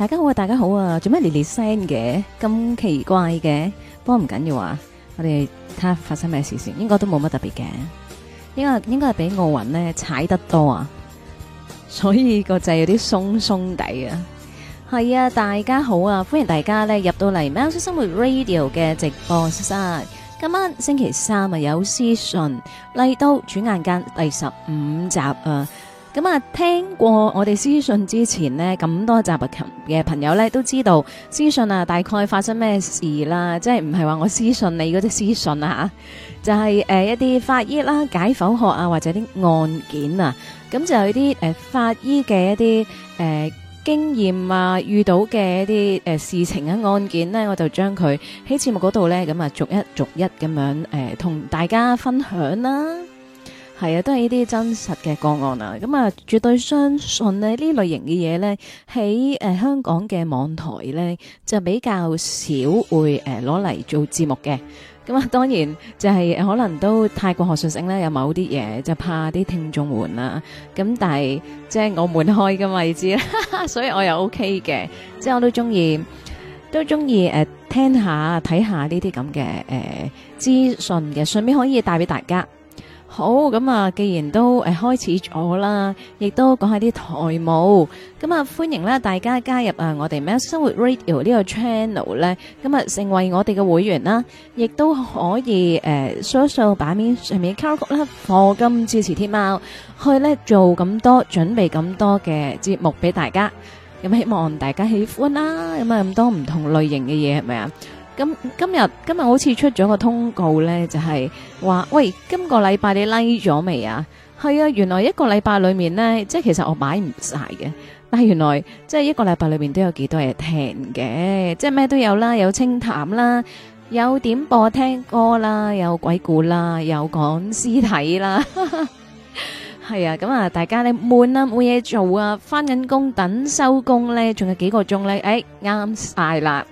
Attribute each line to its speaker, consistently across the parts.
Speaker 1: 大家好啊，大家好啊，做咩嚟嚟聲嘅咁奇怪嘅？不過唔緊要啊，我哋睇下發生咩事先，應該都冇乜特別嘅。因為應該係比奧運咧踩得多啊，所以個掣有啲鬆鬆地啊。係 啊，大家好啊，歡迎大家咧入到嚟《Mouth 喵式生活 Radio》嘅直播室啊。今晚星期三啊，有屍訊嚟到，轉眼間第十五集啊。咁啊，聽過我哋屍訊之前呢，咁多集嘅朋友咧，都知道屍訊啊，大概發生咩事啦？即係唔係話我私訊你嗰啲私訊啊就係、是、誒、呃、一啲法醫啦、啊、解剖學啊，或者啲案件啊，咁就有啲誒、呃、法醫嘅一啲誒、呃、經驗啊，遇到嘅一啲誒、呃、事情啊、案件呢、啊，我就將佢喺節目嗰度呢，咁啊逐一逐一咁樣誒同、呃、大家分享啦。係啊，都係呢啲真實嘅個案啊！咁、嗯、啊，絕對相信呢、啊、呢類型嘅嘢咧，喺、呃、香港嘅網台咧就比較少會攞嚟、呃、做節目嘅。咁、嗯、啊，當然就係、是、可能都太過學術性咧，有某啲嘢就怕啲聽眾悶啦。咁、嗯、但係即係我悶開嘅位置，啦， 所以我又 OK 嘅。即係我都鍾意，都鍾意誒聽下睇下呢啲咁嘅誒資訊嘅，順便可以帶俾大家。好，咁啊，既然都誒開始咗啦，亦都講下啲台務，咁啊，歡迎啦大家加入啊，我哋喵式生活 Radio 呢個 channel 咧，咁啊成為我哋嘅會員啦，亦都可以誒 s o c 版面上面交割啦，課金支持天貓，去咧做咁多準備咁多嘅節目俾大家，咁希望大家喜歡啦，咁啊，咁多唔同類型嘅嘢係咪啊？是咁今日今日我好似出咗個通告咧，就係話，喂，今個禮拜你 like 咗未啊？係啊，原來一個禮拜裏面咧，即係其實我買唔晒嘅，但係原來即係一個禮拜裏面都有幾多嘢聽嘅，即係咩都有啦，有清談啦，有點播聽歌啦，有鬼故啦，有講屍體啦，係啊，咁啊，大家你悶啊，冇嘢做啊，翻緊工等收工咧，仲有幾個鐘咧，誒，啱晒啦。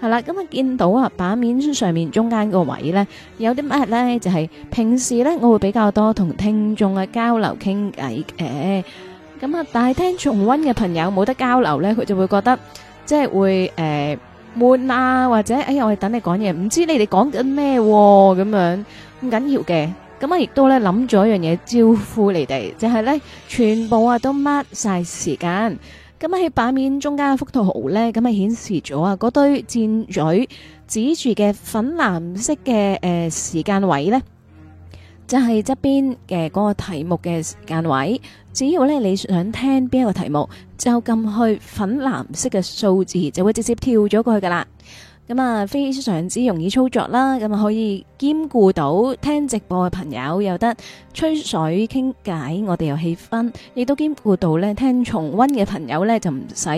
Speaker 1: 係啦，咁啊見到啊版面上面中間個位咧，有啲乜咧就係平時咧我會比較多同聽眾啊交流傾偈嘅，咁啊但係聽重溫嘅朋友冇得交流咧，佢就會覺得即係會誒悶啊，或者哎呀我哋等你講嘢，唔知你哋講緊咩咁樣，唔緊要嘅，咁啊亦都咧諗咗一樣嘢招呼你哋，就係咧全部啊都 mark 晒時間。咁喺版面中間幅圖號呢，咁啊顯示咗啊嗰堆箭嘴指住嘅粉藍色嘅誒時間位呢，就係側邊嘅嗰個題目嘅時間位。只要呢你想聽邊一個題目，就撳去粉藍色嘅數字，就會直接跳咗過去噶啦。咁啊，非常之容易操作啦，咁啊可以兼顧到聽直播嘅朋友，又得吹水傾偈，我哋有氣氛，亦都兼顧到咧聽重溫嘅朋友咧就唔使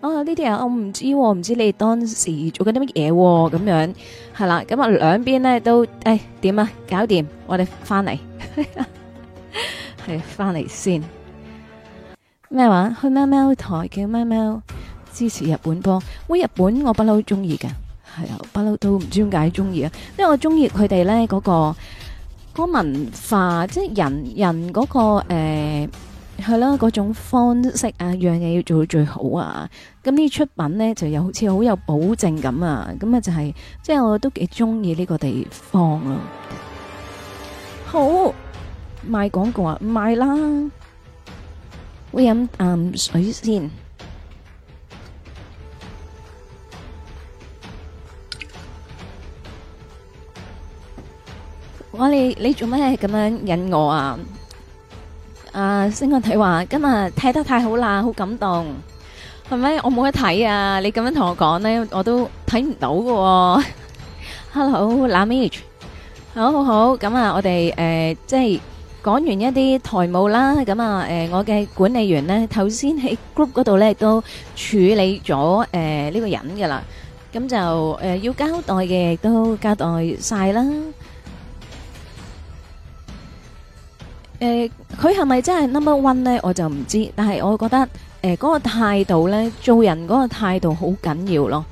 Speaker 1: 哦。呢啲啊，我、哦、唔知、哦，唔知你哋當時做緊啲乜嘢咁樣，係啦，咁啊兩邊咧都誒點啊搞掂，我哋翻嚟，係翻嚟先咩話？去喵喵台叫喵喵支持日本波，喂、哦、日本我不嬲中意㗎。係啊，不嬲都唔知點解中意啊，因為我中意佢哋咧嗰個文化，即係人人嗰、那個誒係啦嗰種方式啊，樣嘢要做到最好啊，咁呢出品咧就又好似好有保證咁啊，咁啊就係、是、即係我都幾中意呢個地方啊。好，賣廣告啊，賣啦，我飲啖、嗯、水先。我你你做咩咁樣引我啊？啊，星哥睇話今日踢得太好啦，好感動，係咪？我冇得睇啊，你咁樣同我講咧，我都睇唔到嘅。Hello，Lamitch，好好好，咁啊，我哋誒即係講完一啲台務啦，咁啊，誒，我嘅管理員咧，頭先喺 group 嗰度咧亦都處理咗誒呢個人嘅啦，咁就誒要交代嘅亦都交代晒啦。誒，佢係咪真係 number one 咧？我就唔知，但係我覺得誒，嗰、呃嗰個態度咧，做人嗰個態度好緊要咯。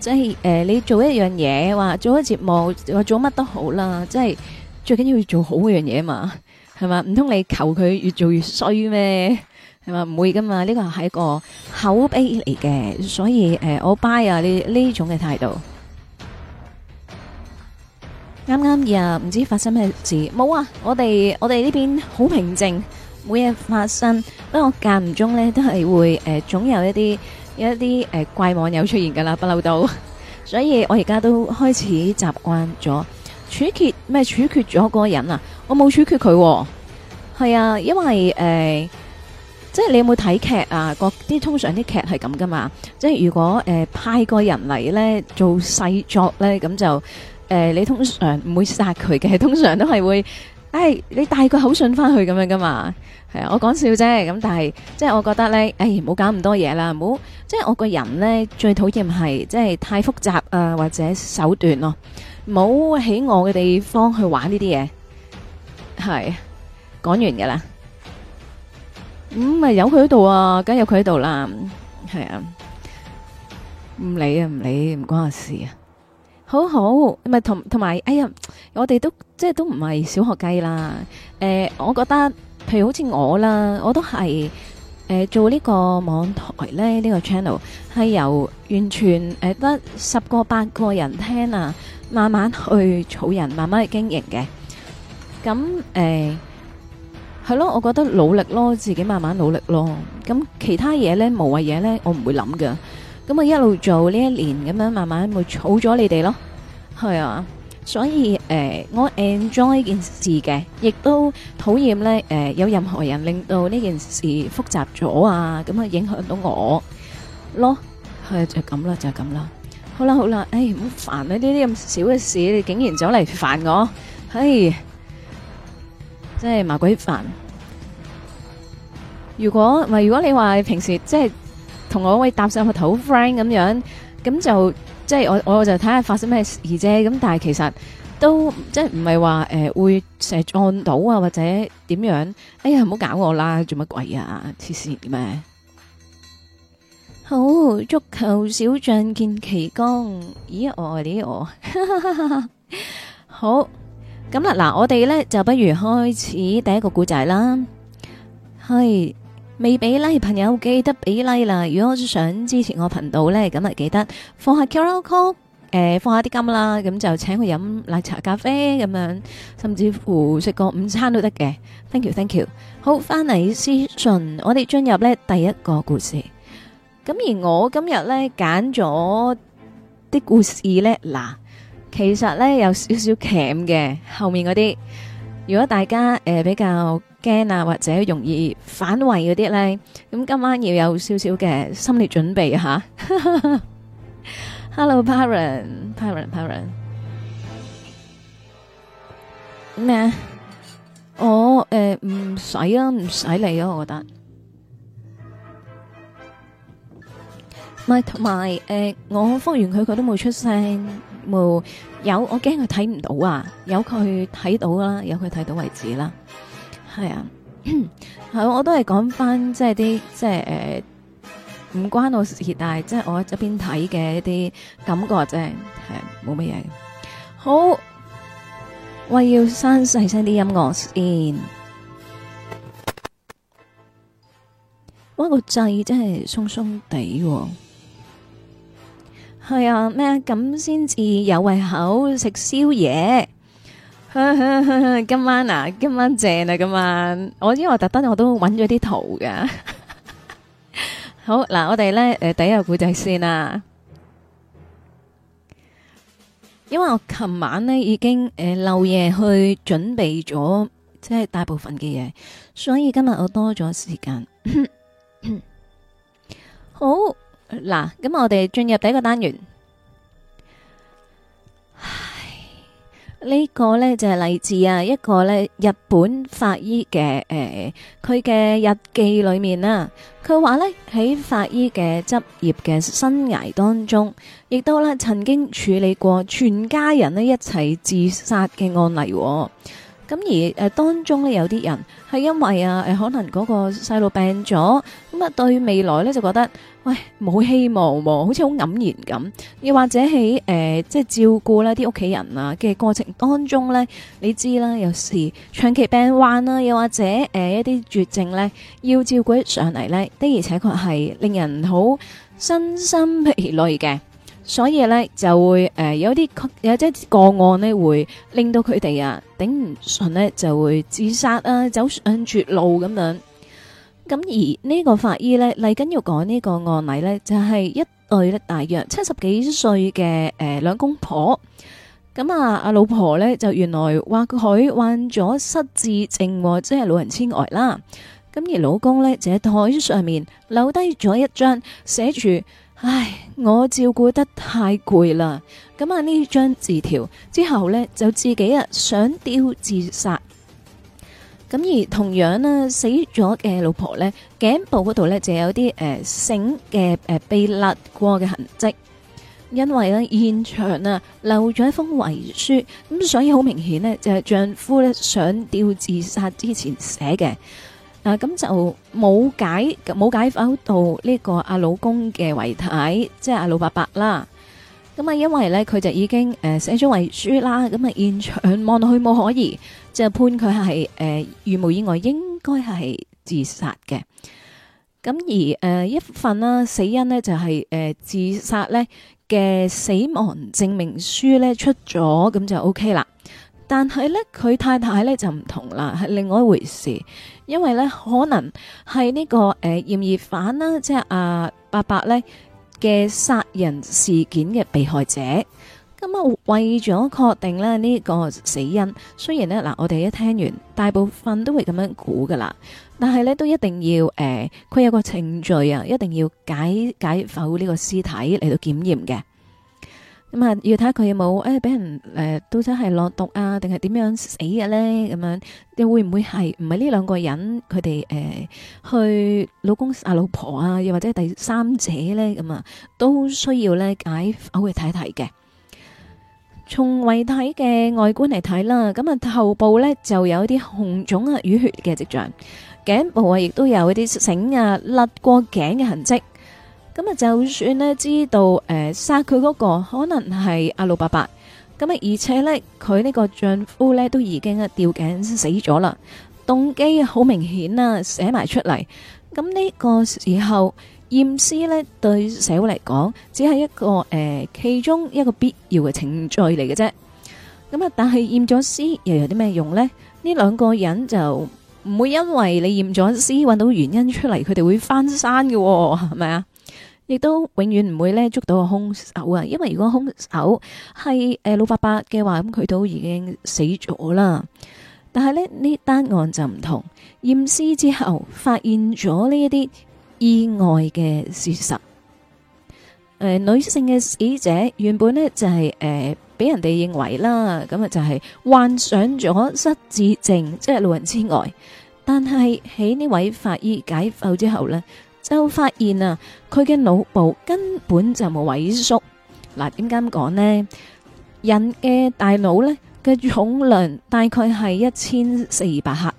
Speaker 1: 即係誒、呃，你做一樣嘢，話做一節目，話做乜都好啦。即係最緊要要做好嗰樣嘢嘛，係嘛？唔通你求佢越做越衰咩？係嘛？唔會噶嘛？呢個係一個口碑嚟嘅，所以誒、呃，我 buy 啊你呢種嘅態度。啱啱又唔知發生咩事，冇啊！我哋我哋呢邊好平靜，每日發生。不過間唔中呢，都係會誒、呃，總有一啲一啲誒、呃、怪網友出現噶啦，不嬲都。所以我而家都開始習慣咗處決咩？處決咗嗰個人啊，我冇處決佢、哦。係啊，因為誒、呃，即係你有冇睇劇啊？個啲通常啲劇係咁噶嘛，即係如果誒、呃、派個人嚟呢，做細作呢，咁就。誒，你通常唔會殺佢嘅，通常都係會，誒，你帶個口信翻去咁樣噶嘛？係啊，我講笑啫。咁但係，即係我覺得咧，誒，唔好搞咁多嘢啦，唔好，即係我個人咧最討厭係即係太複雜啊或者手段咯，唔好喺我嘅地方去玩呢啲嘢。係，講完噶啦。咁咪有佢喺度啊，梗有佢喺度啦，係啊，唔理啊，唔理，唔關我事啊。好好，唔係同同埋，哎呀，我哋都即係都唔係小學雞啦。誒，我覺得，譬如好似我啦，我都係誒做呢個網台咧，呢個 channel 係由完全誒得十個八個人聽啊，慢慢去儲人，慢慢去經營嘅。咁誒，係咯，我覺得努力咯，自己慢慢努力咯。咁其他嘢咧，無謂嘢咧，我唔會諗噶。咁我一路做呢一年咁樣，慢慢咪儲咗你哋咯。係啊。所以誒、呃，我 enjoy 件事嘅，亦都討厭咧。誒、呃，有任何人令到呢件事複雜咗啊，咁啊影響到我咯，係就咁啦，就咁、是就是、啦。好啦好啦，誒咁煩啊，呢啲咁少嘅事，你竟然走嚟煩我？嘿、哎、真係麻鬼煩。如果唔係，如果你話平時即係。同我位搭上個頭 friend 咁樣，咁就即係我我就睇下發生咩事啫。咁但係其實都即係唔係話誒會成日、呃、撞到啊或者點樣？哎呀唔好搞我啦，做乜鬼啊黐線嘅咩？好足球小將見奇光，咦，我哋我好咁啦嗱，我哋咧 就不如開始第一個古仔啦，係。未俾 like，朋友記得俾 like 啦！如果想支持我頻道咧，咁啊記得放下卡拉曲，誒放下啲金啦，咁就請佢飲奶茶咖啡咁樣，甚至乎食個午餐都得嘅。Thank you，thank you。You. 好，翻嚟私信，我哋進入咧第一個故事。咁而我今日咧揀咗啲故事咧，嗱，其實咧有少少鉗嘅後面嗰啲，如果大家誒、呃、比較。驚啊，或者容易反胃嗰啲咧，咁今晚要有少少嘅心理準備吓。 Hello，parent，parent，parent 咩？我誒唔使啊，唔使理咯，我覺得。唔係同埋誒，我覆完佢佢都冇出聲，冇有我驚佢睇唔到啊，有佢睇到啦，有佢睇到為止啦。係啊，係我都係講翻即係啲即係誒，唔、呃、關我事，但係即係我一邊睇嘅一啲感覺啫，係冇乜嘢。好，我要閂細聲啲音樂先。我、這個掣真係鬆鬆地喎，係啊咩咁先至有胃口食宵夜。今晚啊，今晚正啊，今晚我因為我特登我都揾咗啲圖㗎，好嗱，我哋咧誒，第一個故仔先啦，因為我琴晚咧已經誒，漏夜去準備咗，即係大部分嘅嘢，所以今日我多咗時間，好嗱，咁我哋進入第一個單元。呢個呢就係嚟自啊，一個呢日本法醫嘅誒，佢、呃、嘅日記裏面啦佢話呢喺法醫嘅執業嘅生涯當中，亦都呢曾經處理過全家人咧一齊自殺嘅案例、喎咁而誒、呃、當中咧有啲人係因為啊、呃、可能嗰個細路病咗，咁啊對未來咧就覺得喂冇希望喎，好似好黯然咁。又或者喺、呃、即係照顧呢啲屋企人啊嘅過程當中咧，你知啦，有時長期病患啦，又或者誒、呃、一啲絕症咧，要照顧上嚟咧，的而且確係令人好身心疲累嘅。所以咧就會誒、呃、有啲有啲個案呢會令到佢哋啊頂唔順呢，就會自殺啊走上絕路咁樣。咁、嗯、而呢個法醫呢，嚟緊要講呢個案例呢，就係、是、一對咧大約七十幾歲嘅誒、呃、兩公婆。咁、嗯、啊阿老婆呢，就原來話佢患咗失智症，即係老人痴呆啦。咁、嗯、而老公呢，就喺台上面留低咗一張寫住，唉，我照顧得太攰啦，咁啊呢張字條之後呢，就自己啊上吊自殺，咁而同樣呢死咗嘅老婆呢，頸部嗰度呢就有啲誒繩嘅誒被勒過嘅痕跡，因為呢現場啊留咗一封遺書，咁所以好明顯呢，就係、是、丈夫呢上吊自殺之前寫嘅。啊，咁就冇解冇解剖到呢個阿老公嘅遺體，即係阿老伯伯啦。咁啊，因為咧佢就已經誒寫咗遺書啦，咁啊現場望落去冇可疑，就判佢係誒預無意外應該，應該係自殺嘅。咁而誒一份啦、啊、死因呢，就係、是、誒、呃、自殺呢嘅死亡證明書咧出咗，咁就 OK 啦。但係咧，佢太太咧就唔同啦，係另外一回事。因為咧，可能係呢、這個誒、呃、嫌疑犯啦，即係阿、啊、伯伯咧嘅殺人事件嘅被害者。咁、嗯、啊，為咗確定咧呢、這個死因，雖然咧嗱，我哋一聽完，大部分都會咁樣估噶啦，但係咧都一定要誒，佢、呃、有個程序啊，一定要解解剖呢個屍體嚟到檢驗嘅。咁啊，要睇下佢有冇誒俾人誒，到底係落毒啊，定係點樣死嘅、啊、咧？咁樣又會唔會係唔係呢兩個人？佢哋誒，去老公啊、老婆啊，又或者第三者咧？咁啊，都需要咧解剖去睇一睇嘅。從遺體嘅外觀嚟睇啦，咁啊，頭部咧就有一啲紅腫啊淤血嘅跡象，頸部啊亦都有一啲繩啊甩過頸嘅痕跡。咁啊，就算呢知道誒殺佢嗰個可能係阿六伯伯，咁啊，而且呢佢呢個丈夫呢都已經啊吊頸死咗啦，動機好明顯啦，寫埋出嚟。咁呢個時候驗屍呢對社會嚟講只係一個誒、呃、其中一個必要嘅程序嚟嘅啫。咁啊，但係驗咗屍又有啲咩用呢？呢兩個人就唔會因為你驗咗屍揾到原因出嚟，佢哋會翻山嘅係咪啊？亦都永遠唔會咧捉到個凶手啊！因為如果凶手係誒老伯伯嘅話，咁佢都已經死咗啦。但係咧呢單案就唔同，驗屍之後發現咗呢一啲意外嘅事實。誒、呃，女性嘅死者原本呢就係誒俾人哋認為啦，咁啊就係患上咗失智症，即係老人痴呆。但係喺呢位法醫解剖之後呢。就發現啊，佢嘅腦部根本就冇萎縮。嗱，點解咁講呢？人嘅大腦呢，嘅重量大概係一千四百克。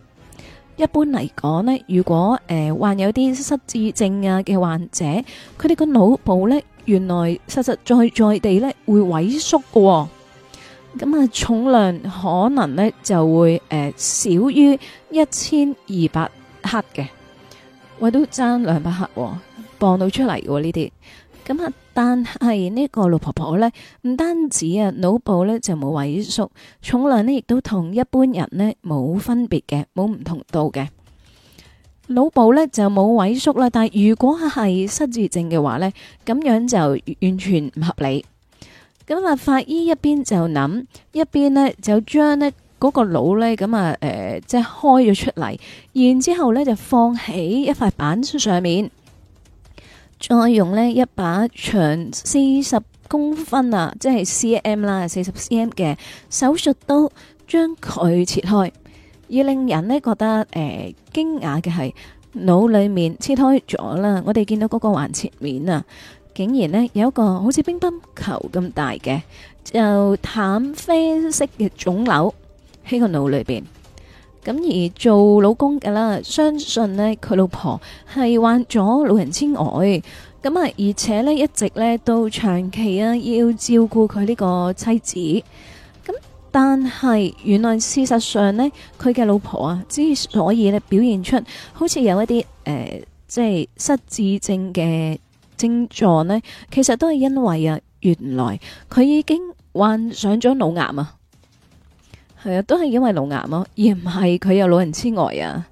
Speaker 1: 一般嚟講呢，如果誒、呃、患有啲失智症啊嘅患者，佢哋個腦部呢，原來實實在在地呢，會萎縮嘅、哦，咁、嗯、啊重量可能呢，就會誒、呃、少於一千二百克嘅。喂、哎，都爭兩百克、哦，磅到出嚟嘅呢啲，咁啊，但係呢個老婆婆呢，唔單止啊腦部呢就冇萎縮，重量呢亦都同一般人呢冇分別嘅，冇唔同度嘅，腦部呢就冇萎縮啦。但係如果係失智症嘅話呢，咁樣就完全唔合理。咁啊，法醫一邊就諗，一邊呢就將呢。嗰個腦呢，咁啊，誒，即係開咗出嚟，然之後呢就放喺一塊板上面，再用呢一把長四十公分啊，即係 cm 啦，四十 cm 嘅手術刀將佢切開。而令人呢覺得誒驚訝嘅係腦裏面切開咗啦。我哋見到嗰個橫切面啊，竟然呢有一個好似乒乓球咁大嘅，就淡啡色嘅腫瘤。喺個腦裏邊，咁而做老公嘅啦，相信呢，佢老婆係患咗老人癡呆，咁啊而且呢，一直呢都長期啊要照顧佢呢個妻子，咁但係原來事實上呢，佢嘅老婆啊之所以咧表現出好似有一啲誒，即係失智症嘅症狀呢，其實都係因為啊原來佢已經患上咗腦癌啊！係啊，都係因為腦癌咯，而唔係佢有老人痴呆啊！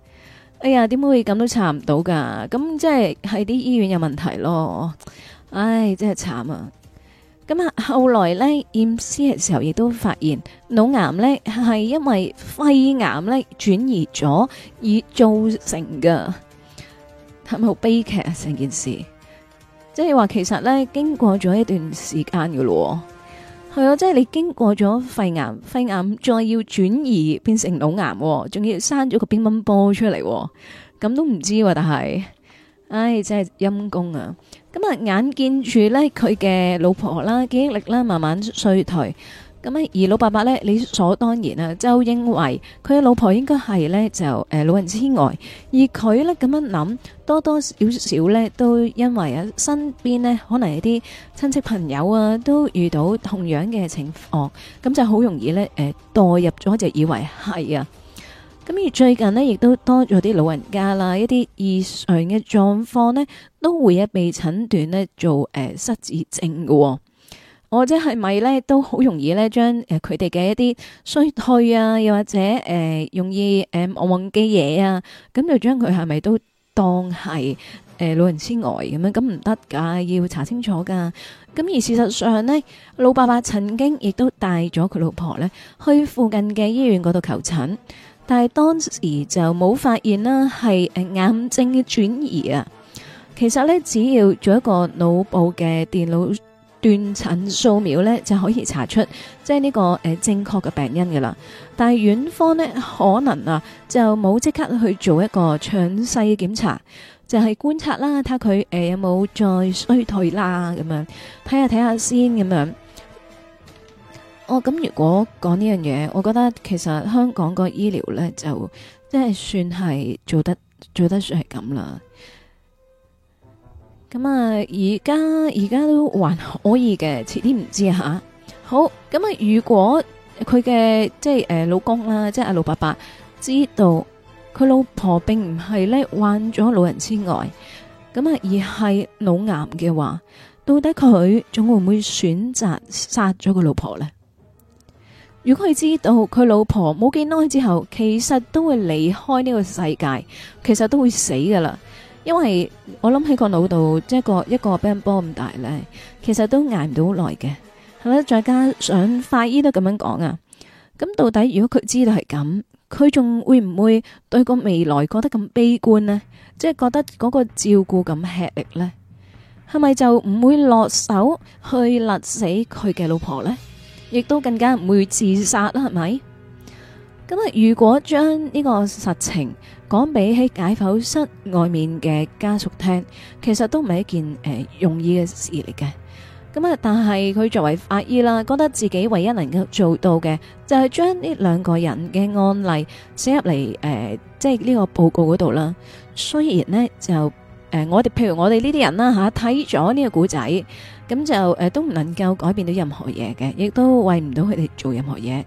Speaker 1: 哎呀，點會咁都查唔到噶？咁即係喺啲醫院有問題咯，唉，真係慘啊！咁啊，後來咧驗屍嘅時候，亦都發現腦癌咧係因為肺癌咧轉移咗而造成噶，係咪好悲劇啊？成件事，即係話其實咧經過咗一段時間噶咯。係啊，即係你經過咗肺癌，肺癌再要轉移變成腦癌，仲要生咗個乒乓波出嚟，咁都唔知喎、啊。但係，唉、哎，真係陰功啊！咁啊，眼見住咧佢嘅老婆啦，記憶力啦，慢慢衰退。咁而老伯伯呢，理所當然啊，就認為佢嘅老婆應該係呢，就誒、呃、老人痴呆。而佢呢，咁樣諗，多多少少呢，都因為啊身邊呢，可能有一啲親戚朋友啊都遇到同樣嘅情況，咁就好容易呢，誒、呃、代入咗就以為係啊。咁而最近呢，亦都多咗啲老人家啦，一啲異常嘅狀況呢，都會被診斷呢，做誒、呃、失智症喎、哦。或者係咪咧，都好容易咧，將誒佢哋嘅一啲衰退啊，又或者誒、呃、容易誒我忘記嘢啊，咁就將佢係咪都當係誒老人痴呆咁樣咁唔得噶，要查清楚噶。咁而事實上呢，老伯伯曾經亦都帶咗佢老婆咧，去附近嘅醫院嗰度求診，但係當時就冇發現啦係誒癌症嘅轉移啊。其實咧只要做一個腦部嘅電腦。斷層掃描咧就可以查出，即係呢個誒、呃、正確嘅病因噶啦。但係院方呢可能啊就冇即刻去做一個詳細檢查，就係、是、觀察啦，睇下佢誒有冇再衰退啦咁樣，睇下睇下先咁樣。哦，咁如果講呢樣嘢，我覺得其實香港個醫療呢，就即係算係做得做得算係咁啦。咁啊，而家而家都還可以嘅，遲啲唔知吓。好，咁啊，如果佢嘅即係誒老公啦，即係阿老伯伯知道佢老婆並唔係咧患咗老人痴呆，咁啊而係腦癌嘅話，到底佢仲會唔會選擇殺咗個老婆呢？如果佢知道佢老婆冇幾耐之後，其實都會離開呢個世界，其實都會死噶啦。因為我諗喺個腦度，一個一個乒乓波咁大咧，其實都挨唔到好耐嘅，係咪？再加上法醫都咁樣講啊。咁到底如果佢知道係咁，佢仲會唔會對個未來覺得咁悲觀呢？即係覺得嗰個照顧咁吃力呢？係咪就唔會落手去勒死佢嘅老婆呢？亦都更加唔會自殺啦，係咪？咁啊，如果將呢個實情，講俾喺解剖室外面嘅家屬聽，其實都唔係一件誒、呃、容易嘅事嚟嘅。咁啊，但係佢作為法醫啦，覺得自己唯一能夠做到嘅，就係、是、將呢兩個人嘅案例寫入嚟誒、呃，即係呢個報告嗰度啦。雖然呢，就誒，我、呃、哋譬如我哋呢啲人啦吓，睇咗呢個古仔，咁就誒、呃、都唔能夠改變到任何嘢嘅，亦都為唔到佢哋做任何嘢。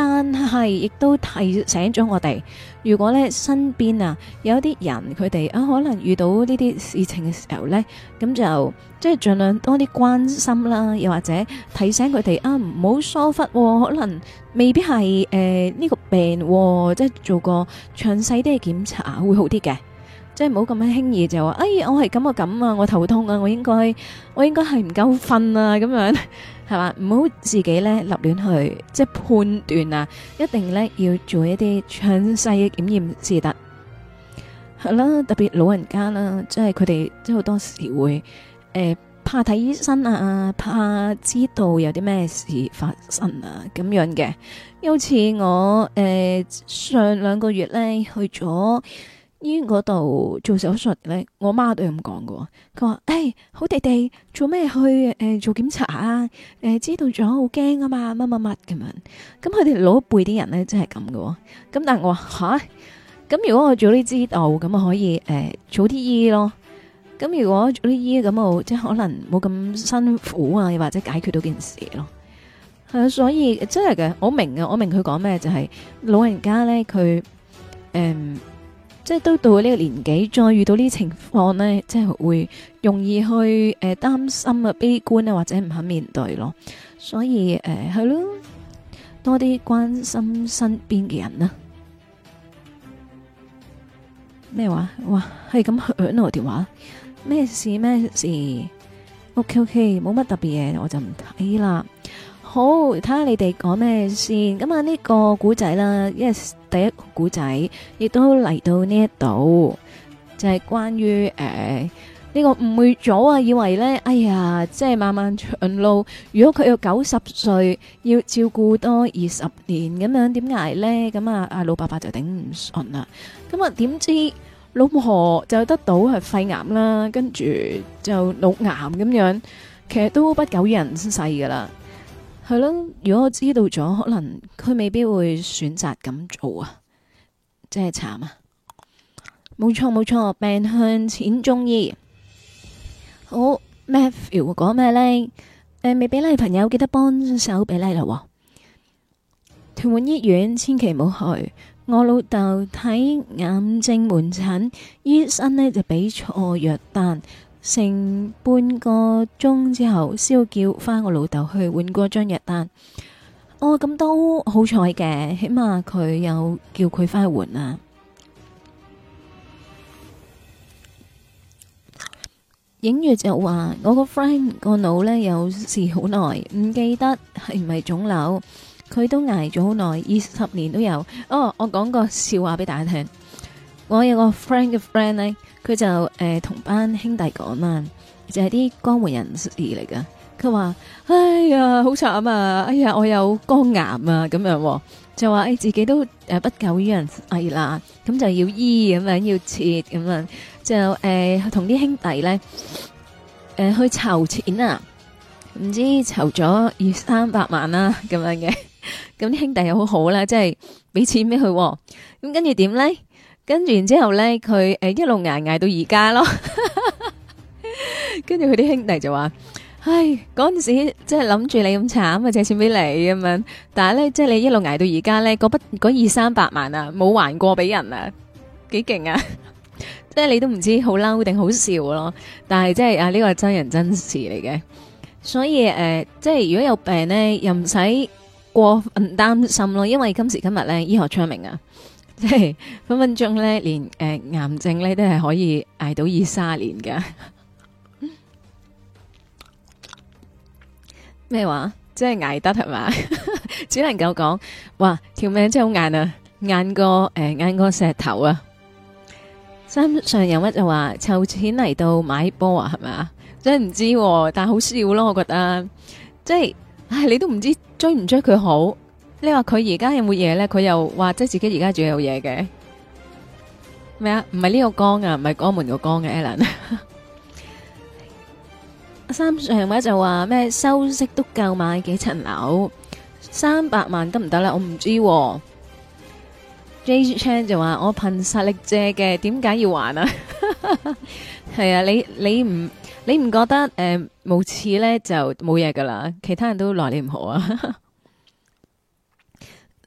Speaker 1: 但係亦都提醒咗我哋，如果咧身邊啊有啲人佢哋啊可能遇到呢啲事情嘅時候咧，咁就即係盡量多啲關心啦，又或者提醒佢哋啊唔好疏忽，可能未必係誒呢個病，哦，即係做個詳細啲嘅檢查會好啲嘅，即係唔好咁樣輕易就話，哎，我係咁啊咁啊，我頭痛啊，我應該我應該係唔夠瞓啊咁樣。係嘛？唔好自己咧立亂去，即係判斷啊！一定咧要做一啲詳細嘅檢驗先得，係啦。特別老人家啦，即係佢哋即係好多時會誒、呃、怕睇醫生啊，怕知道有啲咩事發生啊咁樣嘅。好似我誒、呃、上兩個月咧去咗。醫院嗰度做手術咧，我媽都係咁講嘅。佢話，誒、hey，好哋哋，做咩去？誒、呃，做檢查啊？誒、呃，知道咗好驚啊嘛？乜乜乜咁樣？咁佢哋老一輩啲人咧，真係咁嘅。咁但係我話吓，咁、huh? 如果我早啲知道，咁啊可以誒、呃、早啲醫咯。咁如果我早啲醫，咁我即係可能冇咁辛苦啊，又或者解決到這件事咯。係、呃、啊，所以真係嘅，我明啊，我明佢講咩就係、是、老人家咧，佢誒。呃即係都到呢個年紀，再遇到呢啲情況呢，即係會容易去誒、呃、擔心啊、悲觀啊，或者唔肯面對咯。所以誒係、呃、咯，多啲關心身邊嘅人啦。咩話？哇，係咁響我電話咩事？咩事？OK OK，冇乜特別嘢，我就唔睇啦。好睇下，你哋講咩先咁啊？呢個古仔啦，一第一個古仔亦都嚟到呢一度，就係關於誒呢個誤會咗啊，以為咧哎呀，即係漫漫長路。如果佢要九十歲，要照顧多二十年咁樣，點挨咧？咁啊，阿老伯伯就頂唔順啦。咁啊，點知老婆就得到係肺癌啦，跟住就腦癌咁樣，其實都不久人世噶啦。係咯，如果我知道咗，可能佢未必會選擇咁做啊！真係慘啊！冇錯冇錯，病向淺中醫。好，Matthew 講咩呢？誒、呃，未俾啦，朋友記得幫手俾啦啦。屯門醫院千祈唔好去，我老豆睇癌症門診，醫生呢就俾錯藥單。成半個鐘之後，先叫翻我老豆去換過張藥單。哦，咁都好彩嘅，起碼佢有叫佢返去換啦。影月就話：我個 friend 個腦呢，有事好耐，唔記得係唔係腫瘤，佢都挨咗好耐，二十年都有。哦，我講個笑話俾大家聽。我有個 friend 嘅 friend 咧，佢就誒同、呃、班兄弟講啦，就係、是、啲江湖人士嚟噶。佢話：哎呀，好慘啊！哎呀，我有肝癌啊，咁樣、哦、就話誒、欸、自己都誒、呃、不久於人危啦，咁就要醫咁樣要切咁樣，就誒同啲兄弟咧，誒、呃、去籌錢啊，唔知籌咗二三百萬啦、啊、咁樣嘅，咁 啲兄弟又好好啦，即係俾錢俾佢、哦，咁跟住點咧？跟住然之後呢，佢誒一路挨挨到而家咯。 跟住佢啲兄弟就話：「唉，嗰陣時即係諗住你咁慘啊，借錢俾你咁樣。但係呢，即係你一路挨到而家呢，嗰筆嗰二三百萬啊，冇還過俾人啊，幾勁啊！即係你都唔知好嬲定好笑咯。但係即係啊，呢、這個係真人真事嚟嘅。所以誒、呃，即係如果有病呢，又唔使過分擔心咯，因為今時今日呢，醫學昌明啊。即係 分分鐘咧，連誒、呃、癌症咧都係可以挨到二卅年嘅。咩話？即係挨得係嘛？是 只能夠講，哇條命真係好硬啊，硬過誒、呃、硬過石頭啊。身上有乜就話湊錢嚟到買波啊，係咪啊？真係唔知，但係好笑咯，我覺得、啊。即係唉、哎，你都唔知追唔追佢好。你話佢而家有冇嘢咧？佢又話即係自己而家仲有嘢嘅咩啊？唔係呢個江啊，唔係江門個江嘅 Allen。 三上位就話咩？收息都夠買幾層樓，三百萬得唔得啦？我唔知，啊。J. Chan 就話我憑實力借嘅，點解要還啊？係 啊，你你唔你唔覺得誒冇次咧就冇嘢噶啦？其他人都來你唔好啊。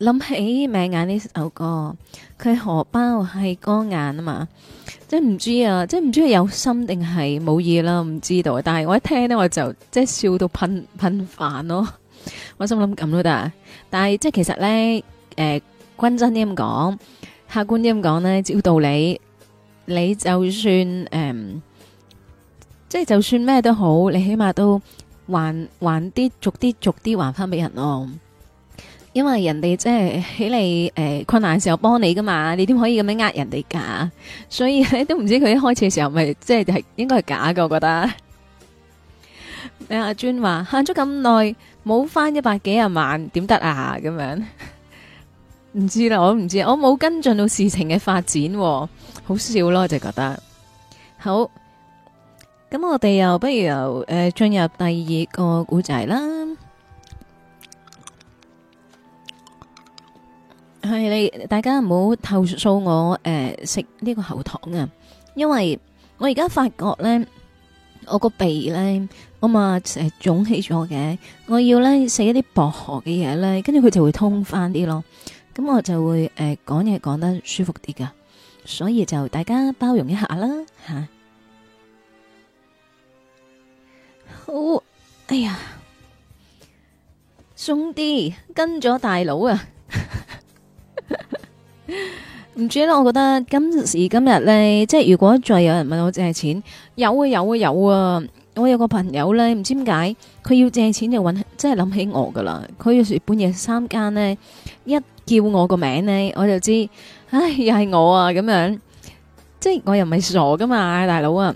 Speaker 1: 諗起名眼呢首歌，佢荷包係光眼啊嘛，即係唔知啊，即係唔知佢有心定係冇嘢啦，唔知道。但係我一聽咧，我就即係笑到噴噴飯咯。我心諗咁都得，但係即係其實咧，誒、呃，均真啲咁講，客觀啲咁講咧，照道理，你就算誒、嗯，即係就算咩都好，你起碼都還還啲，逐啲逐啲還翻俾人咯。因為人哋即係起你誒、呃、困難時候幫你噶嘛，你點可以咁樣呃人哋噶？所以咧都唔知佢一開始嘅時候咪即係係應該係假嘅，我覺得。阿專話行咗咁耐，冇返 一百幾廿萬，點得啊？咁樣唔 知啦，我唔知，我冇跟進到事情嘅發展。哦，好笑咯，就覺得好。咁我哋又不如由誒、呃、進入第二個古仔啦。係你大家，唔好投訴我誒食呢個喉糖啊，因為我而家發覺咧，我個鼻咧咁嘛誒腫起咗嘅，我要咧食一啲薄荷嘅嘢咧，跟住佢就會通翻啲咯，咁我就會誒講嘢講得舒服啲噶，所以就大家包容一下啦吓、啊。好，哎呀，鬆啲跟咗大佬啊！唔 知啦，我覺得今時今日呢，即係如果再有人問我借錢，有啊有啊有啊，我有個朋友呢，唔知點解佢要借錢就搵，即係諗起我噶啦。佢有時半夜三更呢，一叫我個名呢，我就知，唉，又係我啊咁樣，即係我又唔係傻噶嘛，大佬啊，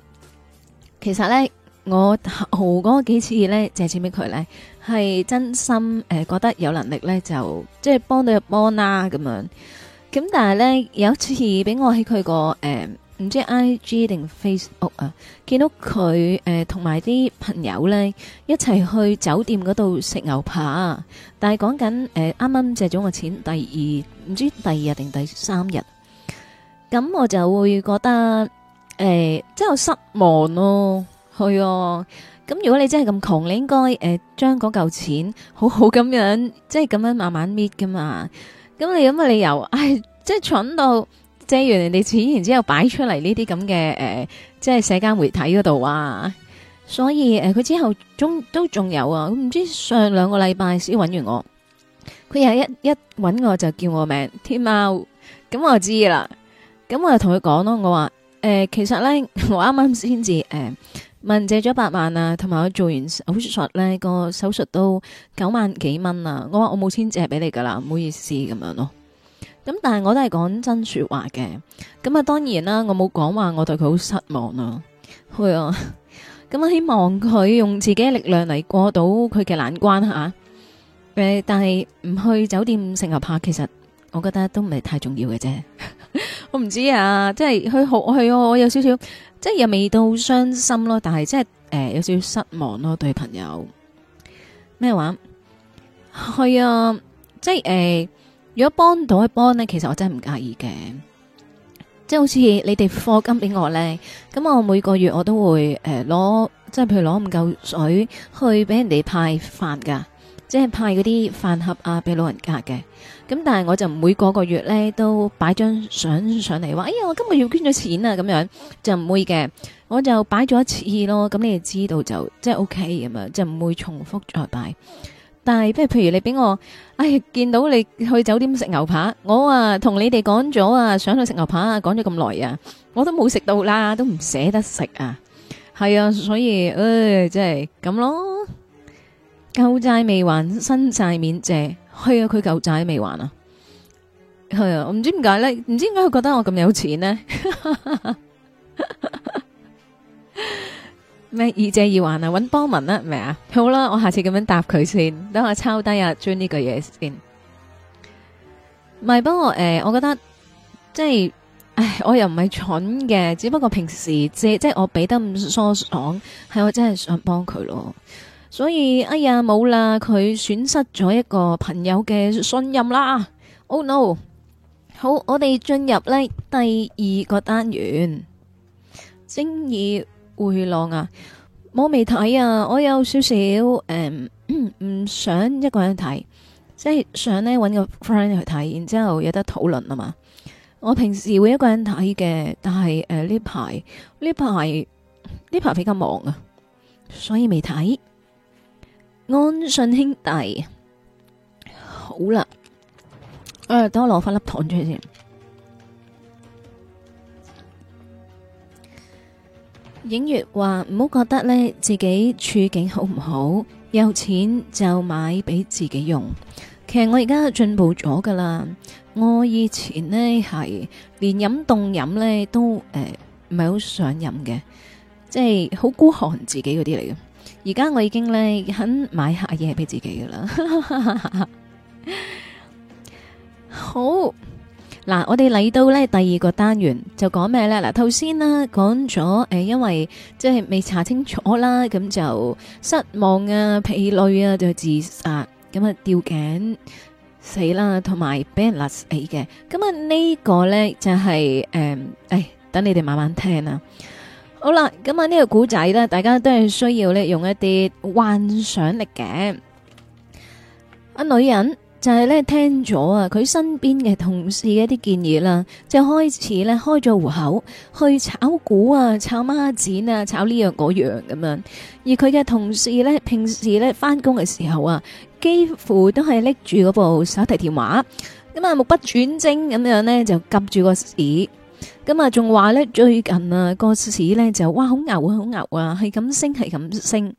Speaker 1: 其實呢，我豪嗰幾次呢，借錢俾佢呢。係真心誒、呃，覺得有能力咧，就即係幫到入幫啦咁樣。咁但係咧，有一次俾我喺佢個誒唔、呃、知 I G 定 Facebook 啊，見到佢誒同埋啲朋友咧一齊去酒店嗰度食牛扒。但係講緊誒，啱、呃、啱借咗我錢，第二唔知第二日定第三日，咁我就會覺得誒，即、呃、係失望咯，係、啊。咁如果你真係咁窮，你應該誒將嗰嚿錢好好咁樣，即係咁樣慢慢搣噶嘛。咁你有乜理由？唉，即係蠢到借完人哋錢然之後擺出嚟呢啲咁嘅誒，即係社交媒體嗰度啊。所以誒，佢、呃、之後中都仲有啊。唔知上兩個禮拜先揾完我，佢又一一揾我就叫我名天喵。咁我，我就知啦。咁我就同佢講咯，我話誒、呃，其實咧我啱啱先至誒。呃問借咗八萬啊，同埋我做完手術咧，個手術都九萬幾蚊啊！我話我冇錢借俾你噶啦，唔好意思咁樣咯。咁但係我都係講真說話嘅。咁啊當然啦，我冇講話我對佢好失望啊。係、嗯、啊，咁我希望佢用自己嘅力量嚟過到佢嘅難關嚇。誒、啊，但係唔去酒店食牛扒，其實我覺得都唔係太重要嘅啫。 我唔知道啊，即係佢好去學、啊、我有少少。即係又未到傷心咯，但係即係誒有少少失望咯，對朋友咩話？係啊，即係誒、呃，如果幫到一幫咧，其實我真係唔介意嘅。即係好似你哋課金俾我咧，咁我每個月我都會誒攞、呃，即係譬如攞唔夠水去俾人哋派發噶。即係派嗰啲飯盒啊，俾老人家嘅。咁但係我就每個個月呢都擺張相上嚟，話哎呀，我今個月捐咗錢啊，咁樣就唔會嘅。我就擺咗一次咯。咁你哋知道就即係 OK 咁啊，就唔會重複再擺。但係即係譬如你俾我，哎，見到你去酒店食牛扒，我啊同你哋講咗啊，想去食牛扒啊，講咗咁耐啊，我都冇食到啦，都唔捨得食啊。係啊，所以誒、哎，即係咁咯。舊債未還，新債免借。去啊，佢舊債未還啊，係啊！我唔知點解咧，唔知點解佢覺得我咁有錢呢？咩 二借二還啊？搵幫文啦，啊，係咪啊？好啦，啊，我下次咁樣答佢先。等我抄低啊，將呢句嘢先。唔係，不過誒、呃，我覺得即係，唉，我又唔係蠢嘅，只不過平時借即係我俾得咁疏爽，係我真係想幫佢咯。所以哎呀，冇啦，佢損失咗一個朋友嘅信任啦。Oh no！好，我哋進入呢第二個單元，正義迴廊啊。我未睇啊，我有少少誒，唔、嗯、想一個人睇，即係想呢搵個 friend 去睇，然之後有得討論啊嘛。我平時會一個人睇嘅，但係誒呢排呢排呢排比較忙啊，所以未睇。安信兄弟，好啦，誒、哎，等我攞翻粒糖出嚟先。影月話唔好覺得呢自己處境好唔好，有錢就買俾自己用。其實我而家進步咗噶啦，我以前呢係連飲凍飲呢都誒唔係好想飲嘅，即係好孤寒自己嗰啲嚟嘅。而家我已經咧肯買下嘢俾自己噶 啦，好嗱，我哋嚟到呢第二個單元就講咩呢？嗱，頭先啦講咗誒，因為即係未查清楚啦，咁就失望啊、疲累啊就自殺，咁啊吊頸死啦，同埋俾人勒死嘅，咁啊呢、呢個呢，就係、是、誒、呃，哎，等你哋慢慢聽啊。好啦，咁啊呢個古仔呢，大家都係需要呢用一啲幻想力嘅。啊，女人就係呢聽咗啊佢身邊嘅同事嘅一啲建議啦，就開始呢開咗戶口去炒股啊、炒孖展啊、炒呢樣嗰樣咁樣。而佢嘅同事呢，平時呢翻工嘅時候啊，幾乎都係拎住嗰部手提電話，咁啊目不轉睛咁樣呢，就 𥄫 住個市。咁啊，仲話咧最近啊，個市咧就哇好牛啊，好牛啊，係咁升，係咁升。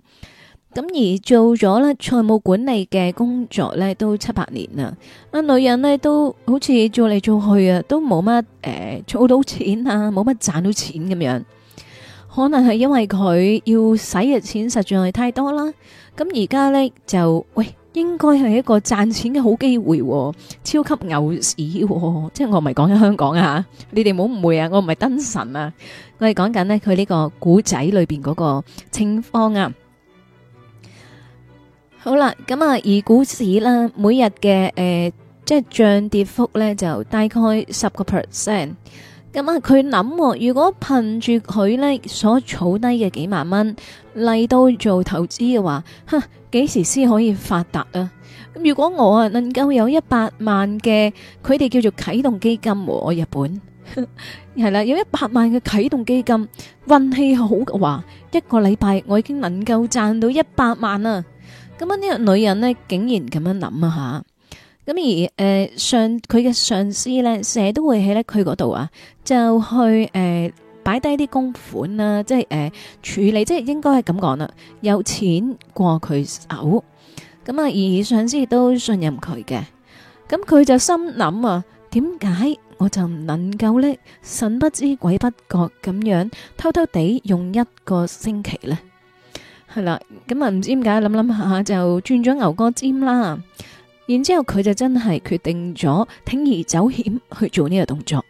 Speaker 1: 咁而做咗咧財務管理嘅工作咧，都七八年啦。啊，女人呢，都好似做嚟做去啊，都冇乜誒，儲到錢啊，冇乜賺到錢咁樣，可能係因為佢要使嘅錢實在係太多啦。咁而家咧就喂。應該係一個賺錢嘅好機會。哦，超級牛市。哦，即係我唔係講緊香港啊，你哋唔好誤會啊，我唔係燈神啊，我係講緊呢，佢呢個古仔裏邊嗰個情況啊。好啦，咁啊，而股市啦，每日嘅誒、呃，即係漲跌幅呢，就大概十個 percent。咁啊，佢諗，如果憑住佢呢所儲低嘅幾萬蚊嚟到做投資嘅話，哼，幾時先可以發達啊？咁如果我啊能夠有一百萬嘅，佢哋叫做啟動基金，我日本係啦， 有一百萬嘅啟動基金，運氣好嘅話，一個禮拜我已經能夠賺到一百萬啦，咁啊呢個女人呢，竟然咁樣諗啊吓。咁而誒、呃、上佢嘅上司咧，成日都會喺咧佢嗰度啊，就去誒擺低啲公款啦，啊，即係誒、呃、處理，即係應該係咁講啦，有錢過佢手。咁啊，而上司亦都信任佢嘅。咁佢就心諗啊，點解我就唔能夠呢？神不知鬼不覺咁樣偷偷地用一個星期呢？係啦，咁啊唔知點解諗諗下就轉咗牛角尖啦。然之後佢就真係決定咗鋌而走險去做呢個動作。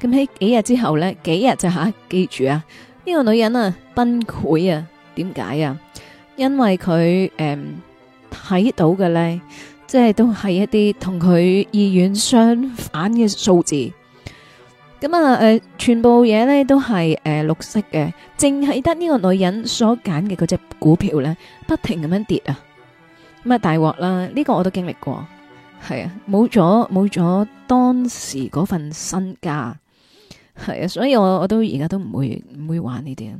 Speaker 1: 咁喺幾日之後呢，幾日就吓、啊，記住啊，呢、呢個女人啊崩潰啊，點解啊？因為佢誒睇到嘅呢，即係都係一啲同佢意願相反嘅數字。咁啊誒，全部嘢呢都係誒、呃、綠色嘅，淨係得呢個女人所揀嘅嗰隻股票呢，不停咁樣跌啊！咁啊大鑊啦！呢、這個我都經歷過，係啊，冇咗冇咗當時嗰份身家，係啊，所以我我都而家都唔會唔會玩呢啲 啊。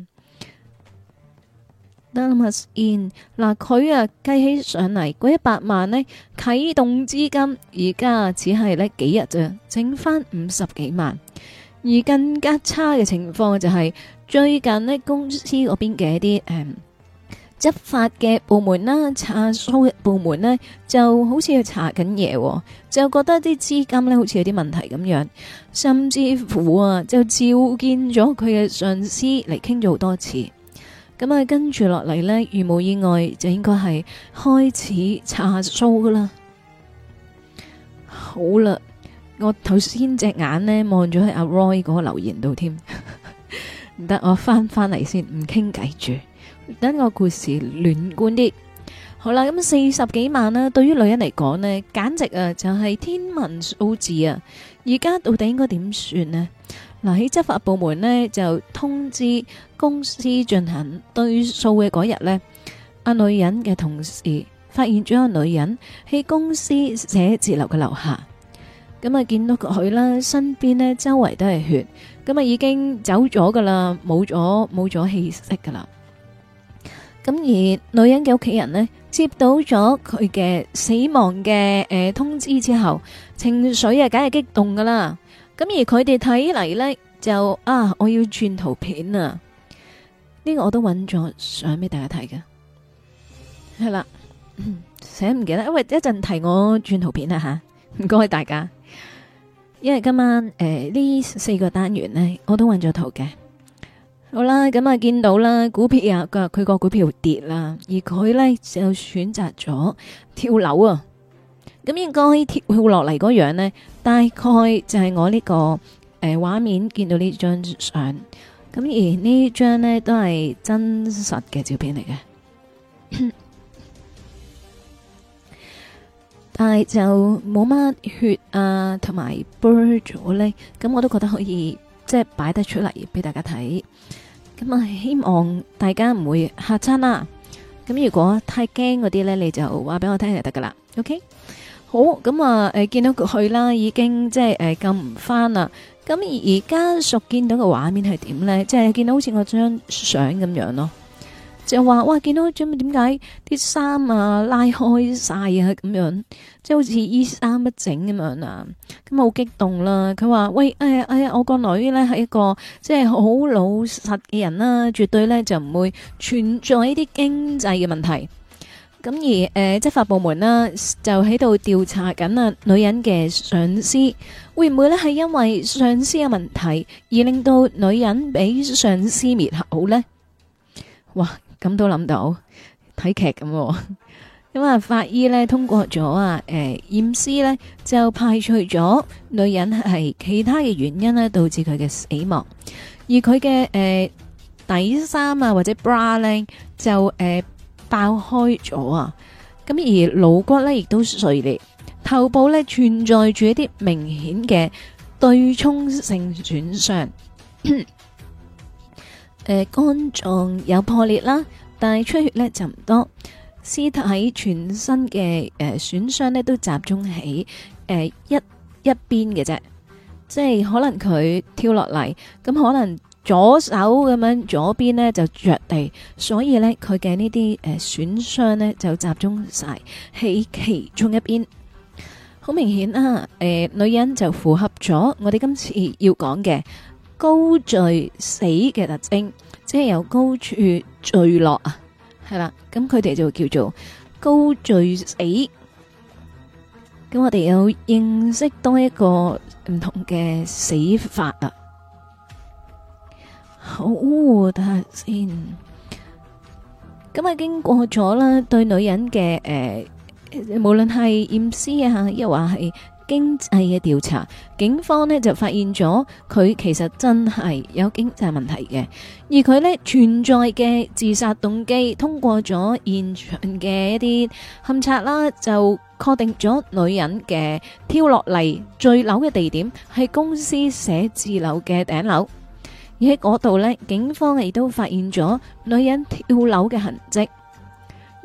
Speaker 1: n u m 嗱，佢啊計起上嚟嗰一百萬呢，啟動資金而，而家只係呢幾日就剩返五十幾萬，而更加差嘅情況就係、是、最近呢公司嗰邊嘅一啲誒。嗯執法嘅部門啦，查數部門呢，就好似要查緊嘢，就覺得啲資金呢好似有啲問題咁樣，甚至乎啊，就召見咗佢嘅上司嚟傾咗好多次。咁啊，跟住落嚟呢，如無意外就應該係開始查數啦。好啦，我頭先隻眼呢望咗喺阿 Roy 嗰個留言度添，唔 得，我翻翻嚟先，唔傾偈住。等個故事亂觀啲好啦，咁四十幾萬呢？對於女人嚟講呢，簡直啊就係天文數字啊！而家到底應該點算呢？嗱，喺執法部門呢就通知公司進行對數嘅嗰日呢，阿女人嘅同事發現咗個女人喺公司寫字樓嘅樓下，咁啊，見到佢啦，身邊呢周圍都係血，咁啊已經走咗㗎喇，冇咗冇咗氣息㗎喇。咁而女人嘅屋企人呢，接到咗佢嘅死亡嘅誒、呃、通知之後，情緒啊，梗係激動噶啦。咁而佢哋睇嚟呢，就啊，我要轉圖片啊，呢、這個我都揾咗想俾大家睇㗎。係啦，醒唔記得，因為一陣提我轉圖片啊吓，唔該大家。因為今晚誒呢、呃、四個單元呢，我都揾咗圖嘅。好啦，咁啊，見到啦，股票啊，佢個股票跌啦，而佢呢就選擇咗跳樓啊。咁應該跳落嚟嗰樣呢，大概就係我呢、這個誒畫、呃、面見到張張呢張相。咁而呢張呢都係真實嘅照片嚟嘅， 但係就冇乜血啊，同埋 blur 咗呢。咁我都覺得可以。即係擺得出嚟俾大家睇，咁啊希望大家唔會吓親啦。咁如果太驚嗰啲咧，你就話俾我聽就得噶啦。OK，好，咁啊，誒見到佢啦，已經即係誒撳唔翻啦。咁而家所見到嘅畫面係點咧？即係見到好似我張相咁樣咯。就話哇，見到咁點解啲衫啊拉開晒啊咁樣，即係好似衣衫不整咁樣啊，咁啊好激動啦！佢話喂，誒誒，我個女呢係一個即係好老實嘅人啦，絕對呢就唔會存在呢啲經濟嘅問題。咁而誒執法部門呢，就喺度調查緊啊，女人嘅上司會唔會呢係因為上司嘅問題而令到女人俾上司滅口呢？哇！咁都諗到睇劇咁，咁啊、嗯、法醫咧通過咗啊，誒驗屍咧就排除咗女人係其他嘅原因咧導致佢嘅死亡，而佢嘅誒底衫啊或者 bra 咧就誒、呃、爆開咗啊，咁而腦骨咧亦都碎裂，頭部咧存在住一啲明顯嘅對沖性損傷。 呃、肝臟有破裂啦，但係出血咧就唔多。屍體全身嘅誒損傷呢都集中喺誒、呃、一一邊嘅啫，即係可能佢跳落嚟，咁可能左手咁樣左邊呢就着地，所以呢，佢嘅、呃、呢啲誒損傷呢就集中晒，喺其中一邊。好明顯啦、啊，誒、呃、女人就符合咗我哋今次要講嘅。高墜死嘅特徵，即係由高處墜落啊，係啦，咁佢哋就叫做高墜死。咁我哋又認識多一個唔同嘅死法啦。好，等下先。咁啊，經過咗啦，對女人嘅、誒，無論係隱私啊，又或係。經濟嘅調查，警方呢就發現咗佢其實真係有經濟問題嘅，而佢呢存在嘅自殺動機，通過咗現場嘅一啲勘察啦，就確定咗女人嘅跳落嚟墜樓嘅地點係公司寫字樓嘅頂樓，而喺嗰度呢，警方亦都發現咗女人跳樓嘅痕跡。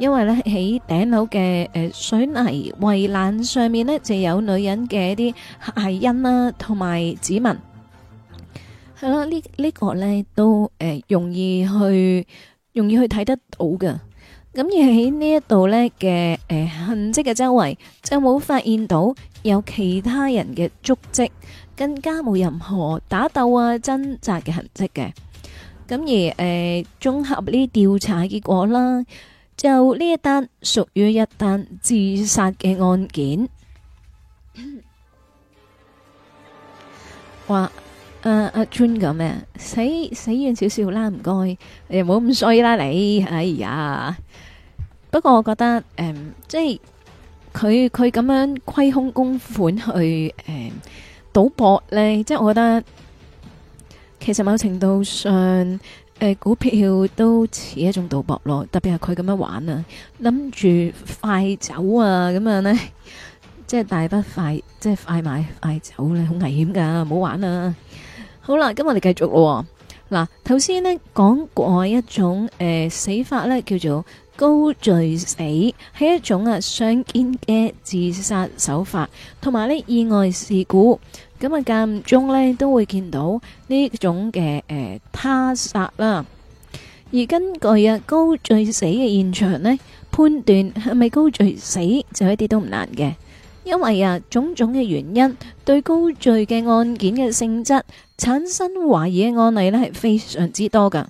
Speaker 1: 因為咧喺頂樓嘅誒水泥圍欄上面咧就有女人嘅一啲鞋印啦，同埋指紋係咯，呢呢個咧都誒容易去容易去睇得到嘅。咁而喺呢一度咧嘅誒痕跡嘅周圍，就冇發現到有其他人嘅足跡，更加冇任何打鬥啊、掙扎嘅痕跡嘅。咁而誒綜合呢調查結果啦。就呢一單屬於一單自殺嘅案件。話誒阿 Jun 咁啊，啊死死遠少少啦，唔該，又冇咁衰啦你。哎呀，不過我覺得誒、嗯，即係佢佢咁樣虧空公款去誒賭、嗯、博咧，即係我覺得其實某程度上。誒，股票都似一種賭博咯，特別係佢咁樣玩啊，諗住快走啊，咁樣呢，即係大筆快，即係快買快走咧，好危險噶唔好玩啊。好啦，咁我哋繼續咯、哦。嗱，頭先呢講過一種誒、呃、死法呢叫做高墜死，係一種啊常見嘅自殺手法，同埋呢意外事故。咁啊，間中呢都會見到呢種嘅誒他殺啦。而根據啊高墜死嘅現場咧，判斷係咪高墜死就一啲都唔難嘅，因為啊種種嘅原因，對高墜嘅案件嘅性質產生懷疑嘅案例咧係非常之多噶。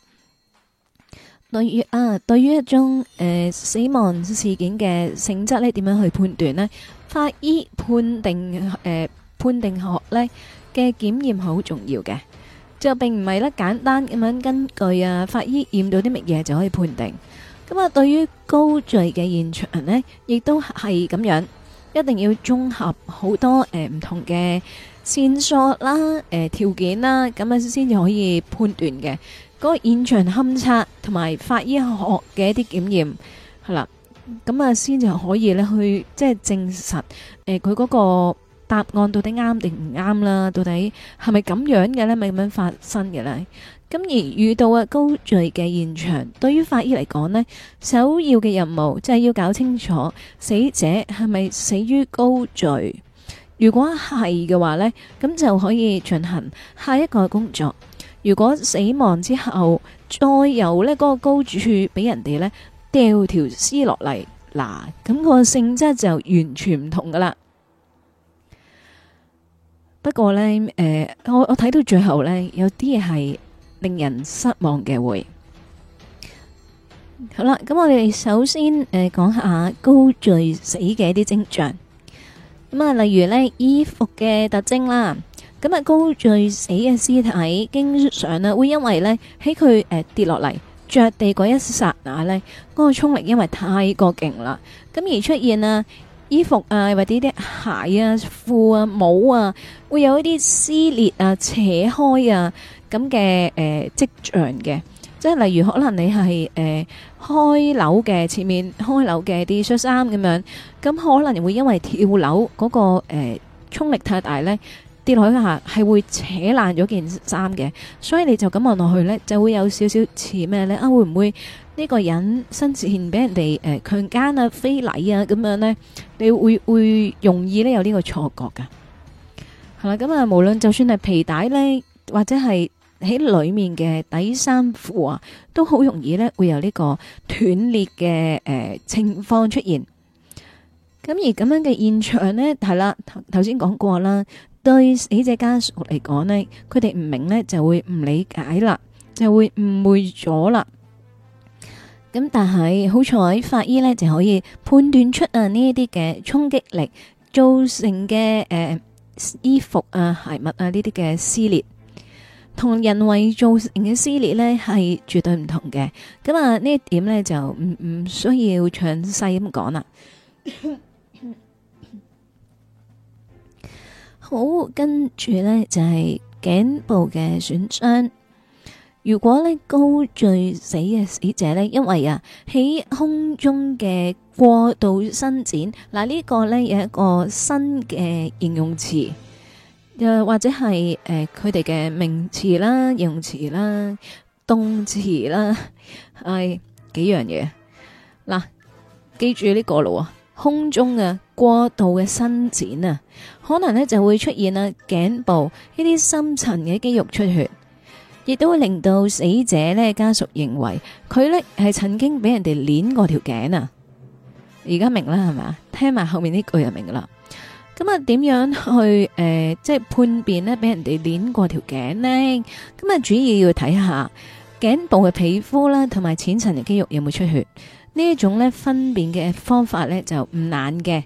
Speaker 1: 對於啊，對於一種誒、呃、死亡事件嘅性質咧，點樣去判斷呢？法醫判定誒。呃判定學咧嘅檢驗好重要嘅，就並唔係咧簡單咁樣根據啊法醫驗到啲乜嘢就可以判定。咁啊，對於高罪嘅現場咧，亦都係咁樣，一定要綜合好多誒唔同嘅線索啦、誒條件啦，咁啊先至可以判斷嘅。嗰個現場勘測同埋法醫學嘅一啲檢驗係啦，咁啊先至可以咧去即係證實誒佢嗰個。答案到底啱定唔啱啦？到底係咪咁樣嘅咧？咪咁樣發生嘅咧？咁而遇到啊高墜嘅現場，對於法醫嚟講咧，首要嘅任務就係要搞清楚死者係咪死於高墜，如果係嘅話咧，咁就可以進行下一個工作。如果死亡之後再由咧嗰個高處俾人哋咧掉條屍落嚟，嗱，咁個性質就完全唔同噶啦。不過呢，誒、呃，我我睇到最後呢，有啲嘢係令人失望嘅會。好啦，咁我哋首先誒講、呃、下高墜死嘅一啲徵象。咁、嗯、啊，例如呢，衣服嘅特徵啦，咁、嗯、啊高墜死嘅屍體經常呢會因為呢，喺佢誒跌落嚟着地嗰一剎那呢，嗰、那個衝力因為太過勁啦，咁而出現啊。衣服啊，或者啲鞋啊、褲啊、啊、帽啊，會有一啲撕裂啊、扯開啊咁嘅誒跡象嘅。即係例如可能你係誒、呃、開鈕嘅，前面開鈕嘅啲恤衫咁樣，咁可能會因為跳樓嗰、那個誒、呃、衝力太大呢，跌落去下係會扯爛咗件衫嘅。所以你就咁望落去呢，就會有少少似咩呢啊，會唔會，呢個人生前俾人哋誒強姦啊、非禮啊，咁樣呢，你會會容易呢有呢個錯覺噶係啦。咁啊，無論就算係皮帶呢，或者係喺裏面嘅底衫褲啊，都好容易呢會有呢個斷裂嘅誒、呃、情況出現。咁而咁樣嘅現場呢，係啦，頭頭先講過啦，對死者家屬嚟講呢，佢哋唔明呢，就會唔理解啦，就會誤會咗啦。咁但係好彩，法醫呢就可以判斷出啊呢一啲嘅衝擊力造成嘅誒、呃、衣服啊鞋襪啊呢啲嘅撕裂，同人為造成嘅撕裂呢係絕對唔同嘅。咁啊這些呢一點呢就唔唔需要詳細咁講啦。 好，跟住呢就係、是、頸部嘅損傷。如果咧高墜死嘅死者咧，因為啊喺空中嘅過度伸展，嗱、這、呢個咧有一個新嘅形容詞，又或者係誒佢哋嘅名詞啦、形容詞啦、動詞啦係幾樣嘢。嗱，記住呢、這個咯，空中嘅過度嘅伸展啊，可能咧就會出現啊頸部呢啲深層嘅肌肉出血。亦都會令到死者呢，家屬認為佢呢係曾經俾人哋鏈過條頸啊！而家明啦係咪？聽埋後面呢句就明啦。咁、嗯、啊，點樣去誒、呃，即係判別呢？俾人哋鏈過條頸呢？咁啊，主要要睇下頸部嘅皮膚啦，同埋淺層嘅肌肉有冇出血？呢一種咧分辨嘅方法咧就唔難嘅。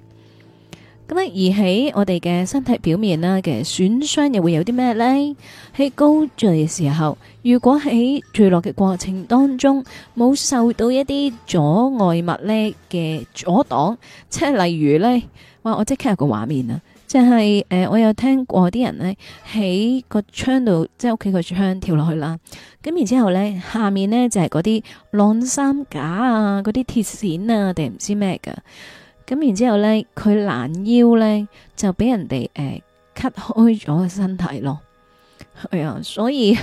Speaker 1: 咁而喺我哋嘅身體表面啦嘅損傷又會有啲咩呢？喺高墜嘅時候，如果喺墜落嘅過程當中冇受到一啲阻礙物呢嘅阻擋，即係例如呢，哇！我即刻有個畫面啊，即係呃、我有聽過啲人呢喺個窗度，即係屋企個窗跳落去啦。咁然之後呢，下面呢就係嗰啲晾衫架啊，嗰啲鐵線啊，定唔知咩嘅。咁然之後咧，佢攔腰咧就俾人哋誒 cut 開咗個身體咯，係、哎呃、啊，啊，所以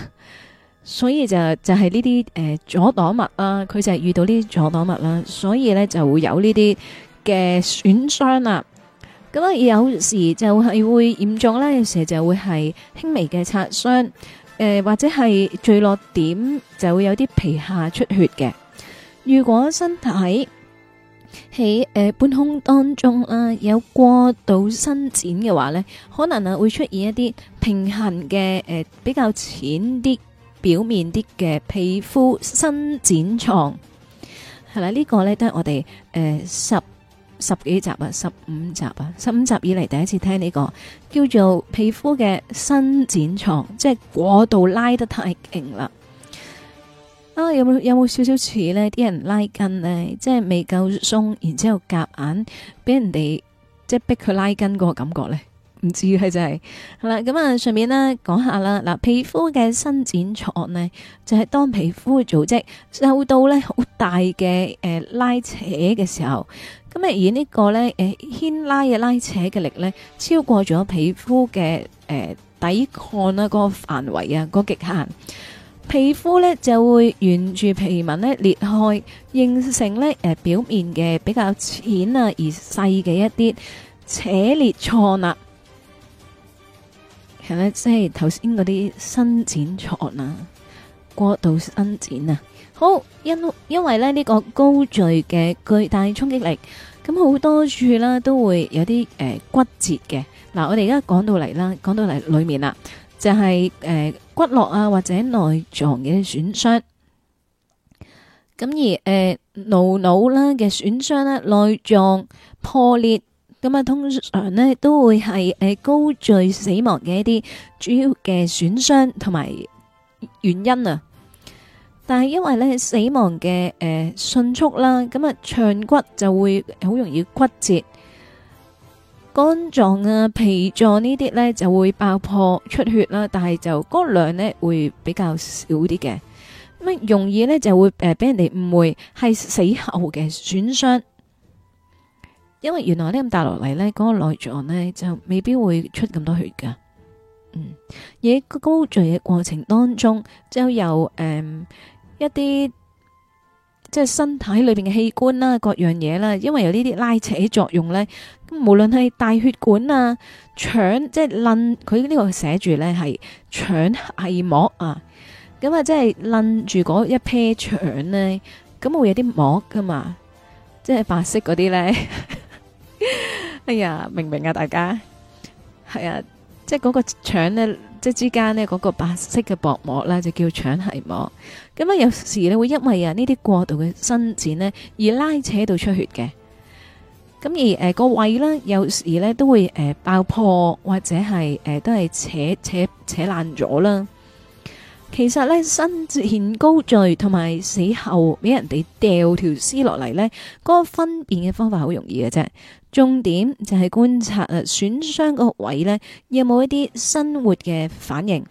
Speaker 1: 所以就就係呢啲誒阻擋物啦，佢就係遇到呢啲阻擋物啦，所以咧就會有呢啲嘅損傷啦。咁啊，有時就係會嚴重啦，有時就會係輕微嘅擦傷，誒、呃、或者係墜落點就會有啲皮下出血嘅。如果身體，喺誒、呃、半空當中啊，有過度伸展嘅話呢，可能啊會出現一啲平衡嘅誒、呃、比較淺啲表面啲嘅皮膚伸展床。係啦、這個、呢個咧都係我哋誒、呃、十十幾集啊十五集啊，十五集，啊十五集以嚟第一次聽呢、這個叫做皮膚嘅伸展床，即係過度拉得太勁啦。啊有冇有冇少少似咧？啲人拉筋咧，即係未夠鬆，然之後夾硬，硬，俾人哋即係逼佢拉筋嗰個感覺咧，唔知係真係。好、嗯、啦，咁啊，順便咧講下啦。嗱、啊，皮膚嘅伸展創呢，就係、是、當皮膚嘅組織受到咧好大嘅誒、呃、拉扯嘅時候，咁啊而呢個咧誒牽拉嘅拉扯嘅力咧，超過咗皮膚嘅誒抵抗啦嗰個範圍啊嗰極、那個、限。皮膚咧就會沿住皮紋咧裂開，形成咧誒、呃、表面嘅比較淺啊而細嘅一啲扯裂創啦、啊，係咧即係頭先嗰啲伸展創啦、啊，過度伸展啊。好，因因為咧呢、這個高墜嘅巨大衝擊力，咁好多處咧都會有啲誒、呃、骨折嘅。嗱，我哋而家講到嚟啦，講到嚟裏面啦。就係誒骨骼啊或者內臟嘅損傷，咁而誒顱腦啦嘅損傷啦內臟破裂，咁啊通常咧都會係誒高墜死亡嘅一啲主要嘅損傷同埋原因啊，但係因為咧死亡嘅誒迅速啦，咁啊長骨就會好容易骨折。肝臟啊、脾臟呢啲咧就會爆破出血啦，但係就個量呢會比較少啲嘅咁，容易呢就會誒俾、呃、人哋誤會係死後嘅損傷，因為原來呢咁大落嚟呢嗰個內臟呢就未必會出咁多血噶。嗯，而高聚嘅過程當中就有誒、嗯、一啲。即係身體裏邊嘅器官啦、啊，各樣嘢啦、啊，因為有呢啲拉扯作用咧，咁無論係大血管啊、腸，即係拎佢呢個寫住咧係腸繫膜啊，咁、嗯、啊即係拎住嗰一批腸咧，咁會有啲膜噶嘛，即係白色嗰啲咧， 哎呀，明唔明啊？大家係啊，即係嗰個腸咧。即之間呢嗰個白色嘅薄膜啦，就叫腸繫膜。咁啊，有時你會因為啊呢啲過度嘅伸展呢，而拉扯到出血嘅。咁而誒個胃呢，有時呢都會誒爆破，或者係誒都係扯扯扯爛咗啦。其實咧，生前高墜同埋死後俾人哋掉條屍落嚟咧，嗰、嗰個分辨嘅方法好容易嘅啫。重點就係觀察誒損傷個位咧，有冇一啲生活嘅反應。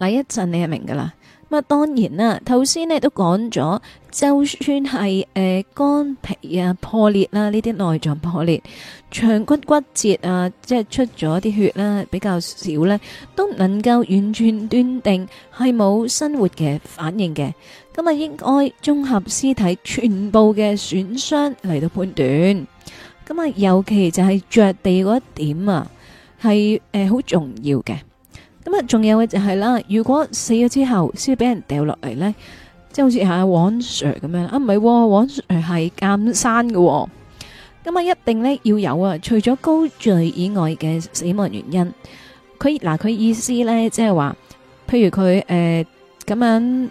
Speaker 1: 嗱，一陣你係明噶啦。咁啊，當然啦，頭先咧都講咗，就算係誒、呃、肝脾啊破裂啦、啊，呢啲內臟破裂、長骨骨折啊，即係出咗啲血啦、啊，比較少呢，都唔能夠完全斷定係冇生活嘅反應嘅。咁啊，應該綜合屍體全部嘅損傷嚟到判斷。咁啊，尤其就係着地嗰一點啊，係誒好重要嘅。咁啊，仲有嘅就係、是、啦，如果死咗之後先俾人掉落嚟咧，即係好似係王 Sir 咁樣，啊唔係、喎、王 Sir 係監生嘅、喎，咁啊一定咧要有啊，除咗高墜以外嘅死亡原因，佢嗱佢意思咧即係話，譬如佢誒咁樣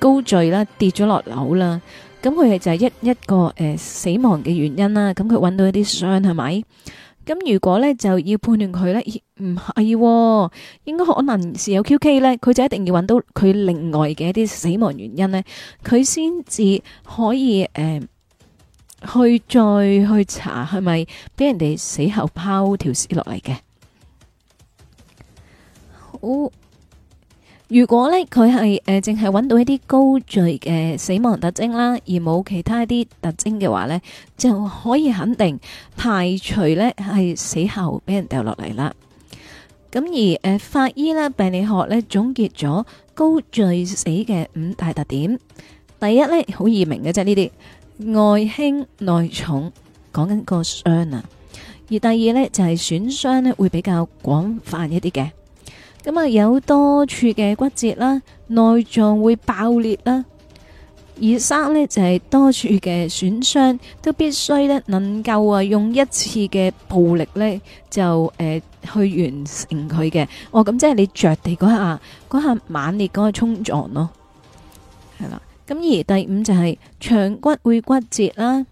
Speaker 1: 高墜啦，跌咗落樓啦，咁佢係就係一一個誒、呃、死亡嘅原因啦，咁佢搵到一啲傷，係咪？是不是咁如果咧就要判斷佢咧，唔係、哦，應該可能是有 QK 咧，佢就一定要揾到佢另外嘅一啲死亡原因咧，佢先至可以誒、呃，去再去查係咪俾人哋死後拋條屍落嚟嘅。好如果呢，佢係誒淨係揾到一啲高墜嘅死亡特徵啦，而冇其他啲特徵嘅話呢，就可以肯定排除呢係死後俾人掉落嚟啦。咁而誒法醫啦病理學呢，總結咗高墜死嘅五大特點，第一呢，好易明嘅啫，呢啲外輕內重，講緊個傷啊。而第二呢，就係、是、損傷呢會比較廣泛一啲嘅。咁啊，有多處嘅骨折啦，內臟會爆裂啦。而三呢，就係多處嘅損傷，都必須咧能夠啊用一次嘅暴力呢，就、呃、誒去完成佢嘅。哦，咁即係你着地嗰下，嗰下猛烈嗰個衝撞咯，係啦。咁而第五就係長骨會骨折啦，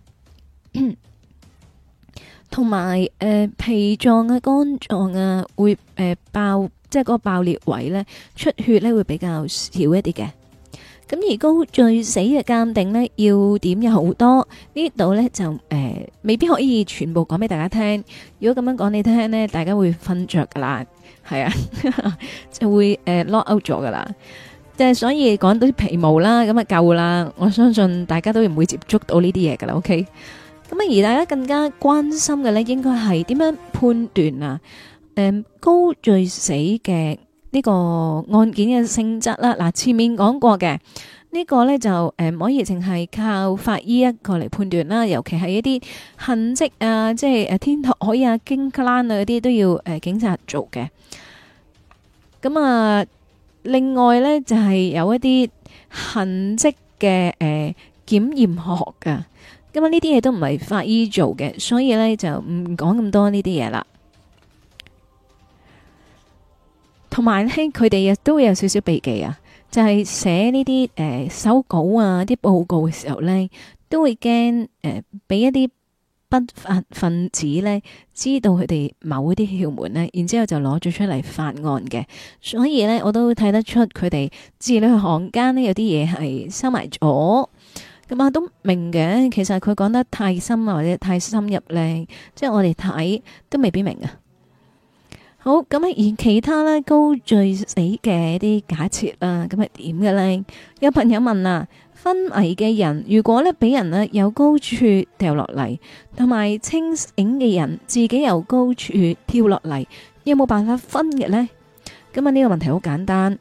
Speaker 1: 同埋誒脾臟啊、肝臟啊會誒、呃、爆。即係嗰個爆裂位咧，出血咧會比較少一啲嘅。咁而高墜死嘅鑑定咧，要點有好多呢度咧就誒、呃，未必可以全部講俾大家聽。如果咁樣講你聽咧，大家會瞓着噶啦，係啊， 就會誒、呃、lock out 咗噶啦。即係所以講到啲皮毛啦，咁啊夠啦。我相信大家都唔會接觸到呢啲嘢噶啦。OK，咁啊而大家更加關心嘅咧，應該係點樣判斷啊？高罪死嘅呢個案件嘅性質啦，嗱前面講過嘅呢、這個呢，就誒，唔可以淨係靠法醫一個嚟判斷啦，尤其係一啲痕跡啊，即係誒天台啊、京克拉啊嗰啲都要誒警察做嘅。咁啊，另外呢，就係、是、有一啲痕跡嘅誒檢驗學嘅，咁啊呢啲嘢都唔係法醫做嘅，所以呢，就唔講咁多呢啲嘢啦。同埋呢，佢哋亦都有少少避忌啊！就係、是、寫呢啲誒手稿啊、啲報告嘅時候呢，都會驚誒俾一啲不法分子呢知道佢哋某一啲竅門呢，然之後就攞咗出嚟發案嘅。所以呢，我都睇得出佢哋字裏行間呢，有啲嘢係收埋咗。咁啊都明嘅，其實佢講得太深啊，或者太深入呢，即係我哋睇都未必明啊。好咁啊！而其他咧高墜死嘅一啲假設啦，咁係點嘅咧？有朋友問啊，昏迷嘅人如果咧俾人呢由高處掉落嚟，同埋清醒嘅人自己由高處跳落嚟，有冇辦法分嘅呢？」咁啊呢個問題好簡單，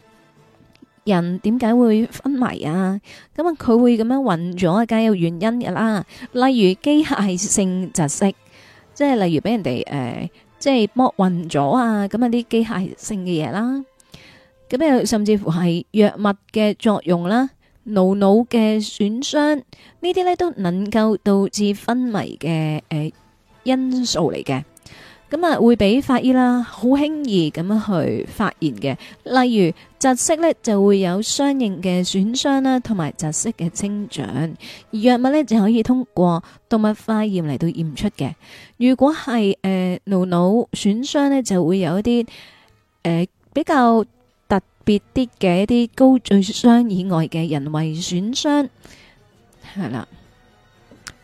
Speaker 1: 人點解會昏迷啊？咁啊佢會咁樣暈咗，梗有原因噶啦。例如機械性窒息，即係例如俾人哋誒。呃即係剝暈咗啊！咁啊啲機械性嘅嘢啦，咁啊甚至乎係藥物嘅作用啦、腦腦嘅損傷呢啲咧，這些都能夠導致昏迷嘅誒、呃、因素嚟嘅。咁啊，會俾法醫啦，好輕易咁樣去發現嘅。例如窒息咧，就會有相應嘅損傷啦，同埋窒息嘅徵象。而藥物咧，就可以通過動物化驗嚟到驗出嘅。如果係誒顱腦損傷咧，就會有一啲誒、呃、比較特別啲嘅一啲高墜傷以外嘅人為損傷，係啦。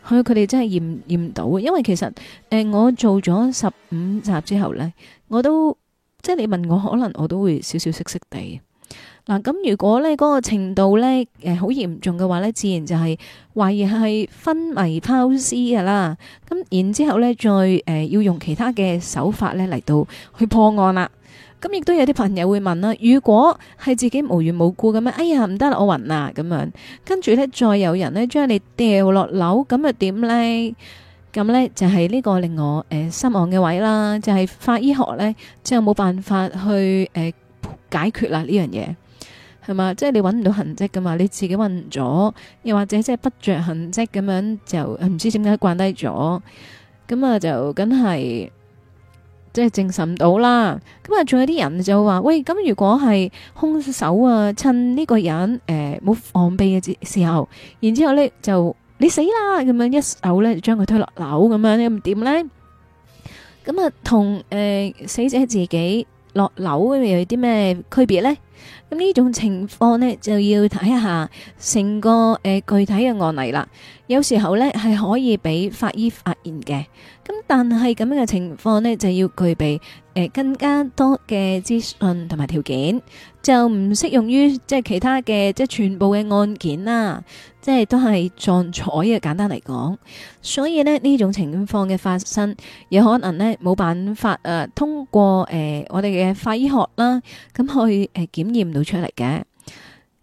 Speaker 1: 係，佢哋真係驗驗到，因為其實誒我做咗十五集之後咧，我都即係你問我，可能我都會少少識識地。嗱，咁如果咧，嗰個程度咧，誒好嚴重嘅話咧，自然就係懷疑係昏迷拋屍㗎啦。咁然之後咧，再誒要用其他嘅手法咧嚟到去破案啦。.咁亦都有啲朋友會問啦、啊，如果係自己無緣無故咁樣，哎呀唔得啦，我暈啦咁樣，跟住咧再有人咧將你掉落樓，咁又點咧？咁咧就係、是、呢個令我誒、呃、失望嘅位啦，就係、是、法醫學咧即係冇辦法去誒、呃、解決啦呢樣嘢，係嘛？即係你搵唔到痕迹噶嘛？你自己暈咗，又或者即係不着痕迹咁樣，就唔知點解瓜低咗，咁啊就梗係。即係證實唔到啦，咁啊，仲有啲人就話喂，咁如果係凶手啊，趁呢個人誒冇防備嘅時候，然之後咧就你死啦，咁樣一手咧就將佢推落樓咁樣，咁點咧？咁啊，同、呃、誒死者自己落樓，有啲咩區別咧？咁呢種情況呢，就要睇一下成個誒、呃、具體嘅案例啦。有時候呢，係可以俾法醫發現嘅，咁但係咁樣嘅情況呢，就要具備誒、呃、更加多嘅資訊同埋條件，就唔適用於即係其他嘅即係全部嘅案件啦，即係都係撞彩嘅，簡單嚟講。所以呢，呢種情況嘅發生，有可能呢冇辦法誒、呃、通過誒、呃、我哋嘅法醫學啦，咁、呃、去誒檢，呃檢驗唔到出嚟嘅，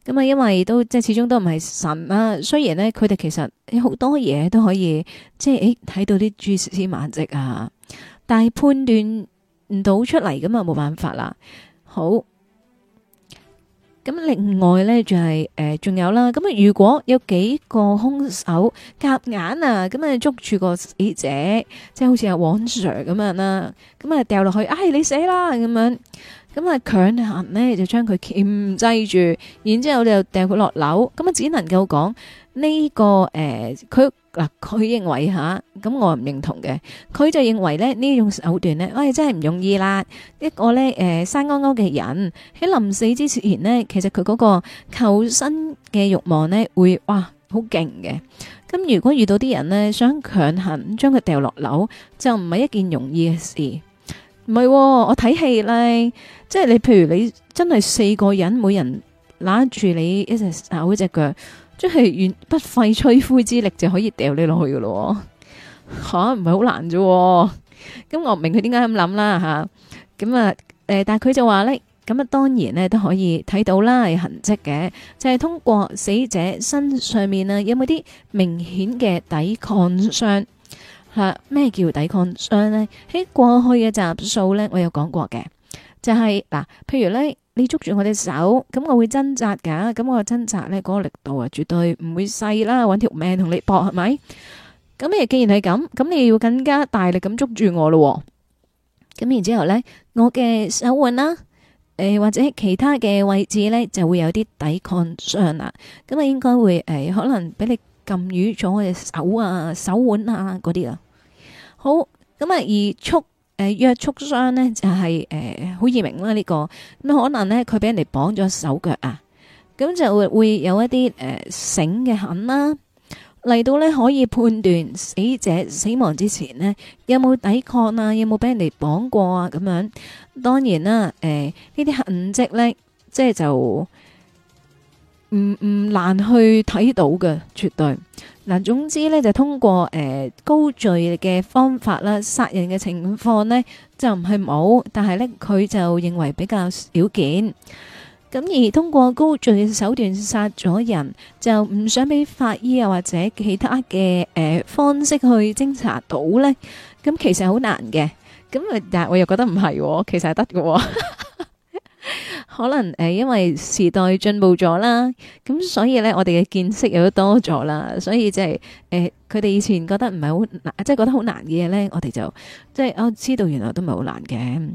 Speaker 1: 咁啊，因為都即係始終都唔係神啊。雖然呢，佢哋其實有好多嘢都可以，即係誒睇到啲蛛絲馬迹啊，但係判斷唔到出嚟噶嘛，冇辦法啦。好，咁另外呢就係、是、誒，仲、呃、有啦。咁啊，如果有幾個凶手夾硬啊，咁啊捉住個死者，即係好似阿王 Sir 咁樣啦、啊，咁啊掉落去，哎你死啦咁樣。咁啊，強行咧就將佢鉗制住，然之後就哋掟佢落樓，咁啊只能夠講呢個誒，佢嗱佢認為嚇，咁、啊、我唔認同嘅，佢就認為咧呢種手段咧，哋、哎、真係唔容易啦！一個咧誒、呃、生勾勾嘅人喺臨死之前呢，其實佢嗰個求生嘅欲望咧，會哇好勁嘅。咁如果遇到啲人咧想強行將佢掟落樓，就唔係一件容易嘅事。唔係、哦，我睇戲咧，即係你，譬如你真係四個人，每人拿住你一隻手一隻腳，即係不費吹灰之力就可以掉你落去噶咯、哦，吓唔係好難啫。咁我唔明佢點解咁諗啦吓。咁啊，誒、哦嗯啊嗯，但係佢就話咧，咁啊，當然咧都可以睇到啦，係痕跡嘅，就係、是、通過死者身上面啊，有冇啲明顯嘅抵抗傷。吓咩叫抵抗傷呢？喺過去嘅集數咧，我有講過嘅，就係、是、嗱，譬如咧，你捉住我隻手，咁我會掙扎噶，咁我掙扎咧，嗰個力度啊，絕對唔會細啦，揾條命同你搏係咪？咁你既然係咁，咁你要更加大力咁捉住我咯，咁然之後咧，我嘅手腕啦，誒、呃、或者其他嘅位置咧，就會有啲抵抗傷啦，咁我應該會誒、呃、可能俾你。禁語咗嘅手啊、手腕啊嗰啲、呃就是呃、啊，好咁啊，而束誒約束傷呢就係誒好易明啦，呢個咁可能呢，佢俾人哋綁咗手腳啊，咁就會會有一啲誒繩嘅痕啦，嚟到呢，可以判斷死者死亡之前呢，有冇抵抗啊，有冇俾人哋綁過啊咁樣，當然啦，誒呢啲痕跡呢，即係就。唔唔難去睇到嘅，絕對嗱。總之咧就通過誒高罪嘅方法啦，殺人嘅情況咧就唔係冇，但係咧佢就認為比較少見。咁而通過高罪手段殺咗人，就唔想俾法醫又或者其他嘅誒方式去偵查到咧，咁其實好難嘅。咁啊，但係我又覺得唔係，其實係得嘅。 可能誒、呃，因為時代進步咗啦，咁所以咧，我哋嘅見識又都多咗啦，所以即係誒，佢、呃、哋以前覺得唔係好難，即係覺得好難嘅嘢咧，我哋就即係我、哦、知道原來都唔係好難嘅。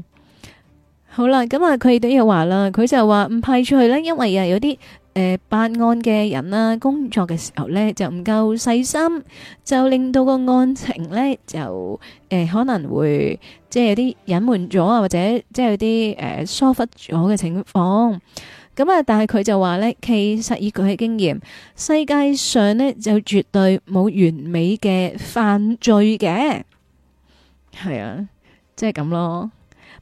Speaker 1: 好啦，咁啊，佢哋又話啦，佢就話唔排除咧，因為啊有啲。誒、呃，辦案嘅人啊，工作嘅時候咧就唔夠細心，就令到個案情咧就誒、呃、可能會即係有啲隱瞞咗啊，或者即係有啲誒、呃、疏忽咗嘅情況。咁、嗯、啊，但係佢就話咧，其實以佢嘅經驗，世界上咧就絕對冇完美嘅犯罪嘅，係 啊，即係咁咯。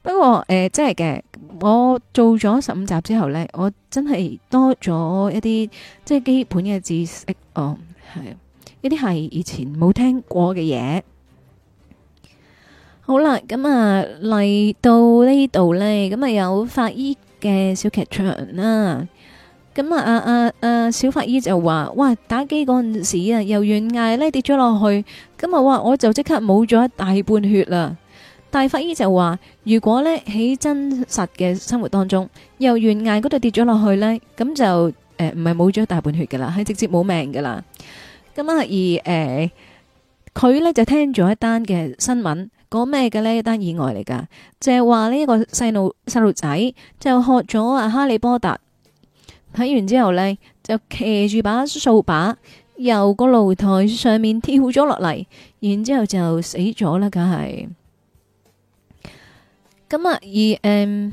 Speaker 1: 不過誒、呃，真係嘅，我做咗十五集之後呢，我真係多咗一啲即係基本嘅知識哦，係呢啲係以前冇聽過嘅嘢。嗯、好啦，咁啊嚟到呢度呢，咁啊有法醫嘅小劇場啦。咁啊啊啊啊，小法醫就話：哇，打機嗰陣時啊，由懸崖呢跌咗落去，咁啊，哇，我就即刻冇咗一大半血啦。大法醫就話：如果咧喺真實嘅生活當中，由懸崖嗰度跌咗落去咧，咁就誒唔係冇咗大半血噶啦，係直接冇命噶啦。咁啊而誒，佢、呃、咧就聽咗一單嘅新聞，講咩嘅呢？一單意外嚟噶，就係話呢一個細路細路仔就學咗《哈利波特》，睇完之後咧就騎住把掃把，由個露台上面跳咗落嚟，然之後就死咗啦，梗係。咁啊，而誒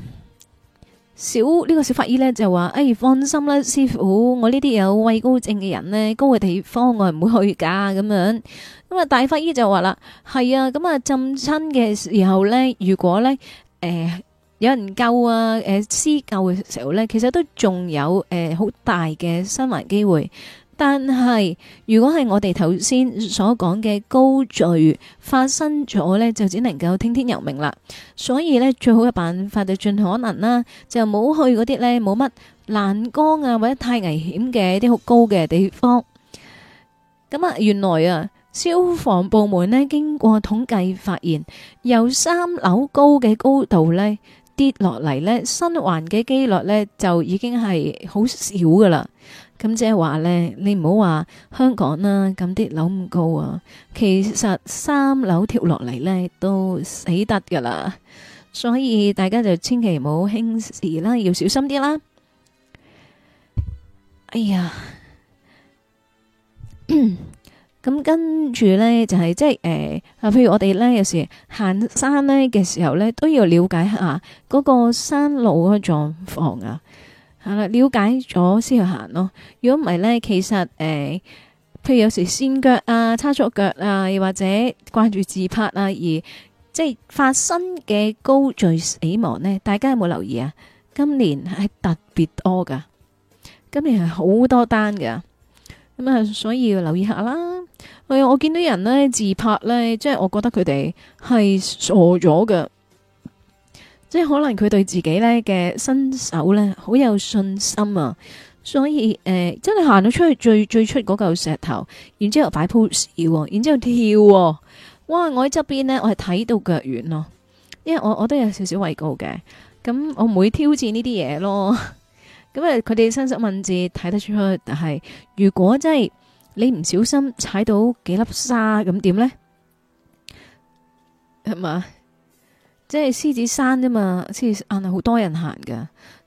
Speaker 1: 小呢個小法醫咧就話，哎，放心啦，師傅，我呢啲有畏高症嘅人咧，高嘅地方我係唔會去噶。咁樣，咁啊大法醫就話啦，係啊，咁啊浸親嘅時候咧，如果咧誒有人救啊，誒施救嘅時候咧，其實都仲有誒好大嘅生還機會。但係，如果係我哋頭先所講嘅高墜發生咗咧，就只能夠聽天由命啦。所以咧，最好嘅辦法就盡可能啦，就冇去嗰啲咧冇乜欄杆啊或者太危險嘅一啲好高嘅地方。咁啊，原來啊，消防部門咧經過統計發現，由三樓高嘅高度咧跌落嚟咧，生還嘅機率咧就已經係好少噶啦。咁即係話呢，你唔好話香港啦、啊，咁啲樓咁高啊，其實三樓跳落嚟呢都死得噶啦，所以大家就千祈唔好輕視啦，要小心啲啦。哎呀，咁 跟住呢，就係、是、即係誒啊，譬如我哋呢，有時行山呢嘅時候呢，都要了解一下嗰個山路嗰個狀況啊。係啦，了解咗先去行咯。如果唔係咧，其實誒、呃，譬如有時跣腳啊、叉錯腳啊，又或者掛住自拍啊，而即係發生嘅高墜死亡呢，大家有冇留意啊？今年係特別多噶，今年係好多單噶，咁、嗯、啊，所以要留意一下啦。係、嗯、我見到人呢，自拍咧，即係我覺得佢哋係傻咗噶。即係可能佢對自己咧嘅身手咧好有信心啊，所以誒、呃，真係行到出去最最出嗰嚿石頭，然之後擺 pose 喎，然之後跳喎，哇！我喺側邊咧，我係睇到腳軟咯，因為我我都有少少畏高嘅，咁我唔會挑戰呢啲嘢咯。咁啊，佢哋身手敏捷睇得出，但係如果真係你唔小心踩到幾粒沙，咁點咧？係嘛？即係獅子山啫嘛，獅子山係好多人行噶，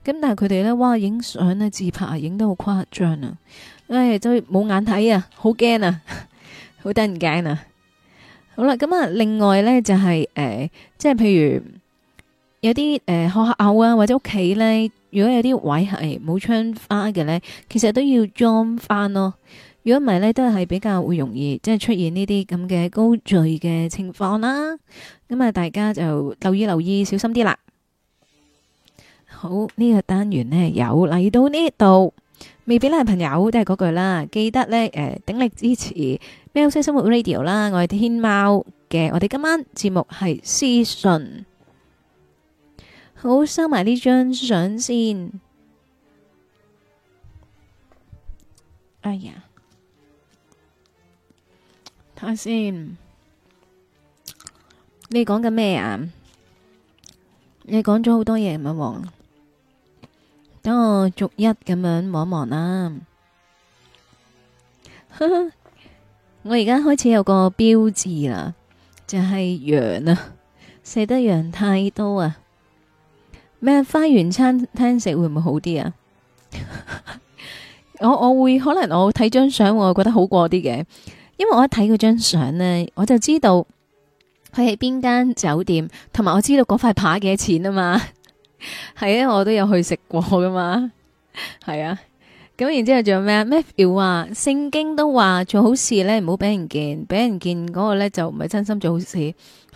Speaker 1: 咁但係佢哋咧，哇，影相咧自拍啊，影得好誇張啊，唉，真係冇眼睇啊，好驚啊，好得人驚啊，好啦，咁、就是呃呃、啊，另外咧就係誒，即係譬如有啲誒學校啊或者屋企咧，如果有啲位係冇窗花嘅咧，其實都要裝翻咯。如果唔係咧，都係比較會容易，即係出現呢啲咁嘅高墜嘅情況啦。咁啊，大家就留意留意，小心啲啦。好，呢個單元咧有嚟到呢度，未必咧朋友都係嗰句啦，記得咧誒，鼎力支持喵式生活 Radio 啦。我係天喵嘅，我哋今晚節目係屍訊。好，收埋呢張相先。哎呀～睇下先，你講緊咩啊？你講咗好多嘢，唔好忘。等我逐一咁樣望一望啦。 我而家開始有個標誌啦，就係、是、羊啊，食得羊太多啊。咩花園餐廳食會唔會好啲啊？ 我我會可能我睇張相，我會覺得好過啲嘅。因為我一睇嗰張相咧，我就知道佢喺邊間酒店，同埋我知道嗰塊扒幾多錢啊嘛，係 啊，我都有去食過噶嘛，係啊。咁然之後仲有咩啊？Matthew 話聖經都話做好事咧，唔好俾人見，俾人見嗰個咧就唔係真心做好事，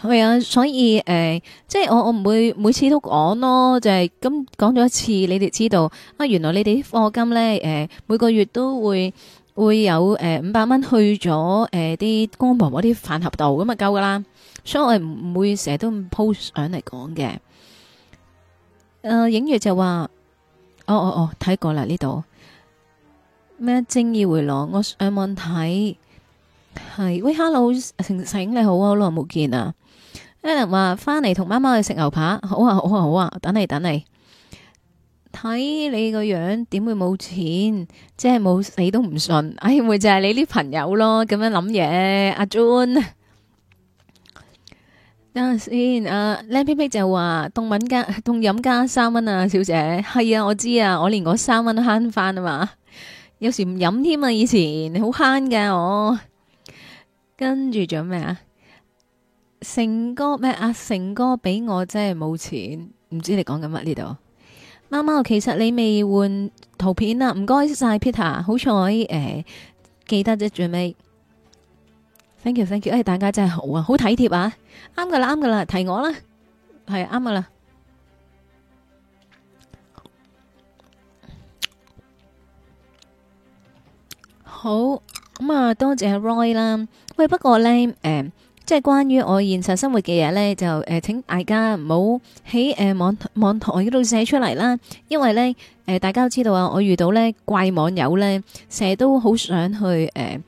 Speaker 1: 係啊。所以誒、呃，即係我我唔會每次都講咯，就係咁講咗一次，你哋知道啊。原來你哋啲課金咧誒、呃，每個月都會。會有誒五百蚊去咗誒啲公公婆婆啲飯盒度，咁啊夠噶啦，所以我係唔唔會成日都 po 相嚟講嘅。誒、呃、影月就話，哦哦哦，睇、哦、過啦，呢度咩正義回廊，我上網睇係喂，hello 晴晴你好啊，好耐冇見啊，Alan 話翻嚟同貓貓去食牛扒，好啊好啊好啊，等你等你。睇你個樣，點會冇錢？即係冇，你都唔信。哎，會就係你啲朋友咯，咁樣諗嘢。阿 Jun，等陣先。阿靚皮皮就話凍飲加凍飲加三蚊啊，小姐。係啊，我知啊，我連嗰三蚊都慳翻啊嘛。有時唔飲添啊，以前你好慳㗎我。跟住仲有咩啊？成哥咩阿成哥俾我真係冇錢，唔知你講緊乜呢度？啱啱，其實你未換圖片啊？唔該晒，Peter，好彩誒，記得啫最尾，thank you，thank you，而家大家真係好啊，好體貼啊，啱噶啦，啱噶啦，提我啦，係啱噶啦，好，咁啊，多謝阿 Roy 啦，喂，不過咧，誒。即係關於我現實生活嘅嘢咧，就誒、呃，請大家唔好喺誒網網台嗰度寫出嚟啦，因為咧誒、呃、大家都知道啊，我遇到咧怪網友咧，成日都好想去誒、呃，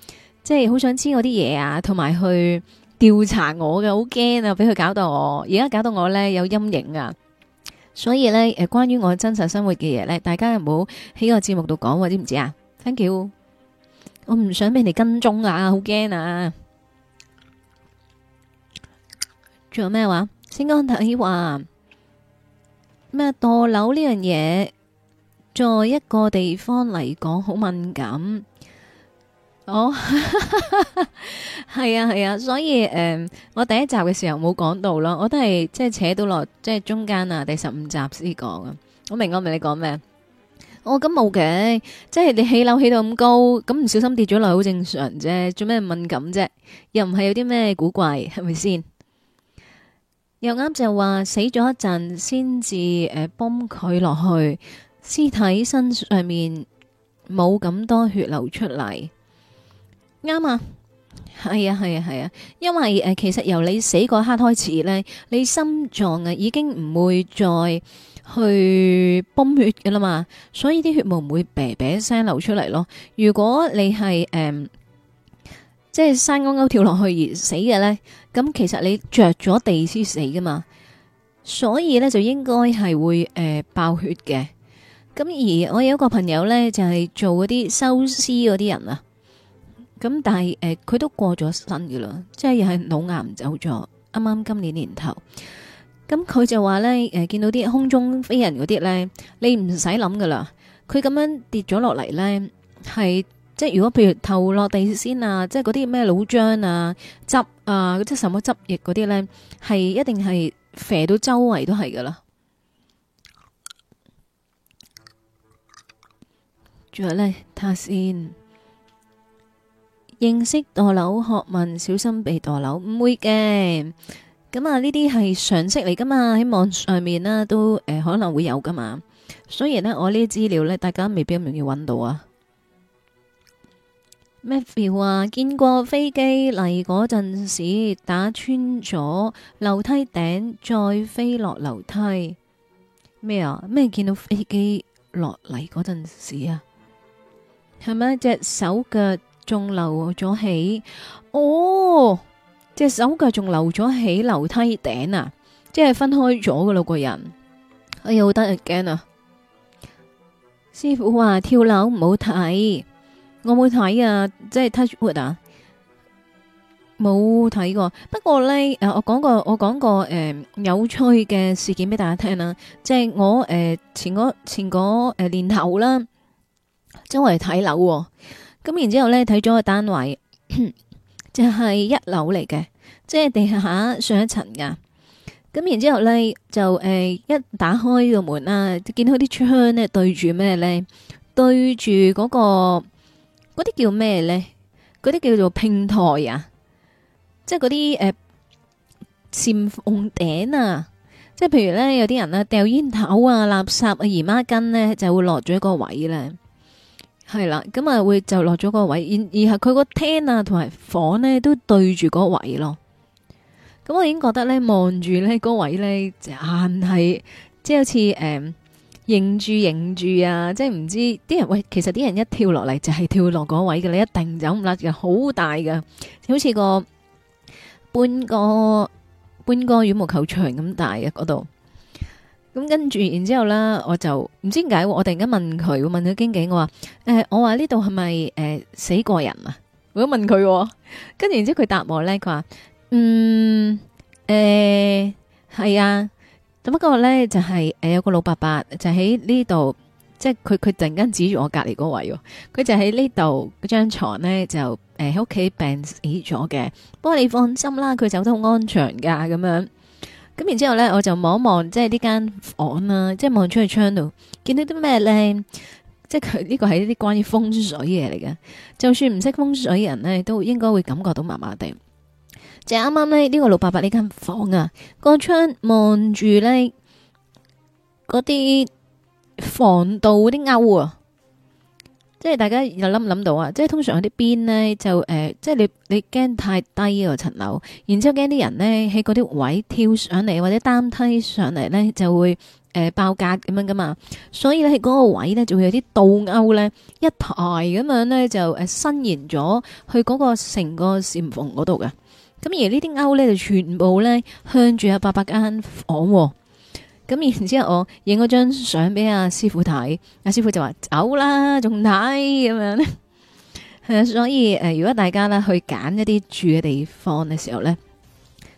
Speaker 1: 即係好想知我啲嘢啊，同埋去調查我嘅，好驚啊，俾佢搞到我，而家搞到我咧有陰影啊，所以咧誒、呃，關於我真實生活嘅嘢咧，大家唔好喺個節目度講，啊，知唔知啊？Thank you，我唔想俾你跟蹤啊，好驚啊！仲有咩話？先安睇話咩？墮樓呢樣嘢，在一個地方嚟講好敏感。哦，係 啊，係啊，所以誒、嗯，我第一集嘅時候冇講到咯，我都係即係扯到落即係中間啊，第十五集先講啊。我明，我明你講咩？我咁冇嘅，即係你起樓起到咁高，咁唔小心跌咗落，好正常啫。做咩敏感啫？又唔係有啲咩古怪，係咪先？又啱就話死咗一陣先至誒泵佢落去，屍體身上面冇咁多血流出嚟，啱啊，係啊係啊係啊，因為誒、呃、其實由你死嗰刻開始咧，你心臟啊已經唔會再去泵血㗎啦嘛，所以啲血冇唔會啤啤聲流出嚟咯。如果你係誒，嗯即係山溝溝跳落去而死嘅呢，咁其實你着咗地先死噶嘛，所以呢就應該係會誒、呃、爆血嘅。咁而我有一個朋友呢，就係、是、做嗰啲收屍嗰啲人啊，咁但係誒佢都過咗身噶啦，即係又係腦癌走咗，啱啱今年年頭。咁佢就話呢，誒、呃、見到啲空中飛人嗰啲呢，你唔使諗噶啦，佢咁樣跌咗落嚟呢。係。即係如果譬如頭落地先啊，即係嗰啲咩腦漿啊、汁啊，即啲什麼汁液嗰啲呢，係一定係肥到周圍都係噶啦。仲有呢，睇下先認識墮樓學問，小心被墮樓，唔會嘅。咁啊，呢啲係常識嚟噶嘛，喺網上面、啊、呢都誒、呃、可能會有噶嘛。所以呢，我呢啲資料呢，大家未必咁容易揾到啊。咩話？見過飛機嚟嗰陣時打穿咗樓梯頂，再飛落樓梯咩啊？咩見到飛機落嚟嗰陣時啊？係咪隻手腳仲留咗起？哦，隻手腳仲留咗起樓梯頂啊！即係分開咗㗎喇個人，哎呀，好得人驚啊！師傅話跳樓唔好睇。我冇睇啊，即係 Touchwood 啊，冇睇過。不過咧，誒，我講個，我講個，誒、呃，有趣嘅事件俾大家聽啦、啊。即係我誒、呃、前個前誒、呃、年頭啦，周圍睇樓、喔，咁然之後咧睇咗個單位，就係、是、一樓嚟嘅，即係地下上,上一層噶。咁然之後咧就誒、呃、一打開個門啦、啊，就見到啲窗咧對住咩咧？對住嗰、那個。嗰啲叫咩咧？嗰啲叫做平台啊，即係嗰啲誒，簷篷頂啊，即係譬如咧，有啲人咧掉煙頭啊、垃圾啊、姨媽巾咧，就會落咗一個位咧，係啦，咁啊會就落咗個位，然後佢個廳啊同埋房咧、啊、都對住個位咯，咁我已經覺得咧望住咧個位咧，就硬係即係好似誒。呃認住認住啊！即係唔知啲人喂，其實啲人一跳落嚟就係、是、跳落嗰位嘅，你一定走唔甩嘅，好大㗎，好似個半個半個羽毛球場咁大嘅嗰度。咁、嗯、跟住，然之後咧，我就唔知點解，我突然間問佢，問佢經紀，我話：，誒，我話呢度係咪誒死過人啊？我問佢、哦，跟住然之後佢答我咧，佢話：，嗯，誒、呃，係啊。咁不過咧就係誒有個老伯伯就喺呢度，即係佢佢突然間指住我隔籬嗰位，佢就喺呢度嗰張床咧就誒喺屋企病死咗嘅。不過你放心啦，佢走得好安詳噶咁樣。咁然之後咧我就望一望即係呢間房啦，即係望出去窗度見到啲咩咧，即係佢呢個係一啲關於風水嘢嚟嘅。就算唔識風水人咧，都應該會感覺到麻麻地。就啱啱咧，呢個六八八呢間房啊，個窗望住咧嗰啲防盜嗰啲勾啊，即係大家又諗唔諗到啊，即係通常有啲邊咧就誒，即係你你驚太低個層樓，然之後驚啲人咧喺嗰啲位跳上嚟或者擔梯上嚟咧就會誒爆格咁樣噶嘛，所以咧喺嗰個位咧就會有啲倒勾咧一排咁樣咧就誒伸延咗去嗰個成個禪縫嗰度嘅。咁而呢啲勾咧就全部咧向住阿伯伯間房、啊，咁然之後我影咗張相俾阿師傅睇，阿、啊、師傅就話走啦，仲睇咁樣咧。誒， 所以誒、呃，如果大家咧去揀一啲住嘅地方嘅時候咧，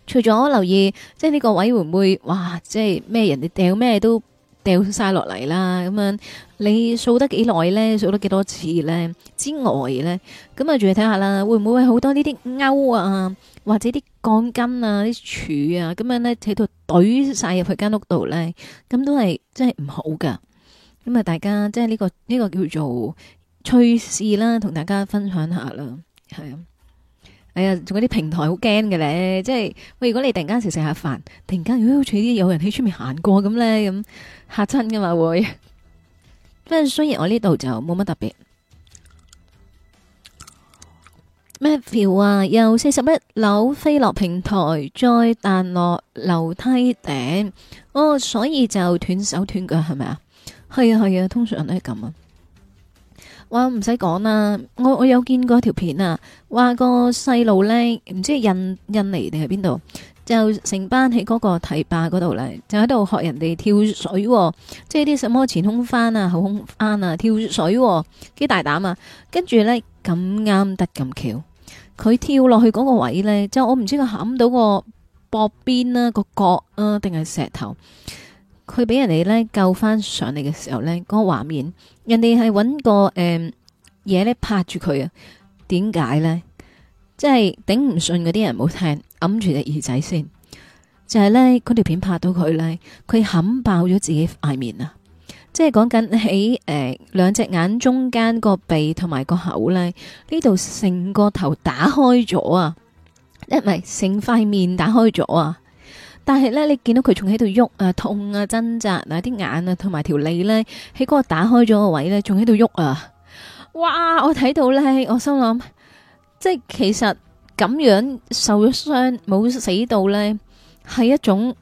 Speaker 1: 除咗留意，即係呢個位會唔會哇，即係咩人哋掟咩都。掉晒落嚟啦，咁樣你掃得幾耐咧？掃得幾多次咧？之外咧，咁啊，仲要睇下啦，會唔會好多呢啲勾啊，或者啲鋼筋啊、啲柱啊，咁樣咧喺度懟晒入去間屋度咧，咁都係真係唔好噶。咁啊，大家即係呢、呢個呢、呢個叫做趨勢啦，同大家分享下啦。係啊，仲、哎、啊，啲平台好驚嘅咧，即係喂，如果你突然間食食下飯，突然間，哎、好似啲有人喺出面行過咁咧，咁～吓親嘅嘛會，不 過，雖然我呢度就冇乜特別咩票啊，由四十一樓飛落平台，再彈落樓梯頂，哦，所以就斷手斷腳係咪啊？係啊係啊，通常人都係咁啊。哇唔使講啦，我我有見過條片啊，話個細路咧，唔知係印印尼定係邊度。就成班喺嗰個堤壩嗰度呢，就喺度學人哋跳水，哦，即係啲什麼前空翻啊、後空翻啊、跳水，哦，幾大膽啊！跟住呢，咁啱得咁巧，佢跳落去嗰個位呢，就我唔知佢冚到個薄邊啦、啊、個角啊，定係石頭，佢俾人哋呢救翻上嚟嘅時候嗰、嗰個畫面，人哋係揾個誒嘢呢拍住佢啊，點、呃、解呢？即係頂唔順嗰啲人，冇聽，揞住隻耳仔先。就係呢，嗰條片拍到佢呢，佢冚爆咗自己塊面啊！即係講緊喺誒兩隻眼中間個鼻同埋個口呢，呢度成個頭打開咗啊！一唔係成塊面打開咗啊！但係呢，你見到佢仲喺度喐啊，痛啊，掙扎啊，啲眼啊同埋條脷呢，喺嗰個打開咗個位呢，仲喺度喐啊！哇，我睇到呢，我心諗。即係其實咁樣受咗傷冇死到呢，係一種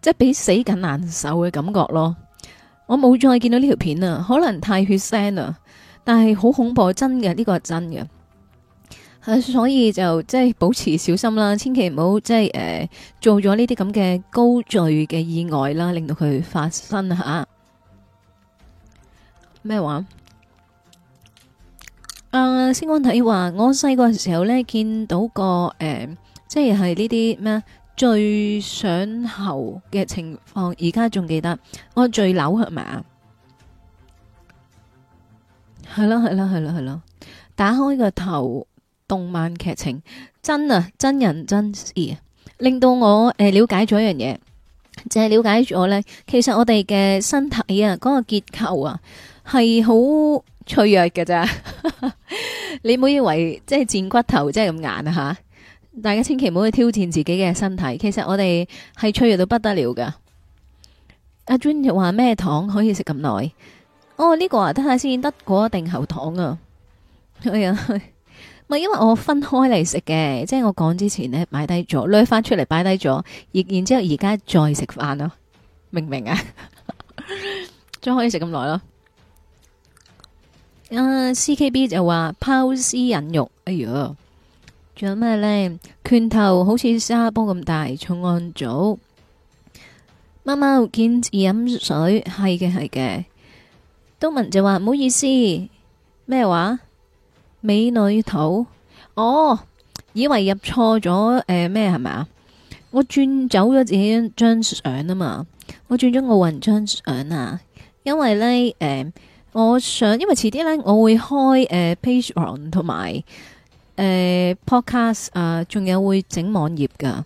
Speaker 1: 即係比死緊難受嘅感覺咯。我冇再見到呢條片啊，可能太血腥啊，但係好恐怖，真嘅呢、呢個係真嘅。係所以就即係保持小心啦，千祈唔好即係誒、呃、做咗呢啲咁嘅高墜嘅意外啦，令到佢發生吓。咩話？誒、呃，星光體話我細個時候咧，見到個誒、呃，即係係呢啲咩最上喉嘅情況，而家仲記得我最扭係咪啊？係咯係咯係咯係咯，打開個頭，動漫劇情真啊真人真事、啊，令到我誒、呃、了解咗一樣嘢，就係、是、了解咗咧，其實我哋嘅身體啊，嗰、那個結構啊。係好脆弱嘅咋，你唔好以為即係戰骨頭真係，即係咁硬吓。大家千祈唔好去挑戰自己嘅身體。其實我哋係脆弱到不得了噶。阿 Jun 就話咩糖可以食咁耐？哦，呢、這個啊，等下先，得果定喉糖啊。係、哎、啊，咪因為我分開嚟食嘅，即係我講之前咧，擺低咗，攞翻出嚟擺低咗，然然之後而家再食飯咯。明唔明啊？仲 可以食咁耐咯。Uh, CKB 就話拋屍引肉，哎呀，仲有咩呢？拳頭好似沙煲咁大，重案組貓貓見飲水，係嘅係嘅。東文就話唔好意思，咩話？美女圖，哦，以為入錯咗誒咩係咪？我轉走咗自己張相啊嘛，我轉咗奧運張相啊，因為呢。誒、呃。我想，因為遲啲咧，我會開誒、呃、Patreon 同埋誒、呃、Podcast 啊、呃，仲有會整網頁㗎，咁、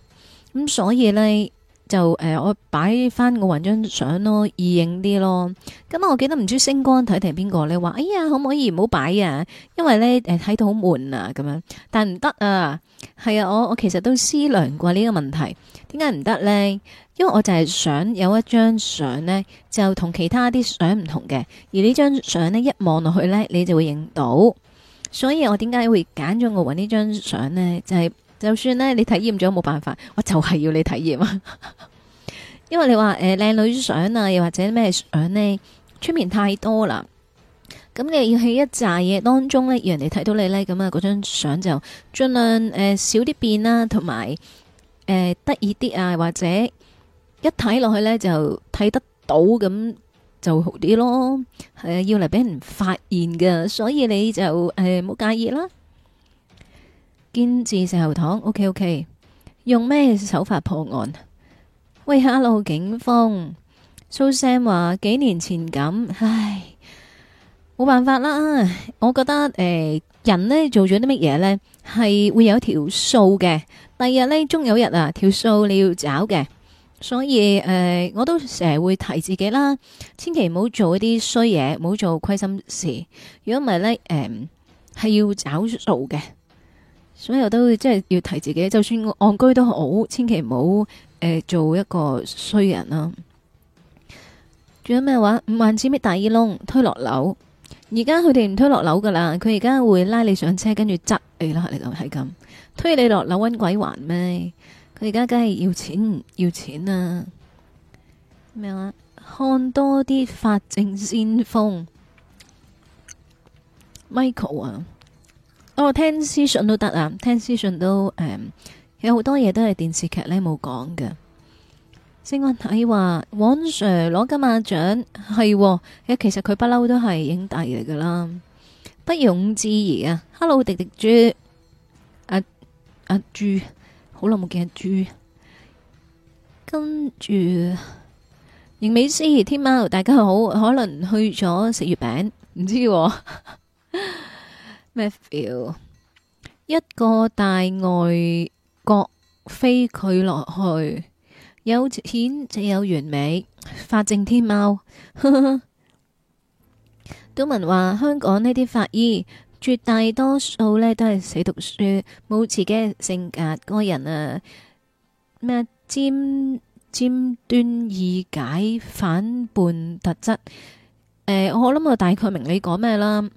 Speaker 1: 嗯、所以咧。就誒、呃，我擺翻我搵張相咯，易影啲咯。咁、嗯、啊，我記得唔知星光睇定邊個你話哎呀，可唔可以唔好擺啊？因為咧，誒睇到好悶啊，咁樣。但係唔得啊，係啊，我我其實都思量過呢個問題，點解唔得咧？因為我就係想有一張相咧，就同其他啲相唔同嘅，而呢張相咧一望落去咧，你就會影到。所以我點解會揀咗我搵呢張相咧？就係。就算咧，你體驗咗冇辦法，我就係要你體驗。因為你話，誒靚女相啊，又或者咩相呢，出面太多啦。咁你要喺一紮嘢當中咧，要人哋睇到你咧，咁啊嗰張相就盡量誒、呃、少啲變啦，同埋誒得意啲啊，或者一睇落去咧就睇得到咁就好啲咯。係啊、呃，要嚟俾人發現㗎，所以你就誒冇、呃、介意啦。堅治石後堂，OK OK，用咩手法破案？喂，hello 警方，蘇 Sam 話幾年前咁，唉，冇辦法啦。我覺得誒、呃，人呢做咗啲乜嘢呢？係會有一條數嘅。第二日呢，終有日啊，條數你要找嘅。所以誒、呃，我都成日會提自己啦，千祈唔好做一啲衰嘢，唔好做虧心事。如果唔係呢，誒、呃，係要找數嘅。所以我都即係要提自己，就算戇居都好，千祈唔好誒做一個衰人啊。仲有咩話？五萬蚊咩大耳窿，推落樓。而家佢哋唔推落樓噶啦，佢而家會拉你上車，跟住執你啦，你就係咁推你落樓搵鬼還咩？佢而家梗係要錢，要錢啊！咩話？看多啲法證先鋒，Michael 啊！我、哦、聽屍訊都得啊，聽屍訊都誒、嗯，有好多嘢都係電視劇咧冇講嘅。星安睇話，王 Sir 攞金馬獎係、哦，其實佢不嬲都係影帝嚟噶啦，不容置疑啊。Hello，迪迪豬，阿阿豬好耐冇見阿豬，跟住盈美思兒，天喵大家好，可能去咗食月餅，唔知道、哦。 咩 feel？一個大外國飛佢落去，有錢就有完美，法正天貓。 都聞話香港呢啲法醫，絕大多數呢都係死讀書，冇自己嘅性格個人啊，咩尖尖端易解反叛特質。欸，我諗我大概明你講咩啦。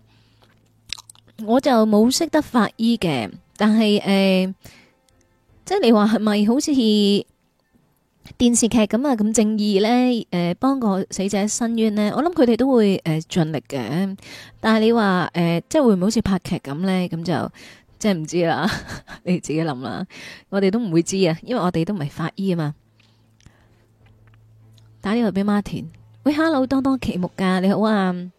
Speaker 1: 我就冇識得法醫嘅，但係誒、呃，即係你話係咪好似電視劇咁啊？咁正義咧，誒、呃，幫個死者申冤咧，我諗佢哋都會誒盡、呃、力嘅。但係你話誒、呃，即係會唔會好似拍劇咁咧？咁就即係唔知啦， 你自己諗啦。我哋都唔會知啊，因為我哋都唔係法醫啊嘛。打電話俾 Martin，喂，Hello，當當期目噶，你好啊，仲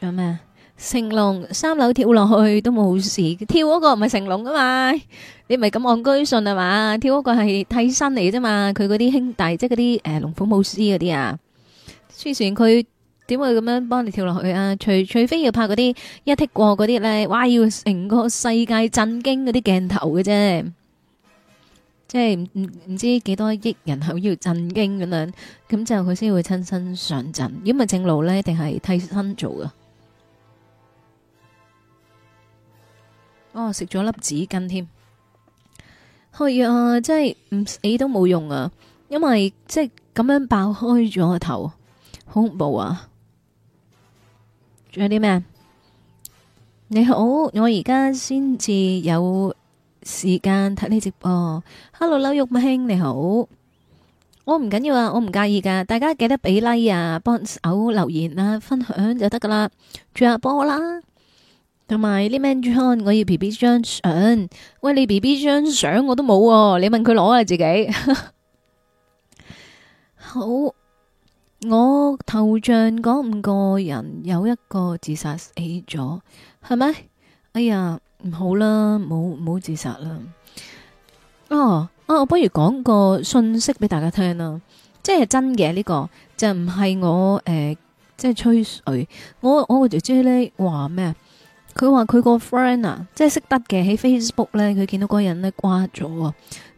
Speaker 1: 有咩？成龍三樓跳落去都冇事，跳嗰個唔係成龍噶嘛？你咪咁戇居，順係嘛？跳嗰個係替身嚟啫嘛，佢嗰啲兄弟即係嗰啲誒龍虎武師嗰啲啊。所以佢點會咁樣幫你跳落去啊？除除非要拍嗰啲一剔過嗰啲咧，哇要成個世界震驚嗰啲鏡頭嘅啫，即係唔唔知幾多億人口要震驚咁樣，咁就佢先會親身上陣。如果唔係正路咧，定係替身做噶？哦，食咗粒紙巾添，係、哎、啊，即係唔死都冇用啊，因為即係咁樣爆開咗個頭，好恐怖啊！仲有啲咩？你好，我而家先至有時間睇呢直播。Hello，柳玉咪兄你好，我唔緊要啊，我唔介意噶，大家記得俾 like 啊，幫手留言啊，分享就得噶啦，轉下波啦。同埋啲咩張我要 B B 張相，喂你 B B 張相我都冇喎。你問佢攞啊自己 好。我頭像嗰五個人有一個自殺死咗，係咪？哎呀，唔好啦，冇冇自殺啦。哦、啊啊、我不如講個訊息俾大家聽啦，即係真嘅呢、這個就唔係我誒，即係、呃、吹水。我我個姐姐咧話咩佢話佢個 friend 啊，即係識得嘅喺 Facebook 咧，佢見到嗰個人咧掛咗，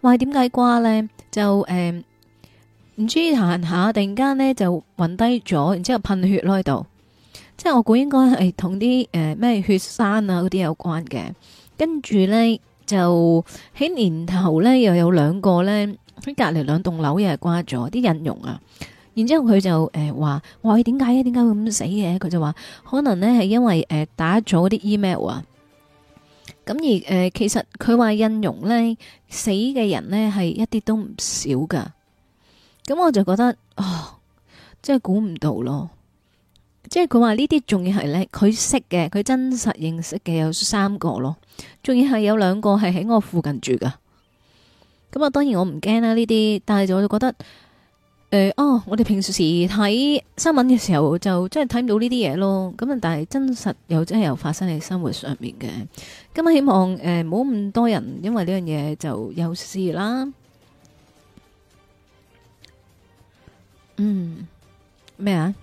Speaker 1: 話係點解掛咧？就誒唔、嗯、知行下，突然間咧就暈低咗，然之後噴血咯喺度，即係我估應該係同啲誒咩血山啊嗰啲有關嘅。跟住咧就喺年頭咧又有兩個咧喺隔籬兩棟樓又係掛咗啲印容啊。然之後佢就誒話，我話點解啊？點解會咁死嘅？佢就話可能呢係因為誒、呃、打咗啲 email 啊。咁而誒、呃，其實佢話印容呢，死嘅人呢係一啲都唔少噶。咁我就覺得哦，即係估唔到咯。即係佢話呢啲仲要係呢，佢識嘅，佢真實認識嘅有三個咯。仲要係有兩個係喺我附近住噶。咁啊，當然我唔驚啦呢啲，但係我就覺得。誒、呃，哦，我哋平時睇新聞嘅時候就真係睇唔到呢啲嘢咯，咁啊，但係真實又真係又發生喺生活上面嘅。今日希望誒，冇、呃、咁多人因為呢樣嘢就有事啦。嗯，咩啊？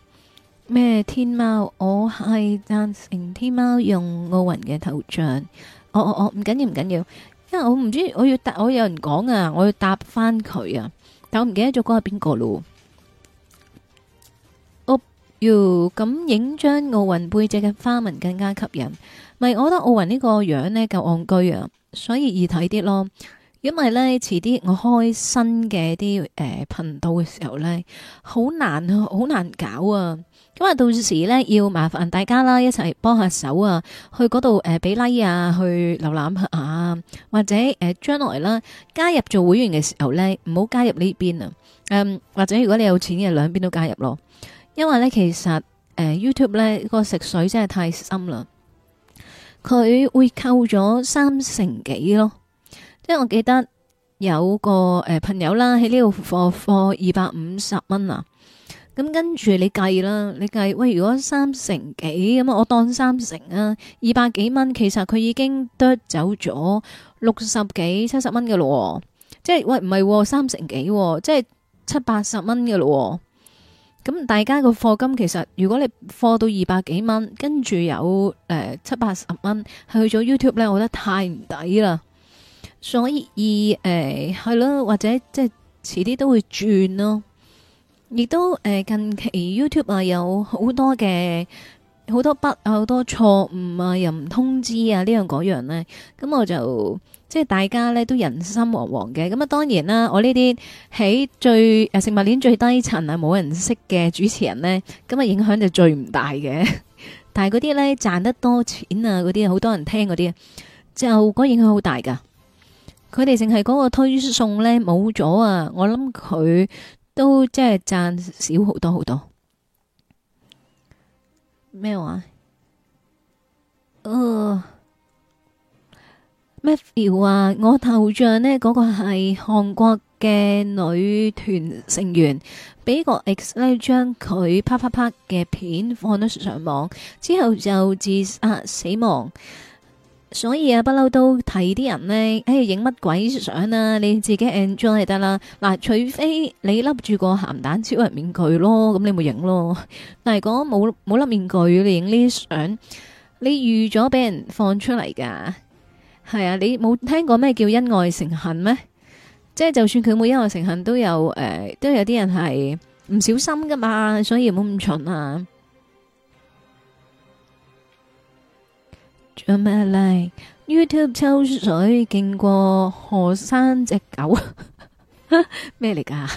Speaker 1: 咩天貓？我係贊成天貓用奧運嘅頭像。我我我唔緊要唔緊要，因為我唔知我要答，我有人講啊，我要答返佢啊。我唔記得咗嗰個係邊個咯。哦，要咁影張奧運背脊嘅花紋更加吸引，咪我覺得奧運呢個樣咧夠憨居啊，所以易睇啲咯。因為呢，遲啲我開新嘅啲誒頻道嘅時候咧，好難好難搞啊。咁啊，到時呢，要麻煩大家啦，一齊幫下手啊，去嗰度誒俾 like 啊，去瀏覽下、啊，或者誒將、呃、來啦加入做會員嘅時候呢，唔好加入呢邊啊，嗯，或者如果你有錢嘅，兩邊都加入咯，因為呢，其實誒、呃、YouTube 呢個食水真係太深啦，佢會扣咗三成幾咯，即係我記得有個誒、呃、朋友啦喺呢度貨貨二百五十蚊啊。咁跟住你計啦，你計喂，如果三成幾咁啊，我當三成啊，二百幾蚊，其實佢已經得走咗六十幾七十蚊嘅咯喎，即係喂唔係、哦、三成幾喎、哦，即係七八十蚊嘅咯喎。咁大家個課金其實，如果你課到二百幾蚊，跟住有、呃、七八十蚊去咗 YouTube 咧，我覺得太唔抵啦。所以誒，係、呃、咯，或者即係遲啲都會轉咯。亦都誒、呃、近期 YouTube 啊有好多嘅好多筆好多錯誤啊又唔通知啊呢樣嗰樣咧，咁我就即係大家呢都人心惶惶嘅。咁啊當然啦，我呢啲喺最誒食物鏈最低層啊冇人識嘅主持人呢，咁啊影響就最唔大嘅。但係嗰啲呢，賺得多錢啊嗰啲好多人聽嗰啲啊，就嗰個影響好大噶。佢哋淨係嗰個推送呢，冇咗啊！我諗佢。都即係賺少好多好多咩話？呃，咩話呀？我頭像呢嗰個係韓國嘅女團成員，俾個 X 呢將佢啪啪啪嘅片放咗上網之後就自殺死亡。所以啊，不嬲都睇啲人呢，誒，影乜鬼相啊？你自己 enjoy 就得啦。嗱，除非你笠住個咸蛋超人面具咯，咁你咪影咯。但係如果冇冇笠面具，你影呢啲相，你預咗俾人放出嚟噶。係啊，你冇聽過咩叫恩愛成恨咩？即係就算佢冇恩愛成恨都、呃，都有誒，都有啲人係唔小心噶嘛，所以唔好咁蠢啊。咩嚟，um, like.？YouTube 抽水勁過河山隻狗，咩嚟噶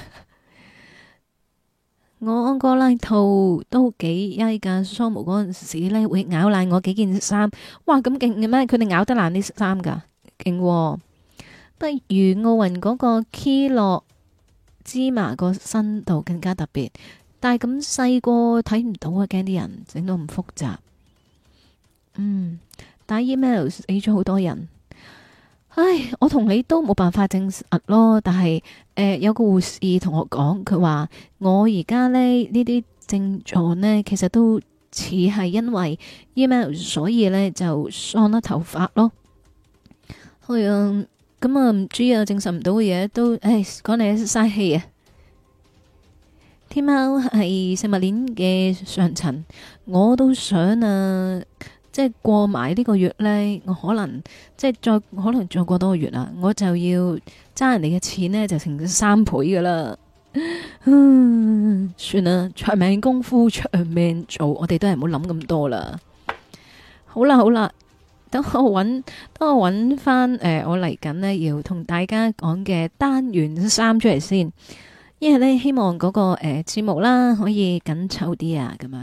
Speaker 1: 我安哥拉兔都幾曳噶梳毛嗰陣時咧會咬爛我幾件衫。哇，咁勁嘅咩？佢哋咬得爛啲衫噶勁。不如奧運嗰個 Kilo 芝麻個身度更加特別，但係咁細個睇唔到啊，驚啲人整到唔複雜。嗯。打 email 俾咗好多人，唉，我同你都冇辦法證實咯。但係，誒、呃，有個護士同我講，佢話我而家咧呢啲症狀呢，其實都似係因為 email，所以呢就喪甩頭髮咯。去咁啊，唔知啊，證實唔到嘅嘢都，唉、哎，講嚟嘥氣啊！天喵係食物鏈嘅上層，我都想啊。即係過埋呢個月呢，我可能即係再可能再過多個月啦，我就要爭人哋嘅錢呢，就成咗三倍噶啦。算啦，長命功夫長命做，我哋都係唔好諗咁多啦。好啦好啦，等我搵，等我搵翻、呃、我嚟緊呢，要同大家講嘅單元三出嚟先。因為呢，希望嗰、那個誒、呃、字幕啦可以緊湊啲啊，咁樣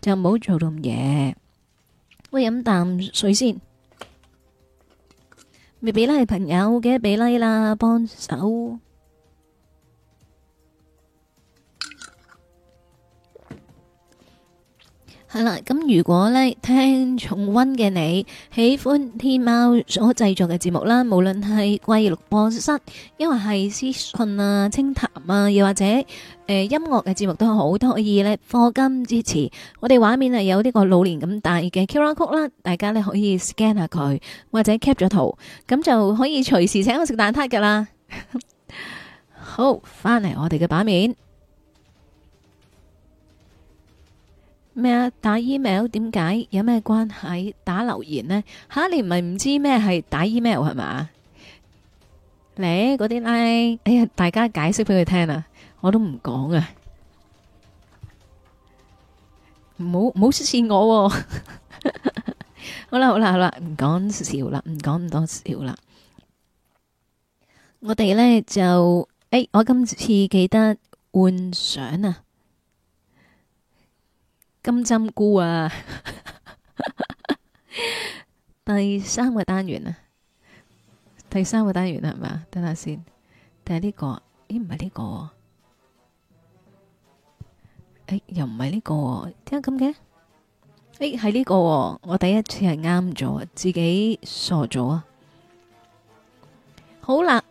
Speaker 1: 就唔好做到咁夜。喂，飲啖水先。未俾拉嘅朋友記得，俾拉啦，幫手。係啦，咁如果咧聽重溫嘅你喜歡天貓所製作嘅節目啦，無論係貴錄播室，因為係屍訊啊、清談啊，又或者誒音樂嘅節目都好，都可以咧，課金支持。我哋畫面啊有呢個老年咁大嘅 QR code 啦，大家咧可以 scan 下佢，或者 cap 咗圖，咁就可以隨時請我食蛋撻噶啦。好，翻嚟，我哋嘅版面。咩啊？打 email 點解有咩關係？打留言呢？哈，你唔係唔知咩係打 email 係嘛？嚟嗰啲 I 哎呀，大家解釋畀佢聽啦，我都唔講啊，唔、哦、 好唔好笑我。好啦好啦好啦，唔講笑啦，唔講咁多笑啦。我哋咧就誒、哎，我今次記得換相啊。金針菇啊！第三個單元啊，第三個單元係咪？等下先，定係呢個，咦唔係呢個？誒，又唔係呢個？點解咁嘅？誒，係呢個，我第一次係啱咗啊，自己傻咗啊！好啦。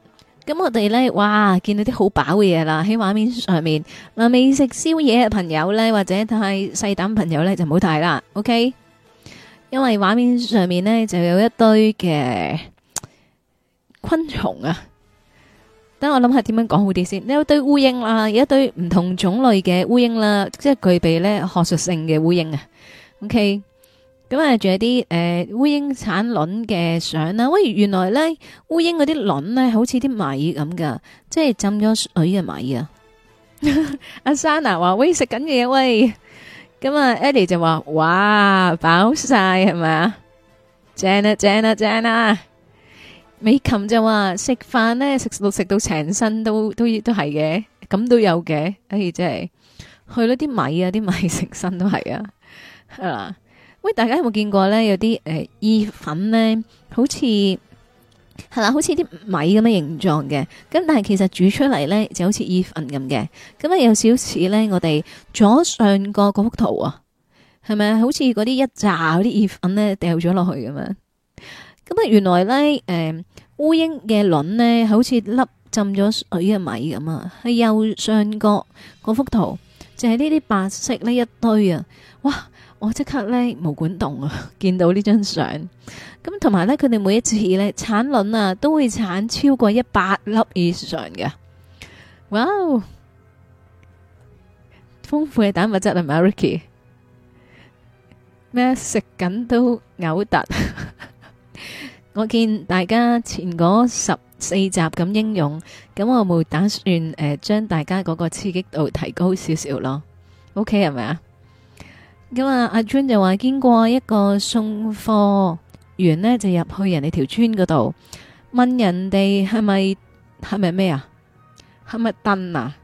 Speaker 1: 咁、嗯、我哋咧，哇，見到啲好飽嘅嘢啦喺畫面上面。嗱，未食宵夜嘅朋友咧，或者太細膽朋友咧，就唔好睇啦。OK，因為畫面上面咧就有一堆嘅昆蟲啊。等我諗下點樣講好啲先。呢一堆烏蠅啦，有一堆唔同種類嘅烏蠅啦，即係具備咧學術性嘅烏蠅啊。OK。咁、呃、啊，仲有啲誒，烏蠅產卵嘅相啦。喂，原來咧烏蠅嗰啲卵咧，好似啲米咁噶，即係浸咗水嘅米啊。阿 n 娜話：喂，食緊嘢喂。咁啊，Eddie 就話：哇，飽晒，係咪啊？正啊正啊正啊！美琴就話，食飯咧，食到食到成身都都都係嘅，咁都有嘅。哎，真係去咗啲米啊，啲米成身都係啊，係 喂，大家有冇見過咧？有啲誒、呃、意粉咧，好似係啦，好似啲米咁嘅形狀嘅。咁但係其實煮出嚟咧，就好似意粉咁嘅。咁啊，有少少似咧我哋，左上角嗰幅圖啊，係咪啊？好似嗰啲一紮嗰啲意粉咧，掉咗落去咁樣，樣、呃、樣。咁啊，原來咧，誒，烏蠅嘅卵咧，好似粒浸咗水嘅米咁啊。喺右上角嗰幅圖，就係呢啲白色呢一堆啊，哇！我即刻呢，毛管動啊，見到呢張相，咁同埋呢，佢哋每一次呢產卵啊，都會產超過一百粒以上嘅，哇、wow! 哦！豐富嘅蛋白質，係咪，Ricky？咩食緊都嘔突， 我見大家前嗰十四集咁英勇，咁我冇打算誒將、呃、大家嗰個刺激度提高少少咯，OK 係咪啊？咁啊，阿村就話經過一個送貨員呢，就入去人哋條村嗰度問人哋係咪係咪咩啊？係咪鄧啊？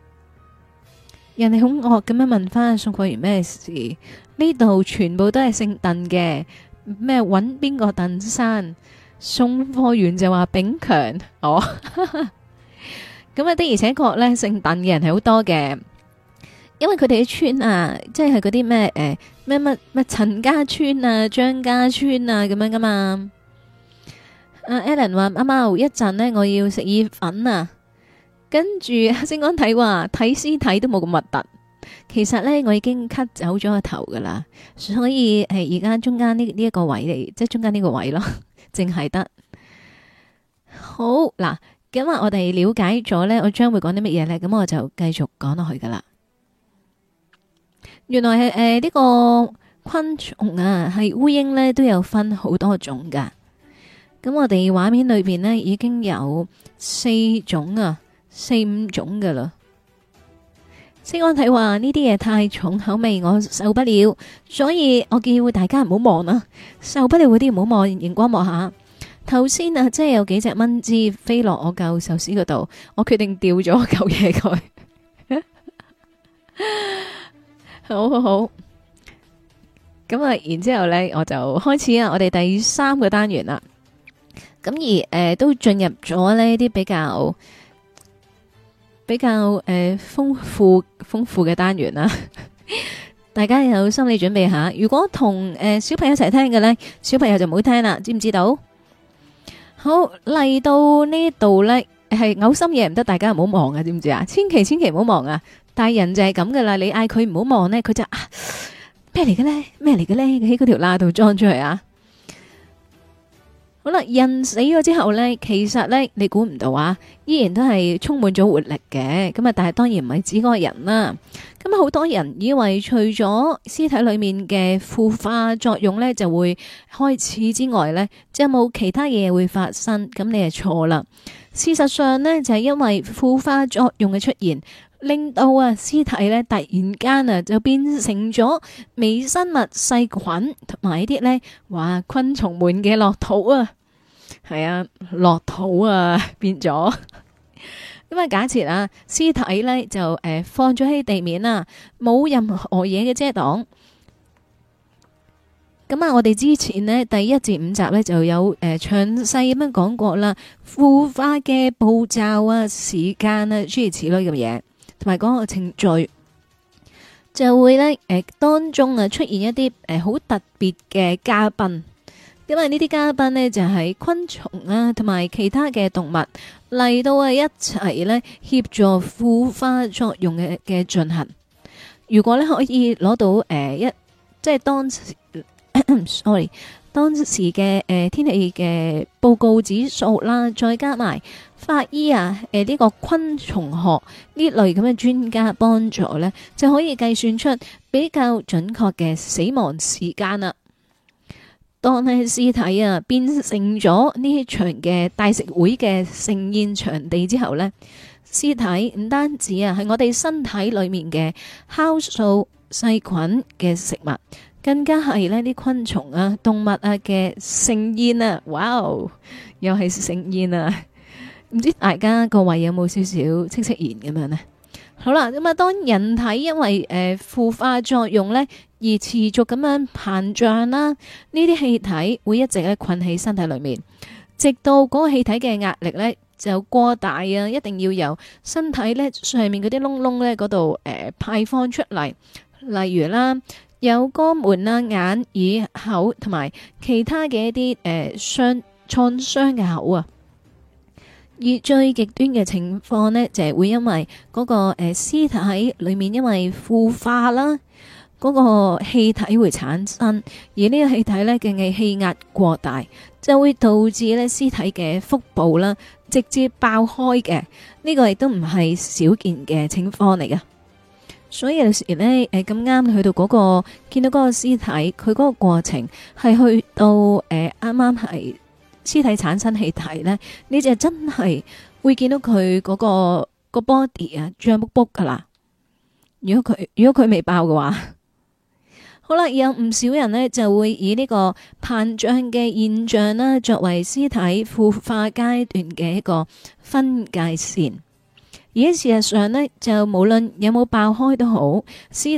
Speaker 1: 人哋好惡咁樣問翻送貨員咩事？呢度全部都係姓鄧嘅，咩搵邊個鄧生？送貨員就話炳強哦。咁 啊的而且確咧，姓鄧嘅人係好多嘅。因為佢哋嘅村啊，即係嗰啲咩誒咩乜乜陳家村啊、張家村啊咁樣噶嘛。阿、uh, Alan 話阿媽，啊、一陣呢我要食意粉啊。跟住阿星安睇話睇屍體，體都冇咁核突，其實呢，我已經 cut 走咗個頭噶啦，所以誒而家中間呢呢一個位嚟，即係中間呢個位咯，淨係得。好嗱，咁啊，我哋了解咗呢，我將會講啲乜嘢呢？咁我就繼續講落去噶啦。原來係誒呢個昆蟲啊，係烏蠅咧都有分好多種噶。咁我哋畫面裏邊呢，已經有四種啊，四五種噶啦。安西安睇話呢啲嘢，太重口味，我受不了，所以我建議大家唔好望啊，受不了嗰啲唔好望，熒光望下。頭先啊，即係有幾隻蚊滋飛落我嚿壽司嗰度，我決定掉咗嚿嘢佢。 好好好，咁啊，然之後咧，我就開始啊，我哋第三個單元啦。咁而誒、呃，都進入咗呢啲比較比較誒、呃、豐富豐富嘅單元啦。 大家有心理準備吓，如果同誒、呃、小朋友一齊聽嘅咧，小朋友就唔好聽啦，知唔知道？好嚟，到這裏呢度咧，係嘔心嘢唔得，大家唔好忙啊，知唔知啊？千祈千祈唔好忙啊！大人就係咁噶啦，你嗌佢唔好望呢，佢就啊，咩嚟嘅呢？咩嚟嘅呢？喺嗰條罅度裝出嚟啊！好啦，人死咗之後呢，其實呢，你估唔到啊，依然都係充滿咗活力嘅咁啊。但係當然唔係指嗰個人啦。咁啊，好多人以為除咗屍體裏面嘅腐化作用呢就會開始之外呢，即係冇其他嘢會發生。咁你係錯啦。事實上呢，就係因為腐化作用嘅出現。令到啊屍體咧突然間啊就變成咗微生物細菌同埋呢啲咧話昆蟲們嘅落土啊，係啊落土啊變咗，咁 啊，假設啊屍體咧就誒放咗喺地面啊冇任何嘢嘅遮擋，咁啊我哋之前呢，第一至五集咧就有誒詳細咁樣講過啦，腐化嘅步驟啊時間啊諸如此類嘅嘢。同埋嗰個程序，就會咧誒當中啊出現一啲誒好特別嘅嘉賓，因為呢啲嘉賓呢，就係、是、昆蟲啊，同埋其他嘅動物嚟到啊一齊咧協助腐化作用嘅嘅進行。如果咧可以攞到誒、呃、一即係當時咳咳 sorry 當時嘅誒、呃、天氣嘅報告指數啦、啊，再加埋。法醫啊，誒、呃、呢、這個昆蟲學呢類咁嘅專家幫助呢，就可以計算出比較準確嘅死亡時間啦。當呢屍體啊變成咗呢場嘅大食會嘅盛宴場地之後呢，屍體唔單止啊係我哋身體裏面嘅酵素細菌嘅食物，更加係呢啲昆蟲啊、動物啊嘅盛宴啊！哇、哦、又係盛宴啊！唔知大家個胃有冇少少戚戚然咁樣呢？好啦，咁啊，當人體因為誒、呃、腐化作用咧而持續咁樣膨脹啦，呢啲氣體會一直咧困喺身體裏面，直到嗰個氣體嘅壓力咧就過大啊，一定要由身體咧上面嗰啲窿窿咧嗰度誒排放出嚟，例如啦，有肛門啦、眼、耳、口同埋其他嘅一啲誒傷創傷嘅口啊。而最極端嘅情況呢就係、是、會因為嗰、那個誒屍、呃、體裏面因為腐化啦，嗰、那個氣體會產生，而呢個氣體呢嘅氣壓過大，就會導致呢屍體嘅腹部啦直接爆開嘅。呢、這個亦都唔係少見嘅情況嚟㗎。所以有時呢誒咁啱去到嗰、那個見到嗰個屍體，佢嗰個過程係去到誒啱啱係。呃剛剛是屍體產生氣體呢，你就真係會見到佢嗰個，嗰個，嗰個 body 啊，脹卜卜噶啦。如果佢如果佢未爆嘅話，好啦，有唔少人呢就會以呢個膨脹嘅現象呢作為屍體腐化階段嘅一個分界線。而喺事實上呢，就無論有冇爆開都好，屍體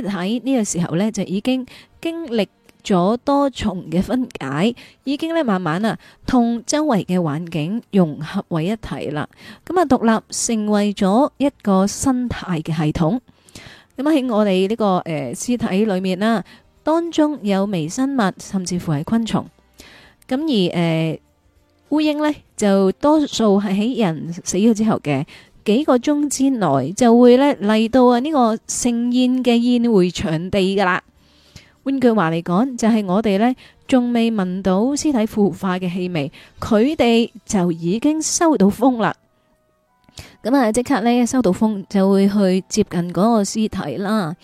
Speaker 1: 呢個時候呢，就已經經歷。咗多重嘅分解，已經咧慢慢啊，同周圍嘅環境融合為一體啦。咁啊，獨立成為咗一個生態嘅系統。咁喺我哋呢個誒屍體裏面啦，當中有微生物，甚至乎係昆蟲。咁而誒，烏蠅咧就多數係喺人死咗之後嘅幾個鐘之內，就會咧嚟到啊，呢個盛宴嘅宴會場地噶啦。換句話嚟講，就係我哋呢仲未聞到屍體腐化嘅氣味，佢哋就已經收到風啦。咁啊，即刻呢收到風就會去接近嗰個屍體啦。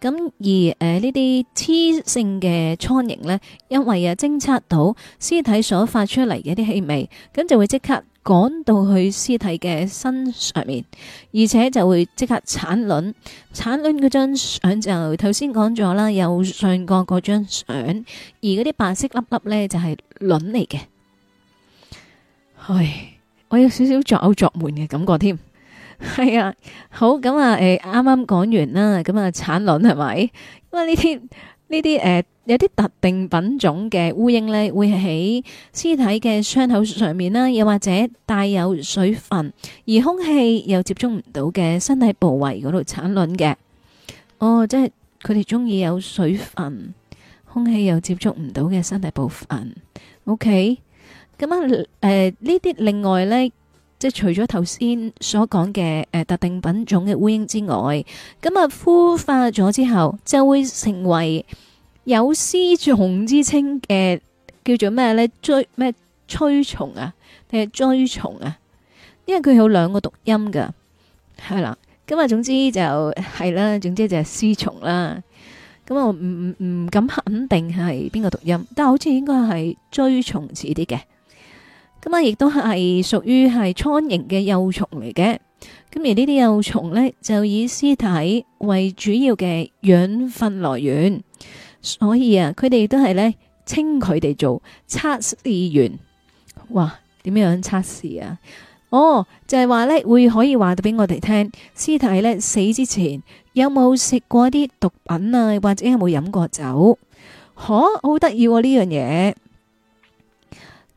Speaker 1: 咁而誒呢啲雌性嘅蒼蠅呢，因為啊偵測到屍體所發出嚟嘅一啲氣味，咁就會即刻。趕到去屍體嘅身上面，而且就會即刻產卵，產卵嗰張相就頭先講咗啦，有上角嗰張相，而嗰啲白色粒粒呢就係、是、卵嚟嘅。唉，我有少少作嘔作悶嘅感覺添。係啊，好咁啊，誒、嗯，啱啱講完啦，咁啊產卵係咪？因為、嗯、啊，呢啲。呢啲誒有啲特定品種嘅烏蠅咧，會喺屍體嘅傷口上面啦，又或者帶有水分，而空氣又接觸唔到嘅身體部位嗰度產卵嘅。哦，即係佢哋鍾意有水分，空氣又接觸唔到嘅身體部分。OK，咁啊誒呢啲另外咧。即係除咗頭先所講嘅誒特定品種嘅烏蠅之外，咁啊孵化咗之後就會成為有屍蟲之稱嘅叫做咩咧？追咩驅蟲啊？定係追蟲啊？因為佢有兩個讀音㗎，係啦。咁啊，總之就係、是、啦，總之就係屍蟲啦。咁、嗯、啊，唔唔唔敢肯定係邊個讀音，但係好似應該係追蟲似啲嘅。咁啊，亦都係屬於係蒼蠅嘅幼蟲嚟嘅。咁而呢啲幼蟲呢，就以屍體為主要嘅養分來源，所以啊，佢哋都係呢稱佢哋做測試員。哇，點樣樣測試啊？哦，就係話呢，會可以話到俾我哋聽，屍體呢，死之前有冇食過啲毒品啊，或者有冇飲過酒？可好得意呢樣嘢。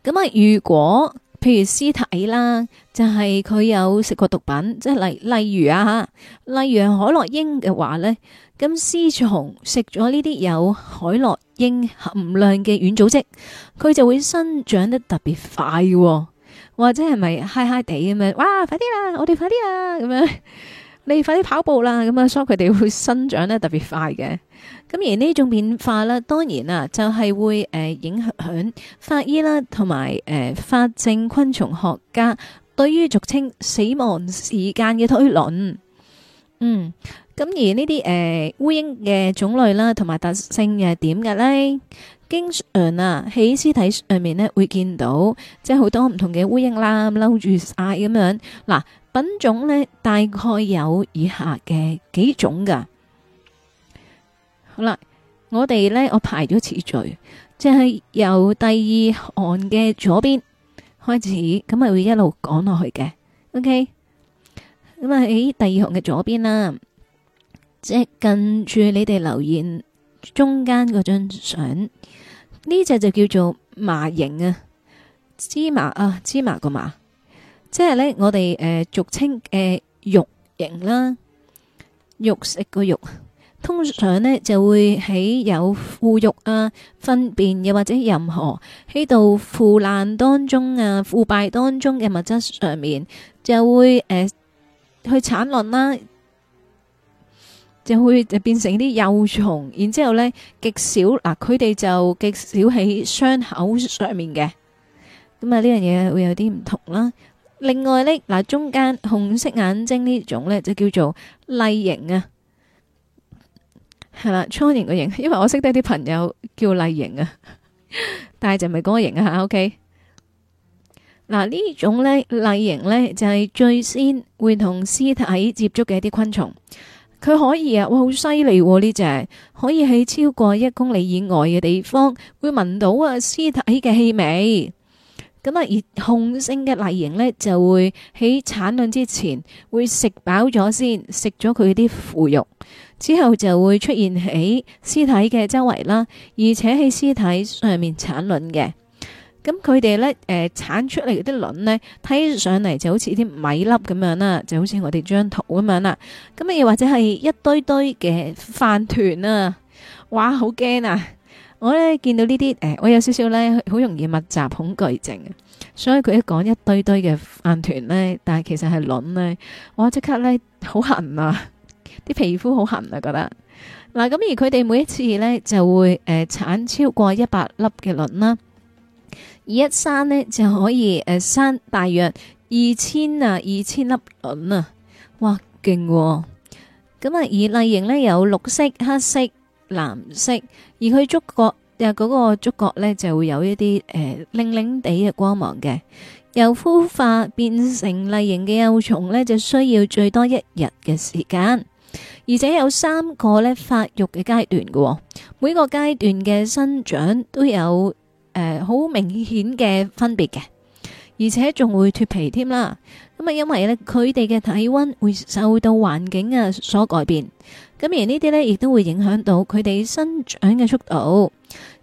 Speaker 1: 咁啊，如果譬如屍體啦，就係、是、佢有食過毒品，即係例例如啊吓，例如海洛因嘅話咧，咁屍蟲食咗呢啲有海洛因含量嘅軟組織，佢就會生長得特別快，啊，或者係咪嗨嗨地咁樣？哇，快啲啦，我哋快啲啦咁樣。你快啲跑步啦，咁啊，所以佢哋會生長得特別快嘅。咁而呢種變化啦，當然啦就係會誒影響法醫啦，同埋誒法證昆蟲學家對於俗稱死亡時間嘅推論。嗯，咁而呢啲誒烏蠅嘅種類啦，同埋特性係點嘅咧？經常啊喺屍體上面咧會見到，即係好多唔同嘅烏蠅啦，咁住晒咁樣嗱。品種呢大概有以下嘅幾種噶，好啦，我哋呢，我排咗次序，即係由第二行嘅左邊開始，咁啊會一路講落去嘅。OK，咁啊喺第二行嘅左邊啦，即係近住你哋留言中間嗰張相，呢隻就叫做麻型啊，芝麻啊，芝麻個麻即係呢，我哋誒俗稱嘅肉蠅啦，肉食個肉，通常呢就會喺有腐肉啊、糞便又或者任何喺度腐爛當中啊、腐敗當中嘅物質上面，就會誒、呃、去產卵啦，就會就變成啲幼蟲。然之後咧，極少嗱，佢哋就極少喺傷口上面嘅。咁啊，呢樣嘢會有啲唔同啦。另外呢，嗱，中間紅色眼睛呢種呢，就叫做麗蠅啊，係啦，蒼蠅個蠅，因為我識得啲朋友叫麗蠅啊， 但係就唔係嗰個蠅啊，O K。嗱、OK? 呢種呢，麗蠅呢，就係、是、最先會同屍體接觸嘅一啲昆蟲，佢可以啊，哇好犀利呢隻，可以喺超過一公里以外嘅地方會聞到啊屍體嘅氣味。咁啊，而控性嘅類型呢，就會喺產卵之前會食飽咗先，食咗佢啲腐肉，之後就會出現喺屍體嘅周圍啦，而且喺屍體上面產卵嘅。咁佢哋呢，呃，產出嚟嗰啲卵呢，睇上嚟就好似啲米粒咁樣啦，就好似我哋張圖咁樣啦。咁又或者係一堆堆嘅飯團啊，哇，好驚啊！我咧見到呢啲誒，我有少少咧，好容易密集恐懼症，所以佢一講一堆堆嘅飯團咧，但係其實係卵咧，我即刻咧好痕啊！啲 皮膚好痕啊，覺得嗱咁、啊、而佢哋每一次咧就會誒、呃、產超過一百粒嘅卵啦，而一生呢，就可以誒、呃、生大約二千啊，二千粒卵啊！哇勁喎！咁啊，而例型咧有綠色、黑色。藍色，而佢觸角又嗰、嗰個觸角呢就會有一啲誒，亮亮地嘅光芒嘅。由孵化變成類型嘅幼蟲呢，就需要最多一日嘅時間，而且有三個呢發育嘅階段嘅、哦，每個階段嘅生長都有誒好、呃、明顯嘅分別嘅，而且仲會脫皮添啦。咁啊，因為咧佢哋嘅體溫會受到環境啊所改變。咁而呢啲呢，亦都會影響到佢哋生長嘅速度。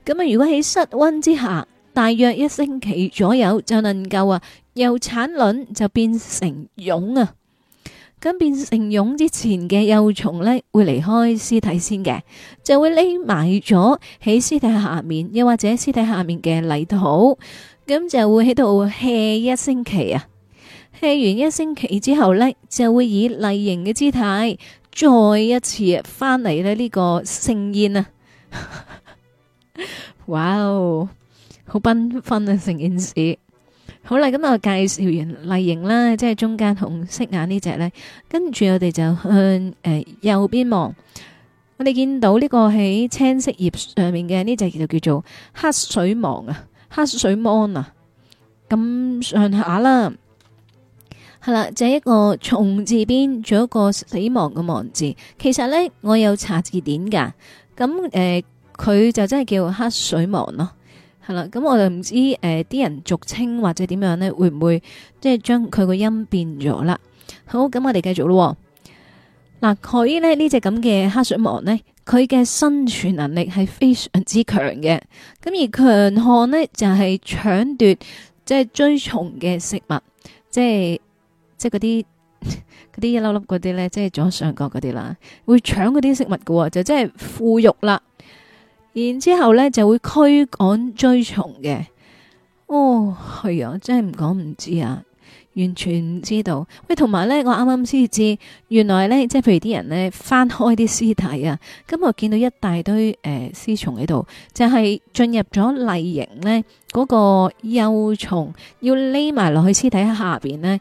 Speaker 1: 咁啊，如果喺室溫之下，大約一星期左右就能夠啊，由產卵就變成蛹啊。咁變成蛹之前嘅幼蟲呢，會離開屍體先嘅，就會匿埋咗喺屍體下面，又或者屍體下面嘅泥土，咁就會喺度歇一星期啊。歇完一星期之後呢，就會以麗形嘅姿態。再一次翻嚟呢個盛宴啊，哇好繽紛啊！成件事。好啦，咁啊介紹完麗蠅啦，即係中間紅色眼呢隻呢。跟住我哋就向誒、呃、右邊望，我哋見到呢個喺青色葉上面嘅呢隻就叫做黑水虻啊，黑水虻啊，咁上下啦。係啦，就係一個蟲字邊做一個死亡嘅亡字。其實呢，我有查字典噶，咁、嗯、誒，佢、呃、就真係叫黑水亡咯。係、嗯、啦，咁、嗯、我就唔知誒，啲、呃、人俗稱或者點樣呢，會唔會即係將佢個音變咗啦？好，咁、嗯、我哋繼續咯。嗱、呃，佢咧呢這隻咁嘅黑水亡呢，佢嘅生存能力係非常之強嘅。咁而強悍呢，就係、是、搶奪，即、就、係、是、追從嘅食物，即係。即係嗰啲，啲一粒粒嗰啲咧，即係左上角嗰啲啦，會搶嗰啲食物嘅，哦，就即係腐肉啦。然之後咧，就會驅趕追蟲嘅。哦，係啊，真係唔講唔知啊，完全唔知道。喂，同埋咧，我啱啱先至知原來咧，即係譬如啲人咧翻開啲屍體啊，今、嗯、日見到一大堆誒屍、呃、蟲喺度，就係、是、進入咗類型咧，嗰個幼蟲要匿埋落去屍體下邊咧。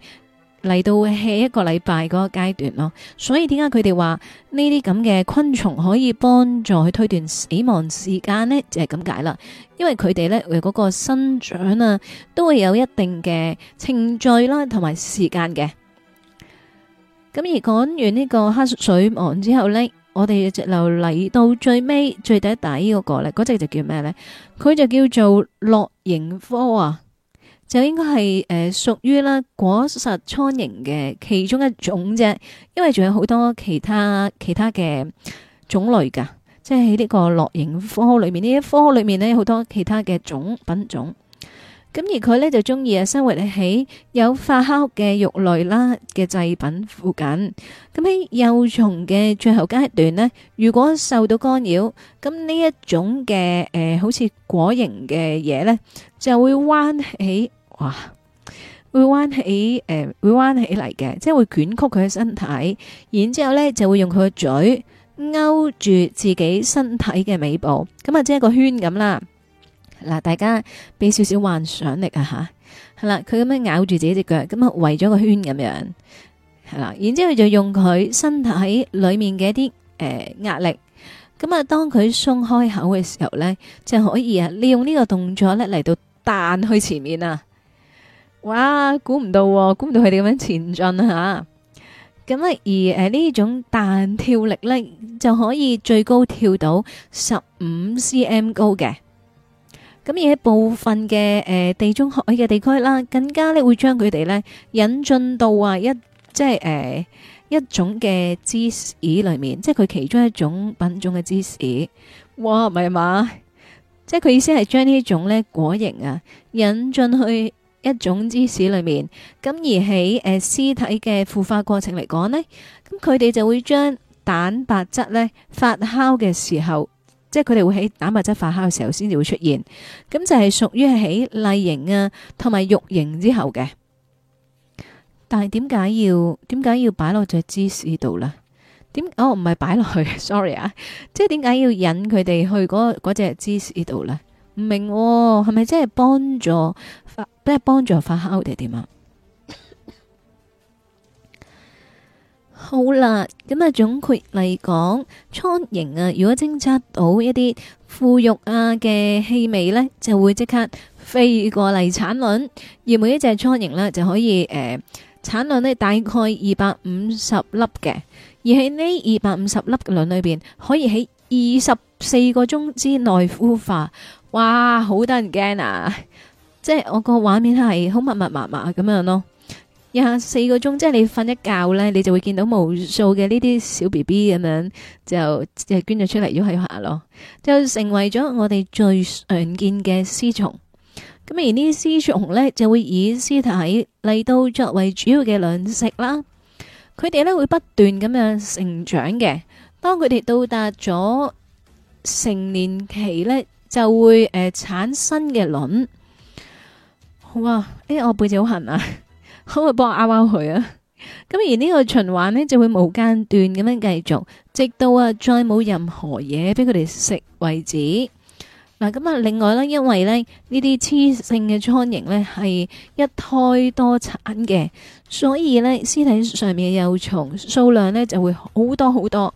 Speaker 1: 嚟到係一個禮拜嗰個階段咯，所以點解佢哋話呢啲咁嘅昆蟲可以幫助去推斷死亡時間呢？就係咁解啦，因為佢哋呢，嗰個生長啊，都會有一定嘅程序啦、啊，同埋時間嘅。咁而講完呢個黑水虻之後呢，我哋直流嚟到最尾最底底嗰個咧，嗰、那、隻、個、就叫咩呢？佢就叫做落螢科啊。就應該係誒、呃、屬於啦果實蒼蠅嘅其中一種啫，因為仲有好多其他其他嘅種類噶，即係呢個落形科裏面呢一科裏面呢，有好多其他嘅種品種。咁而佢呢，就中意啊生活喺有發酵嘅肉類啦嘅製品附近。咁喺幼蟲嘅最後階段呢，如果受到干擾，咁呢一種嘅誒、呃、好似果形嘅嘢呢，就會彎起。哇，會彎起誒、呃，會彎起嚟嘅，即係會捲曲佢嘅身體，然之後咧就會用佢嘅嘴勾住自己身體嘅尾部，咁啊，即係一個圈咁啦。嗱，大家俾少少幻想力啊，吓係啦，佢咁樣咬住自己隻腳，咁啊圍咗個圈咁樣係啦，然之後就用佢身體裏面嘅一啲誒、呃、壓力，咁啊當佢鬆開口嘅時候咧，就可以啊利用呢個動作咧嚟到彈去前面啊。哇，估唔到、啊，估唔到佢哋咁樣前進吓，咁啊而誒呢、呃、種彈跳力咧就可以最高跳到十五 cm 高嘅，咁而喺部分嘅誒、呃、地中海嘅地區啦，更加咧會將佢哋咧引進到啊一即係誒、呃、一種嘅芝士裏面，即係佢其中一種品種嘅芝士。哇，唔係嘛，即係佢意思係將呢種咧果蠅啊引進去。一種芝士裏面，咁而喺誒屍體嘅腐化過程嚟講呢，咁佢哋就會將蛋白質呢發酵嘅時候，即係佢哋會喺蛋白質發酵嘅時候先至會出現，咁就係屬於喺例型啊同埋肉型之後嘅。但係點解要點解要擺落隻芝士度呢？點哦唔係擺落去，sorry 啊，即係點解要引佢哋去嗰嗰隻芝士度呢？唔明係咪真係幫助發？即係幫助發酵定係點啊？ 好啦，咁啊，總括嚟講，蒼蠅啊，如果偵測到一啲腐肉啊嘅氣味呢，就會即刻飛過嚟產卵。而每一隻蒼蠅呢，就可以誒、呃、產卵呢大概二百五十粒嘅。而喺呢二百五十粒卵裏邊，可以喺二十四個鐘之內孵化。哇，好得人驚啊！即係我個畫面係好密密麻麻咁樣咯，廿四個鐘即係你瞓一覺咧，你就會見到無數嘅呢啲小 B B 咁樣就捐咗出嚟，要一下咯，就成為咗我哋最常見嘅屍蟲。咁而蟲呢啲屍蟲咧就會以屍體嚟到作為主要嘅糧食啦。佢哋咧會不斷咁樣成長嘅。當佢哋到達咗成年期咧，就會誒、呃、產新嘅卵。好哎、欸，我背脊好痕啊，可唔可以幫我拗一拗佢啊？咁 而呢個循環呢就會無間斷咁樣繼續，直到啊再冇任何嘢俾佢哋食為止。嗱、啊，咁啊，另外呢因為呢呢啲雌性嘅蒼蠅呢，係一胎多產嘅，所以呢，屍體上面嘅幼蟲數量呢就會好多好多。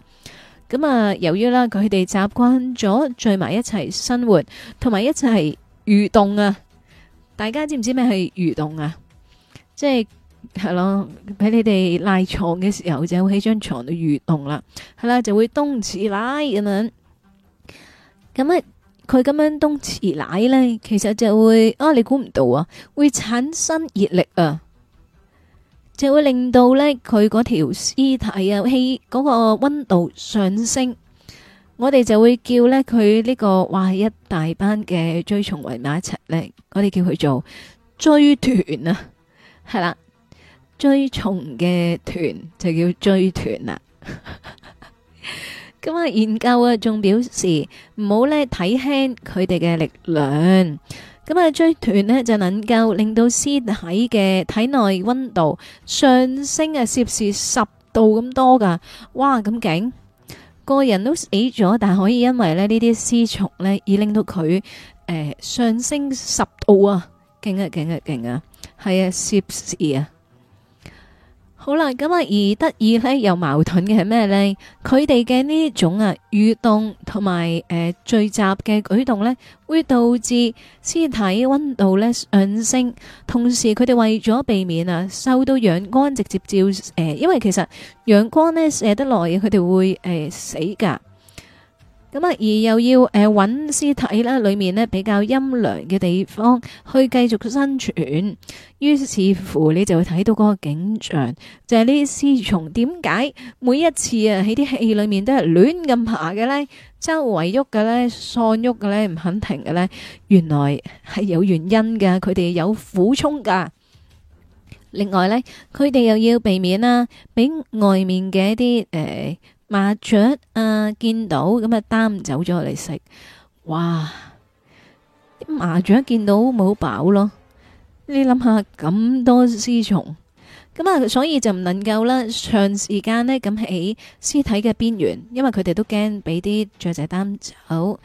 Speaker 1: 咁啊，由於啦佢哋習慣咗聚埋一齊生活，同埋一齊蠕動啊！大家知唔知咩係蠕動啊？即係係咯，喺你哋賴床嘅時候就會喺張床度蠕動啦。係啦，就會冬池奶咁樣。咁啊，佢咁樣冬池奶咧，其實就會啊，你估唔到啊，會產生熱力啊，就會令到咧佢嗰條屍體啊，氣嗰個溫度上升。我哋就會叫呢佢呢個哇，一大班嘅追蟲圍埋一齊呢，我哋叫佢做追團啊，係啦，追蟲嘅團就叫追團啦。咁啊， 研究啊，仲表示唔好呢睇輕佢哋嘅力量。咁啊，追團呢，就能夠令到屍體嘅體內温度上升啊，攝氏十度咁多噶，哇咁勁！個人都死咗，但係可以因為呢啲屍蟲呢，而令到佢、誒、呃、上升十度啊！勁啊勁啊勁啊，係啊，攝氏啊！好啦，咁啊，而得意咧又矛盾嘅係咩咧？佢哋嘅呢種啊，蠕動同埋誒聚集嘅舉動咧，會導致屍體溫度咧上升，同時佢哋為咗避免啊受到陽光直接照，誒，因為其實陽光咧射得耐，佢哋會誒、呃、死噶。咁啊，而又要誒揾屍體啦，裏面咧比較陰涼嘅地方去繼續生存。於是乎，你就會睇到嗰個景象，就係呢啲屍蟲點解每一次啊喺啲戲裏面都係亂咁爬嘅咧，周圍喐嘅咧，喪喐嘅咧，唔肯停嘅咧，原來係有原因㗎，佢哋有苦衷噶。另外咧，佢哋又要避免啦，俾外面嘅一啲誒。麻雀啊，見到咁啊，擔走咗嚟食哇！麻雀見到冇飽咯，你諗下咁多屍蟲咁啊，所以就唔能夠啦。長時間呢，咁喺屍體嘅邊緣，因為佢哋都驚俾啲雀仔擔走。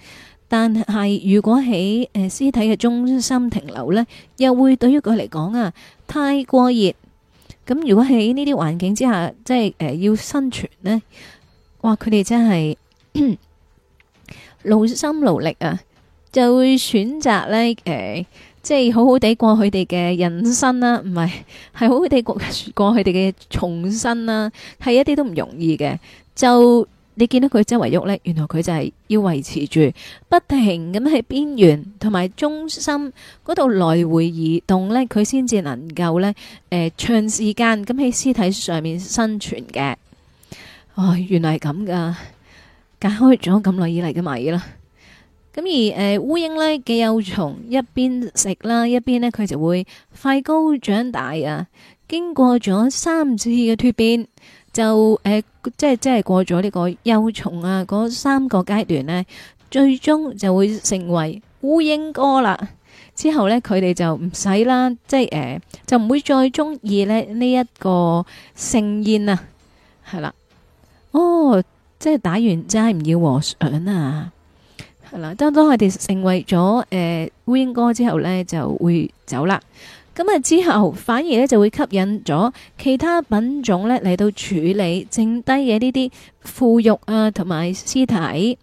Speaker 1: 但係如果喺誒屍體嘅中心停留呢，又會對於佢嚟講啊，太過熱。咁如果喺呢啲環境之下，即係誒、呃、要生存呢。哇！佢哋真係勞 心勞力啊，就會選擇咧，誒、欸，即係好好地過佢哋嘅人生啦、啊，唔係係好好地過過佢哋嘅重生啦、啊，係一啲都唔容易嘅。就你見到佢周圍喐咧，原來佢就係要維持住，不停咁喺邊緣同埋中心嗰度來回移動咧，佢先至能夠咧，誒、欸，長時間咁喺屍體上面生存嘅。哦，原來係咁噶，解開咗咁耐以嚟嘅謎啦。咁而誒，烏蠅呢嘅幼蟲一邊食啦，一邊呢佢就會快高長大啊。經過咗三次嘅蛻變，就誒、呃，即係即係過咗呢個幼蟲啊，嗰三個階段呢最終就會成為烏蠅哥啦。之後呢佢哋就唔使啦，即係誒、呃，就唔會再中意呢呢一個盛宴啊，係啦。哦，即係打完齋唔要和尚啊，係啦。當當佢哋成為咗誒烏蠅哥之後呢就會走啦。咁啊之後反而呢就會吸引咗其他品種呢嚟到處理剩低嘅呢啲腐肉啊同埋屍體。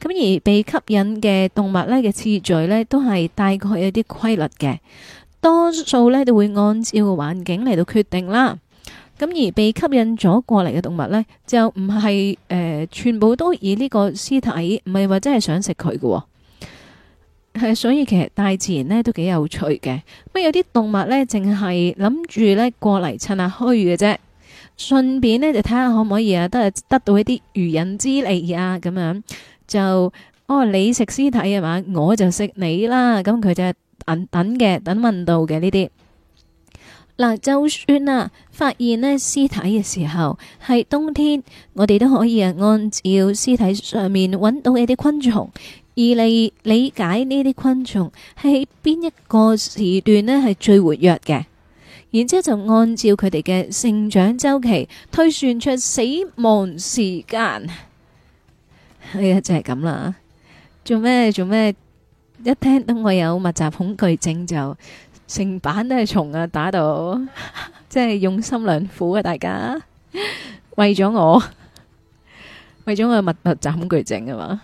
Speaker 1: 咁而被吸引嘅動物呢嘅次序呢都係大概有啲規律嘅，多數呢都會按照環境嚟到決定啦。咁而被吸引咗過嚟嘅動物咧，就唔係誒，全部都以呢個屍體，唔係或者係想食佢嘅。係，所以其實大自然咧都幾有趣嘅。咁有啲動物咧，淨係諗住咧過嚟趁下墟嘅啫，順便咧就睇下可唔可以啊，得得到一啲漁人之利啊，咁樣就哦，你食屍體啊嘛，我就食你啦。咁佢就等等嘅，等問到嘅呢啲。嗱，就算啦發現咧屍體嘅時候係冬天，我哋都可以啊，按照屍體上面揾到一啲昆蟲，而嚟理解呢啲昆蟲係邊一個時段呢係最活躍嘅，然之後就按照佢哋嘅成長周期推算出死亡時間，係、哎、啊，就係咁啦。做咩？做咩？一聽到我有密集恐懼症就。成版都係蟲啊，打到即係 用心良苦啊！大家 為咗了我， 為了我，為咗我嘅密集恐懼症啊嘛！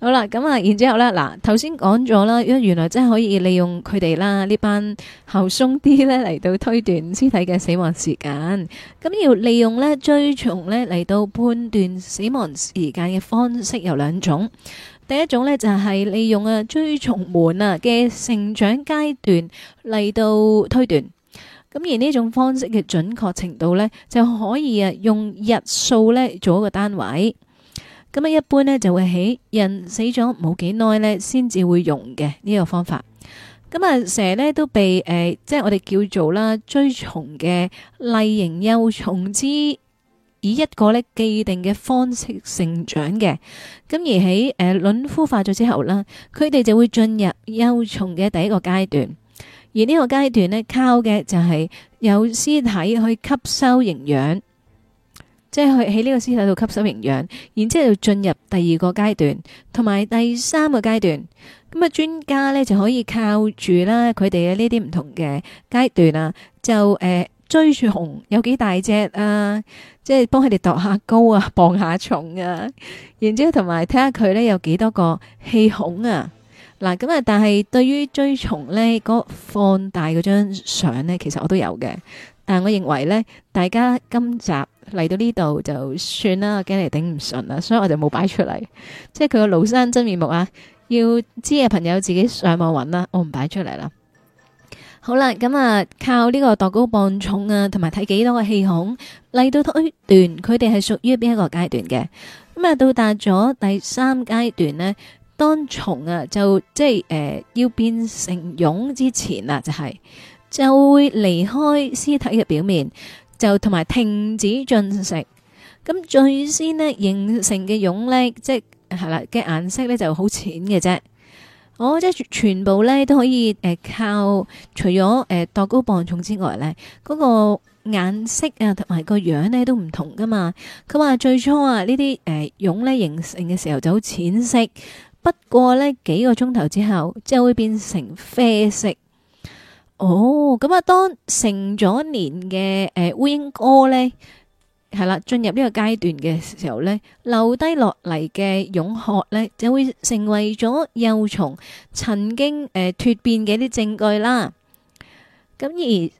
Speaker 1: 好啦，咁啊，然之後咧，嗱，頭先講咗啦，因為原來真係可以利用佢哋啦，這班呢班后松啲呢嚟,到推斷屍體嘅死亡時間。咁要利用呢，追蹤呢嚟到判斷死亡時間嘅方式有兩種。第一種咧就係利用啊追蟲蟻啊嘅成長階段嚟到推斷，咁而呢種方式嘅準確程度咧就可以啊用日數咧做一個單位，咁啊一般咧就會喺人死咗冇幾耐咧先至會用嘅呢個方法，咁啊成日咧都被、呃、即係我哋叫做啦追蟲嘅麗蠅幼蟲之。以一個咧既定嘅方式成長嘅，咁而喺誒卵孵化咗之後啦，佢哋就會進入幼蟲嘅第一個階段，而呢個階段呢，靠嘅就係由屍體去吸收營養，即係去喺呢個屍體度吸收營養，然之後進入第二個階段，同埋第三個階段，咁啊專家呢，就可以靠住啦佢哋嘅呢啲唔同嘅階段啦，就誒。呃追住蟲有幾大隻啊！即係幫佢哋度下高啊，磅一下重啊，然之後同埋睇下佢咧有幾多個氣孔啊！嗱咁啊，但係對於蛆蟲咧放大嗰張相咧，其實我都有嘅。但係我認為咧，大家今集嚟到呢度就算啦，驚你頂唔順啦，所以我就冇擺出嚟。即係佢個廬山真面目啊！要知嘅朋友自己上網揾啦，我唔擺出嚟啦。好啦，咁啊，靠呢個度高磅重啊，同埋睇幾多個氣孔，嚟到推斷佢哋係屬於邊一個階段嘅。咁啊，到達咗第三階段咧，當蟲啊就即係誒要變成蛹之前啦，就係就會離開屍體嘅表面，就同埋停止進食。咁最先咧形成嘅蛹咧，即係係啦嘅顏色咧就好淺嘅啫。我、哦、即係全部咧都可以、呃、靠，除咗誒、呃、度高磅重之外咧，嗰、嗰個顏色啊同埋個樣咧都唔同噶嘛。佢話最初啊呢啲誒蛹咧形成嘅時候就好淺色，不過咧幾個鐘頭之後即係會變成啡色。哦，咁、嗯、啊，當成咗年嘅烏蠅哥咧～、呃係啦，進入呢個階段嘅時候呢，留低落嚟嘅蛹殼呢，就會成為咗幼蟲曾經誒脫變嘅啲證據啦。咁而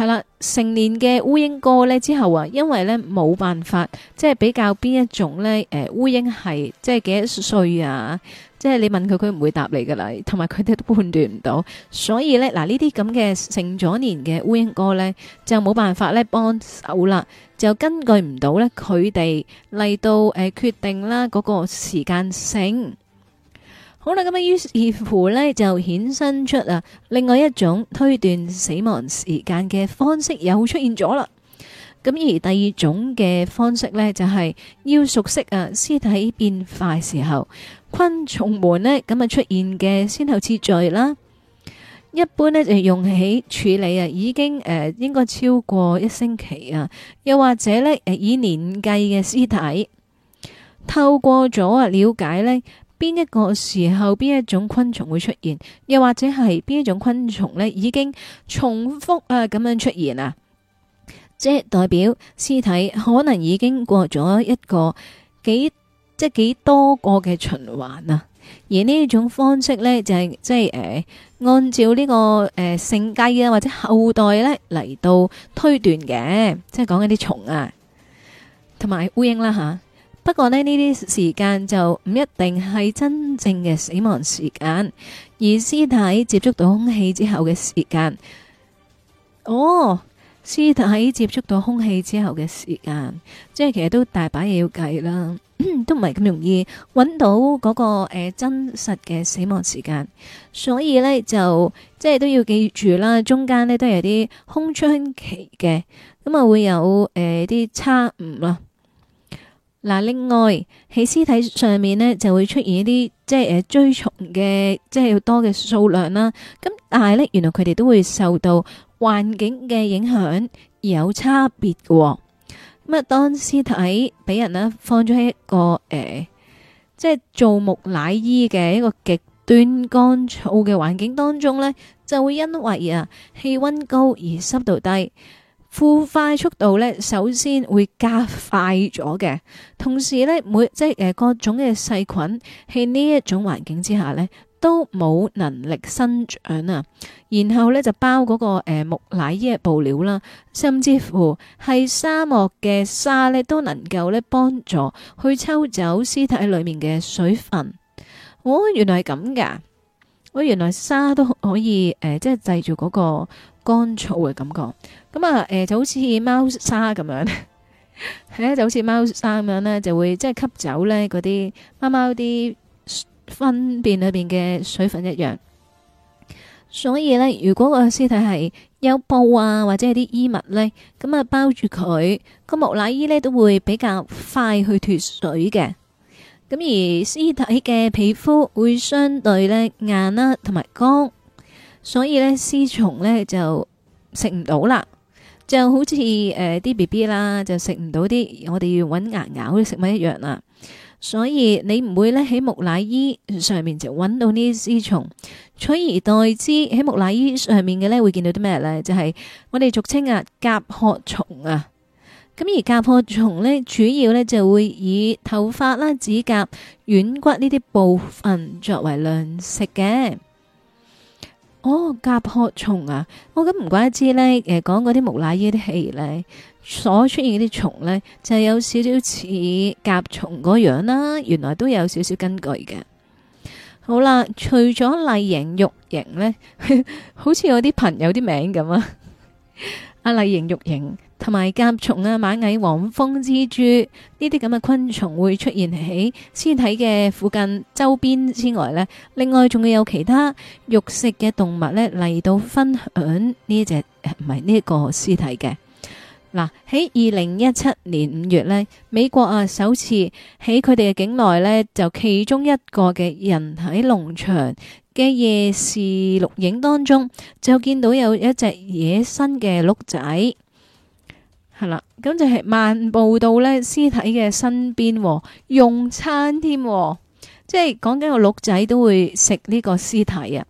Speaker 1: 係啦，成年嘅烏蠅哥呢，之後啊，因為呢冇辦法，即係比較邊一種呢？誒烏蠅係即係幾多歲啊？即係你問佢，佢唔會答你噶啦，同埋佢哋都判斷唔到，所以呢，嗱呢啲咁嘅成咗年嘅烏蠅哥呢，就冇辦法咧幫手啦，就根據唔到咧佢哋嚟到誒決定啦嗰個時間性。好啦，咁啊，於是乎呢，就衍生出啊，另外一種推斷死亡時間嘅方式又出現咗啦。咁而第二種嘅方式呢，就係要熟悉啊屍體變快時候。昆蟲們呢，咁啊出現嘅先後次序啦，一般呢，就用起處理啊，已經誒、呃、應該超過一星期啊，又或者呢，以年計嘅屍體，透過咗啊了解呢，邊一個時候邊一種昆蟲會出現，又或者係邊一種昆蟲呢已經重複啊咁樣出現啊，即係代表屍體可能已經過咗一個幾。即係幾多個嘅循環啊？而呢一種方式呢，就係、是、即係誒、呃，按照呢、這個誒、呃、性計啊，或者後代呢嚟到推斷嘅，即係講緊啲蟲啊，同埋烏蠅啦吓。不過呢，呢啲時間就唔一定係真正嘅死亡時間，而屍體接觸到空氣之後嘅時間。哦，屍體接觸到空氣之後嘅時間，即係其實都大把嘢要計啦。都唔係咁容易揾到嗰個誒真實嘅死亡時間，所以咧就即係都要記住啦，中間咧都有啲空窗期嘅，咁啊會有誒啲、呃、差誤啦。嗱，另外喺屍體上面呢，就會出現一啲即係誒追蟲嘅，即係要多嘅數量啦。咁但係咧原來佢哋都會受到環境嘅影響，而有差別喎。咁啊，當屍體俾人放咗喺一個、呃、即係做木乃伊嘅一個極端乾燥嘅環境當中呢，就會因為啊氣温高而濕度低，腐化速度呢，首先會加快咗嘅，同時呢，每即係各種嘅細菌喺呢一種環境之下呢，都冇能力生長啊！然後咧就包嗰、那個誒、呃、木乃伊嘅布料啦，甚至乎係沙漠嘅沙咧都能夠咧幫助去抽走屍體裏面嘅水分。哦，原來係咁噶！哦，原來沙都可以誒、呃，即係製造嗰個乾燥嘅感覺。咁啊誒、呃，就好似貓沙咁樣，係 咧就好似貓沙咁樣咧，就會即係吸走咧嗰啲貓貓啲。分辨裏邊嘅水分一樣，所以呢，如果個屍體係有布啊或者係啲衣物呢，咁啊包住佢個木乃伊呢都會比較快去脫水嘅。咁而屍體嘅皮膚會相對呢硬啦同埋乾，所以呢，屍蟲呢就食唔到啦，就好似誒啲 B B 啦，就食唔到啲我哋要揾牙咬嘅食物一樣啦。所以你唔會咧喺木乃伊上面就揾到呢啲蟲，取而代之喺木乃伊上面嘅咧會見到啲咩咧？就係、是、我哋俗稱啊甲殼蟲啊，咁而甲殼蟲咧主要咧就會以頭髮啦、指甲、軟骨呢啲部分作為糧食嘅。哦，甲殼蟲啊！我咁唔怪得之咧，誒，講嗰啲木乃伊啲戲咧，所出現嗰啲蟲咧，就有少少似甲蟲個樣啦。原來都有少少根據嘅。好啦，除咗麗蠅肉蠅咧，好似我啲朋友啲名咁啊，阿麗蠅肉蠅。同埋甲蟲啊、螞蟻、黃蜂、蜘蛛呢啲咁嘅昆蟲會出現喺屍體嘅附近周邊之外呢另外仲會有其他肉食嘅動物呢嚟到分享呢隻唔係呢個屍體嘅嗱。喺二零一七年五月呢，美國啊首次喺佢哋嘅境內呢，就其中一個嘅人體農場嘅夜視錄影當中就見到有一隻野生嘅鹿仔。咁、嗯、就係漫步到咧屍體嘅身邊，用餐添，即係講緊個鹿仔都會食呢個屍體啊！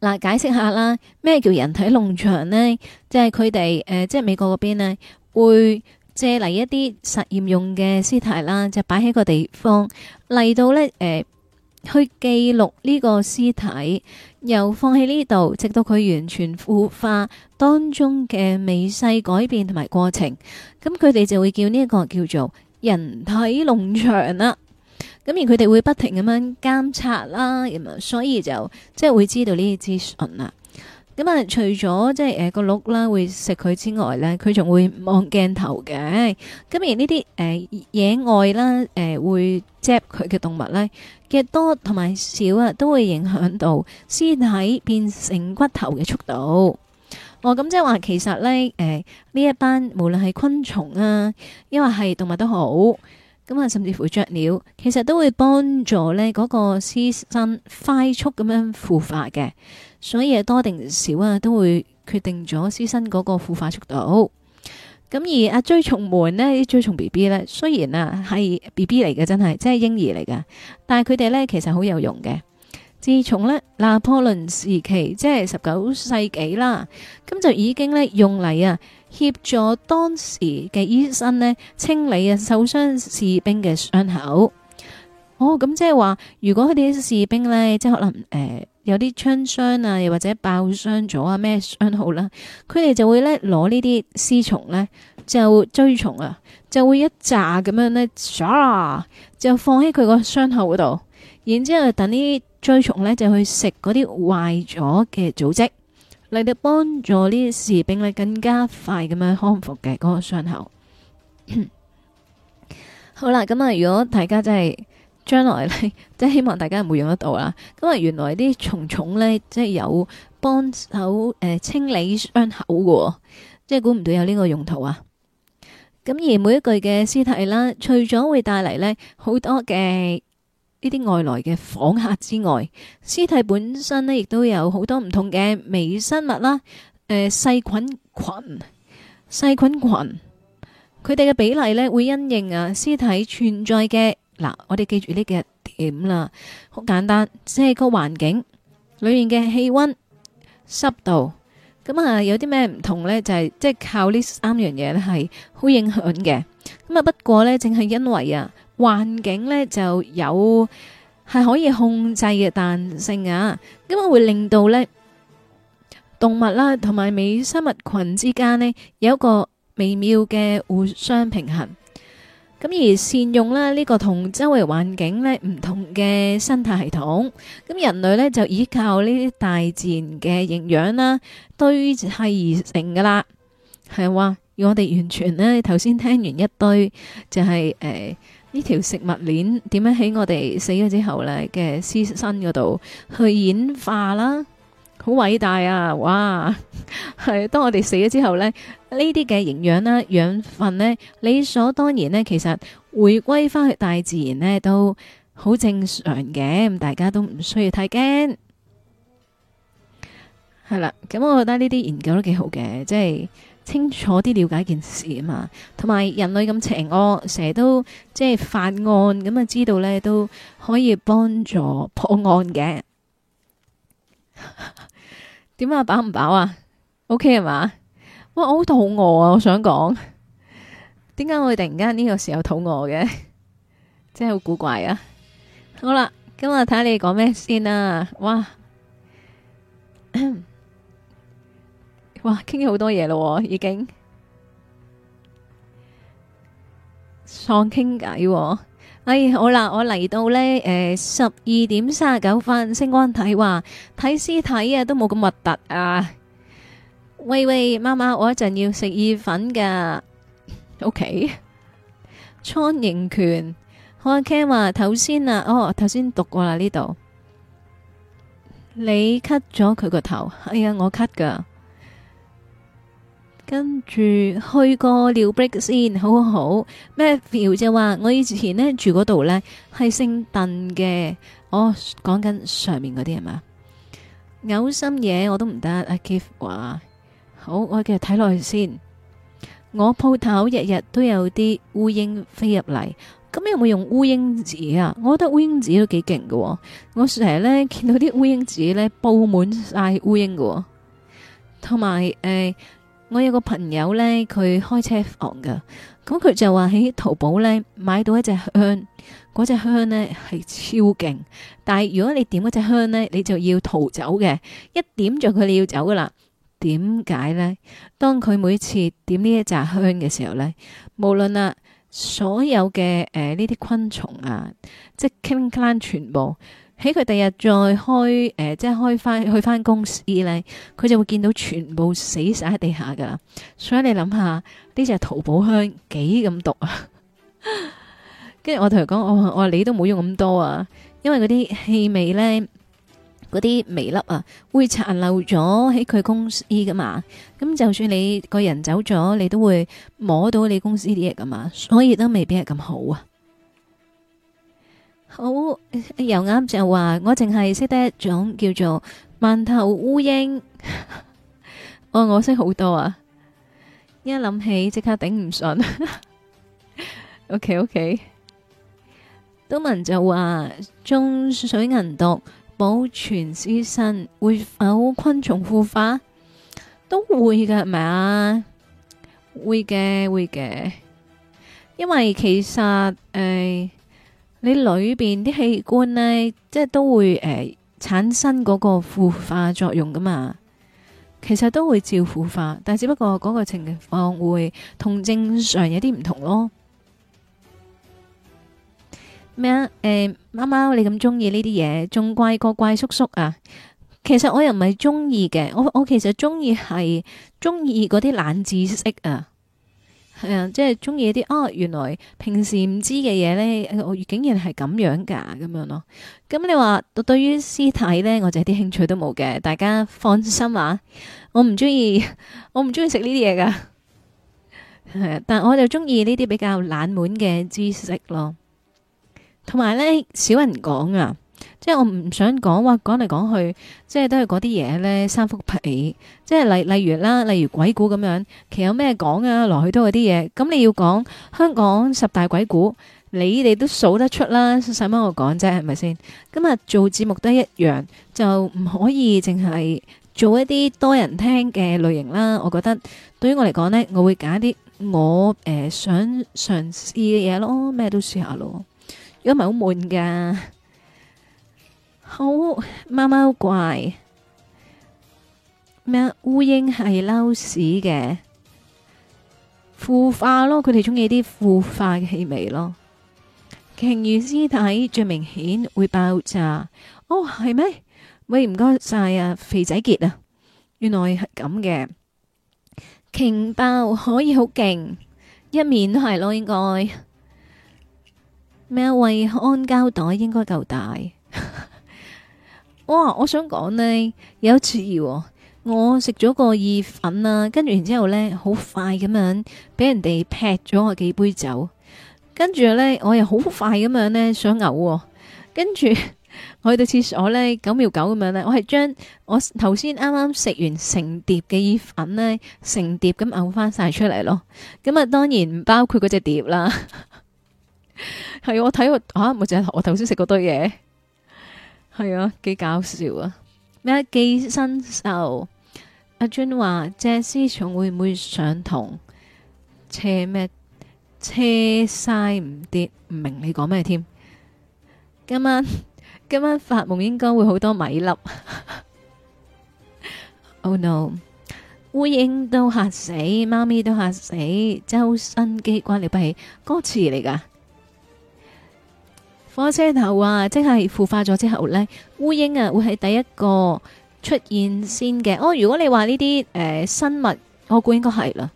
Speaker 1: 嗱、嗯，解釋下啦，咩叫人體農場咧？即係佢哋誒，即、呃、係、就係、美國嗰邊咧，會借嚟一啲實驗用嘅屍體啦，就擺喺個地方嚟到咧誒。呃去記錄呢個屍體，又放喺呢度，直到佢完全腐化當中嘅微細改變同埋過程，咁佢哋就會叫呢一個叫做人體農場啦。咁而佢哋會不停咁樣監察啦，咁啊，所以就即係會知道呢啲資訊啦。咁啊、嗯，除咗即係誒個鹿啦，會食佢之外咧，佢仲會望鏡頭嘅。咁而呢啲誒野外啦，誒、呃、會啄佢嘅動物咧嘅多同埋少啊，都會影響到屍體變成骨頭嘅速度。哦，咁、嗯、即係話其實咧誒呢、呃、一班無論係昆蟲啊，因為係動物都好，咁、嗯、啊甚至乎雀鳥，其實都會幫助咧嗰、那個屍身快速咁樣腐化嘅。所以多定少啊，都會決定咗屍身嗰個腐化速度。咁而阿追蟲門呢，追蟲 B B 咧，雖然啊係 B B 嚟嘅，真係即係嬰兒嚟嘅，但係佢哋咧其實好有用嘅。自從咧拿破崙時期，即係十九世紀啦，咁就已經咧用嚟啊協助當時嘅醫生呢清理啊受傷士兵嘅傷口。哦，咁即係話，如果佢哋啲士兵咧，即係可能誒。呃有啲槍傷啊，又或者爆傷咗啊，咩傷口啦，佢哋就會咧攞呢啲屍蟲咧，就蛆蟲啊，就會一紮咁樣咧、啊，就放喺佢個傷口嗰度，然之後等啲蛆蟲咧就去食嗰啲壞咗嘅組織，嚟到幫助呢啲士兵咧更加快咁樣康復嘅嗰個傷口。 好啦，咁啊，如果大家真係～將來呢，即係希望大家唔會用得到啦。咁啊，原來啲蟲蟲呢，即係有幫手誒、呃、清理傷口嘅，即係估唔到有呢個用途啊。咁而每一具嘅屍體啦，除咗會帶嚟呢好多嘅呢啲外來嘅訪客之外，屍體本身呢亦都有好多唔同嘅微生物啦，誒細菌群細菌群，佢哋嘅比例呢會因應啊屍體存在嘅。嗱，我哋記住呢幾日點啦，好簡單，即係個環境裏面嘅氣溫、濕度，咁啊有啲咩唔同咧？就係即係靠呢三樣嘢咧，係好影響嘅。咁啊，不過咧，正係因為啊環境咧就有係可以控制嘅彈性啊，咁啊會令到咧動物啦同埋微生物群之間咧有一個微妙嘅互相平衡。咁而善用啦，這個、呢個同周圍環境咧唔同嘅生態系統，咁人類咧就依靠呢啲大自然嘅營養啦，堆砌而成噶啦，係話我哋完全呢頭先聽完一堆就係誒呢條食物鏈點樣喺我哋死咗之後咧嘅屍身嗰度去演化啦，好偉大啊！哇，係 當我哋死咗之後咧。呢啲嘅營養啦、養分呢，理所當然呢，其實回歸翻去大自然呢，都好正常嘅，咁大家都唔需要太驚。係啦，咁我覺得呢啲研究都幾好嘅，即係清楚啲了解件事啊嘛。同埋人類咁邪惡，我成日都即係犯案咁啊，知道呢，都可以幫助破案嘅。點 啊，飽唔飽啊？OK 係嘛？哇！我好肚餓啊，我想講，點解我會突然間呢個時候肚餓嘅？ 真係好古怪啊！ 好啦，今日睇下你講咩先啦，啊！哇， 哇，傾咗好多嘢咯，啊，已經，喪傾偈。哎，好啦，我嚟到呢，誒、呃，十二點三十九分，星光體話睇屍體啊，都冇咁核突啊！喂喂，媽媽，我一陣要食意粉噶。OK，蒼蠅拳。我阿 Ken 話頭先啊，哦，頭先讀過啦呢度。你 cut 咗佢個頭，哎呀，我 cut 噶。跟住去個尿 break 先，好好好。Matthew 就話我以前呢住嗰度呢係姓鄧嘅。哦，講緊上面嗰啲係嘛？嘔心嘢我都唔得。阿 Keith 話。好，我繼續睇落去先。我鋪頭日日都有啲烏蠅飛入嚟，咁你有冇用烏蠅紙啊？我覺得烏蠅紙都幾勁喎。我成日呢見到啲烏蠅紙呢，布滿晒烏蠅喎。同埋誒，我有個朋友呢，佢開車房嘅，咁佢就話喺淘寶呢買到一隻香，嗰隻香呢係超勁，但係如果你點嗰隻香呢，你就要逃走嘅，一點咗佢你要走噶啦。點解呢？當佢每次點呢一扎香嘅時候呢，無論啊所有嘅誒呢啲昆蟲啊，即係 King Clan 全部喺佢第二日再開誒、呃，即係開翻去翻公司呢，佢就會見到全部死晒喺地下噶啦。所以你諗下呢隻淘寶香幾咁毒啊！ 跟住我同佢講，我話我話你都冇用咁多啊，因為嗰啲氣味呢。嗰啲微粒啊，會殘留咗喺佢公司噶嘛？咁就算你個人走咗，你都會摸到你公司啲嘢噶嘛？所以都未必係咁好啊。好又啱就話，我淨係識得一種叫做萬頭烏蠅。 哦，我識好多啊！一諗起即刻頂唔順。 OK OK。東文就話中水銀毒。保存屍身會否昆蟲腐化？都會嘅，係咪啊？會嘅會嘅，因為其實誒、呃，你裏邊啲器官呢，即係都會誒、呃、產生嗰個腐化作用噶嘛。其實都會照腐化，但只不過嗰個情況會同正常有啲唔同咯。咩啊？誒，貓、欸、貓你咁中意呢啲嘢，仲怪個怪叔叔啊！其實我又唔係中意嘅，我我其實中意係中意嗰啲冷知識啊，係啊，即係中意啲哦，原來平時唔知嘅嘢咧，我竟然係咁樣噶、啊，咁樣咯。咁你話對於屍體咧，我就一啲興趣都冇嘅，大家放心啊！我唔中意，我唔中意食呢啲嘢噶，但我就中意呢啲比較冷門嘅知識咯。同埋咧，少人講啊，即係我唔想講話講嚟講去，即係都係嗰啲嘢咧，三幅皮，即係例例如啦，例如鬼故咁樣，其有咩講啊？來去都嗰啲嘢，咁你要講香港十大鬼故，你哋都數得出啦。使乜我講啫，係咪先？今日做節目都一樣，就唔可以淨係做一啲多人聽嘅類型啦。我覺得對於我嚟講呢，我會揀一啲我誒想嘗試嘅嘢咯，咩都試下咯。而家咪好悶噶，好貓貓怪咩？烏蠅係撈屎嘅，腐化咯，佢哋中意啲腐化嘅氣味咯。鯨魚屍體最明顯會爆炸，哦係咩？喂唔該晒啊，肥仔杰啊，原來係咁嘅。鯨爆可以好勁，一面都係咯應該。咩位安膠袋應該夠大。 哇！我想講呢，有一次我食咗個意粉啦，跟住然之後呢，好快咁樣俾人哋劈咗我幾杯酒，跟住呢，我又好快咁樣呢，想嘔，跟住我去到廁所呢，九秒九咁樣呢，我係將我頭先啱啱食完成碟嘅意粉呢，成碟咁嘔翻晒出嚟咯，咁啊當然唔包括嗰隻碟啦。 係 我睇、啊、我吓，咪就係我頭先食嗰堆嘢。係啊，幾搞笑啊！咩寄生獸？阿 Jun 話謝思聰會唔會想同車咩？車晒唔跌，唔明你講咩添？今晚今晚發夢應該會好多米粒。 Oh no！烏蠅都嚇死，貓咪都嚇死，周身機關了不起，歌詞嚟㗎。火車頭啊，即係腐化咗之後咧，烏蠅啊會係第一個出現先嘅。哦，如果你話呢啲誒生物，我估應該係啦。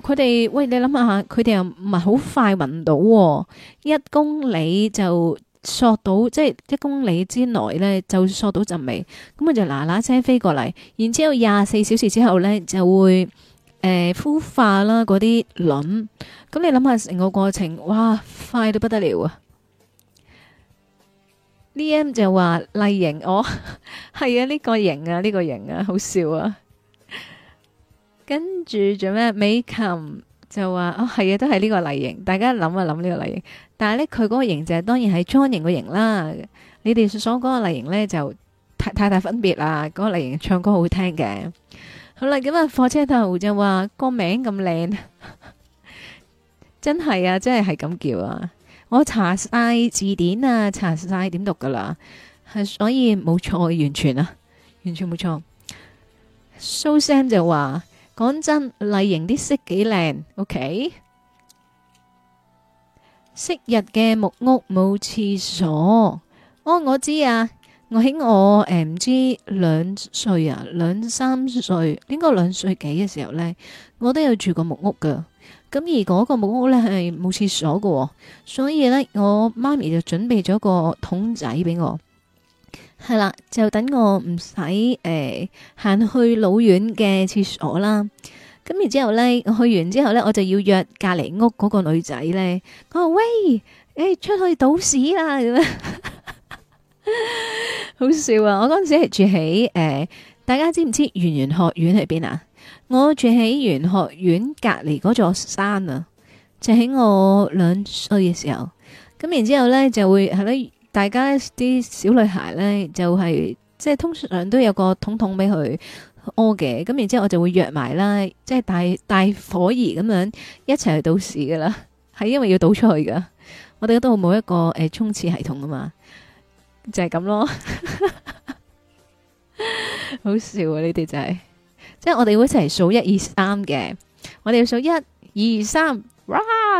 Speaker 1: 佢哋，喂，你諗下，佢哋又唔係好快聞到、哦，一公里就索到，即係一公里之內咧，就索到陣味，咁佢就嗱嗱聲飛過嚟，然之後廿四小時之後咧，就會誒孵，呃、化啦嗰啲卵。咁你諗下成個過程，哇，快到不得了啊！D M 就話麗型，我係、哦、啊呢、呢個型啊呢、呢個型啊，好笑啊！跟住做咩？美琴就話哦，係啊，都係呢個麗型。大家諗啊諗呢個麗型，但係咧佢嗰個型就係、是、當然係莊型個型啦。你哋所講個麗型咧就太太大分別啦。嗰、嗰個麗型唱歌好聽嘅。好啦，咁啊，火車頭就話個名咁靚，真係啊，真係係咁叫啊！我查晒字典啊，查晒點讀噶啦，係，所以冇錯，完全啊，完全冇錯。蘇、so、生就話，講真，麗瑩啲色幾靚，OK。昔日嘅木屋冇厠所，哦，我知啊，我喺我誒唔、呃、知兩歲啊，兩三歲，應該兩歲幾嘅時候咧，我都有住過木屋噶。咁而嗰個木屋咧係冇廁所嘅，所以咧我媽咪就準備咗個桶仔俾我，係啦，就等我唔使誒行去老院嘅廁所啦。咁然之後咧，我去完之後咧，我就要約隔籬屋嗰個女仔咧，我話喂，誒、哎、出去倒屎啦，樣 好笑啊！我嗰陣時係住喺誒、呃，大家知唔知道圓圓學院喺邊啊？我住喺圓玄學院隔離嗰座山啊，就喺、是、我兩歲嘅時候，咁然之後咧就會係咧，大家啲小女孩咧就係即係通常都有個桶桶俾佢屙嘅，咁然之後我就會約埋啦，即係帶帶火兒咁樣一齊去倒屎噶啦，係因為要倒出去噶，我哋嗰度冇一個誒沖、欸、廁系統㗎嘛，就係、是、咁咯， 好笑啊呢啲就係、是。我哋會一齊數一二三嘅，我哋要數一、二、三，哇，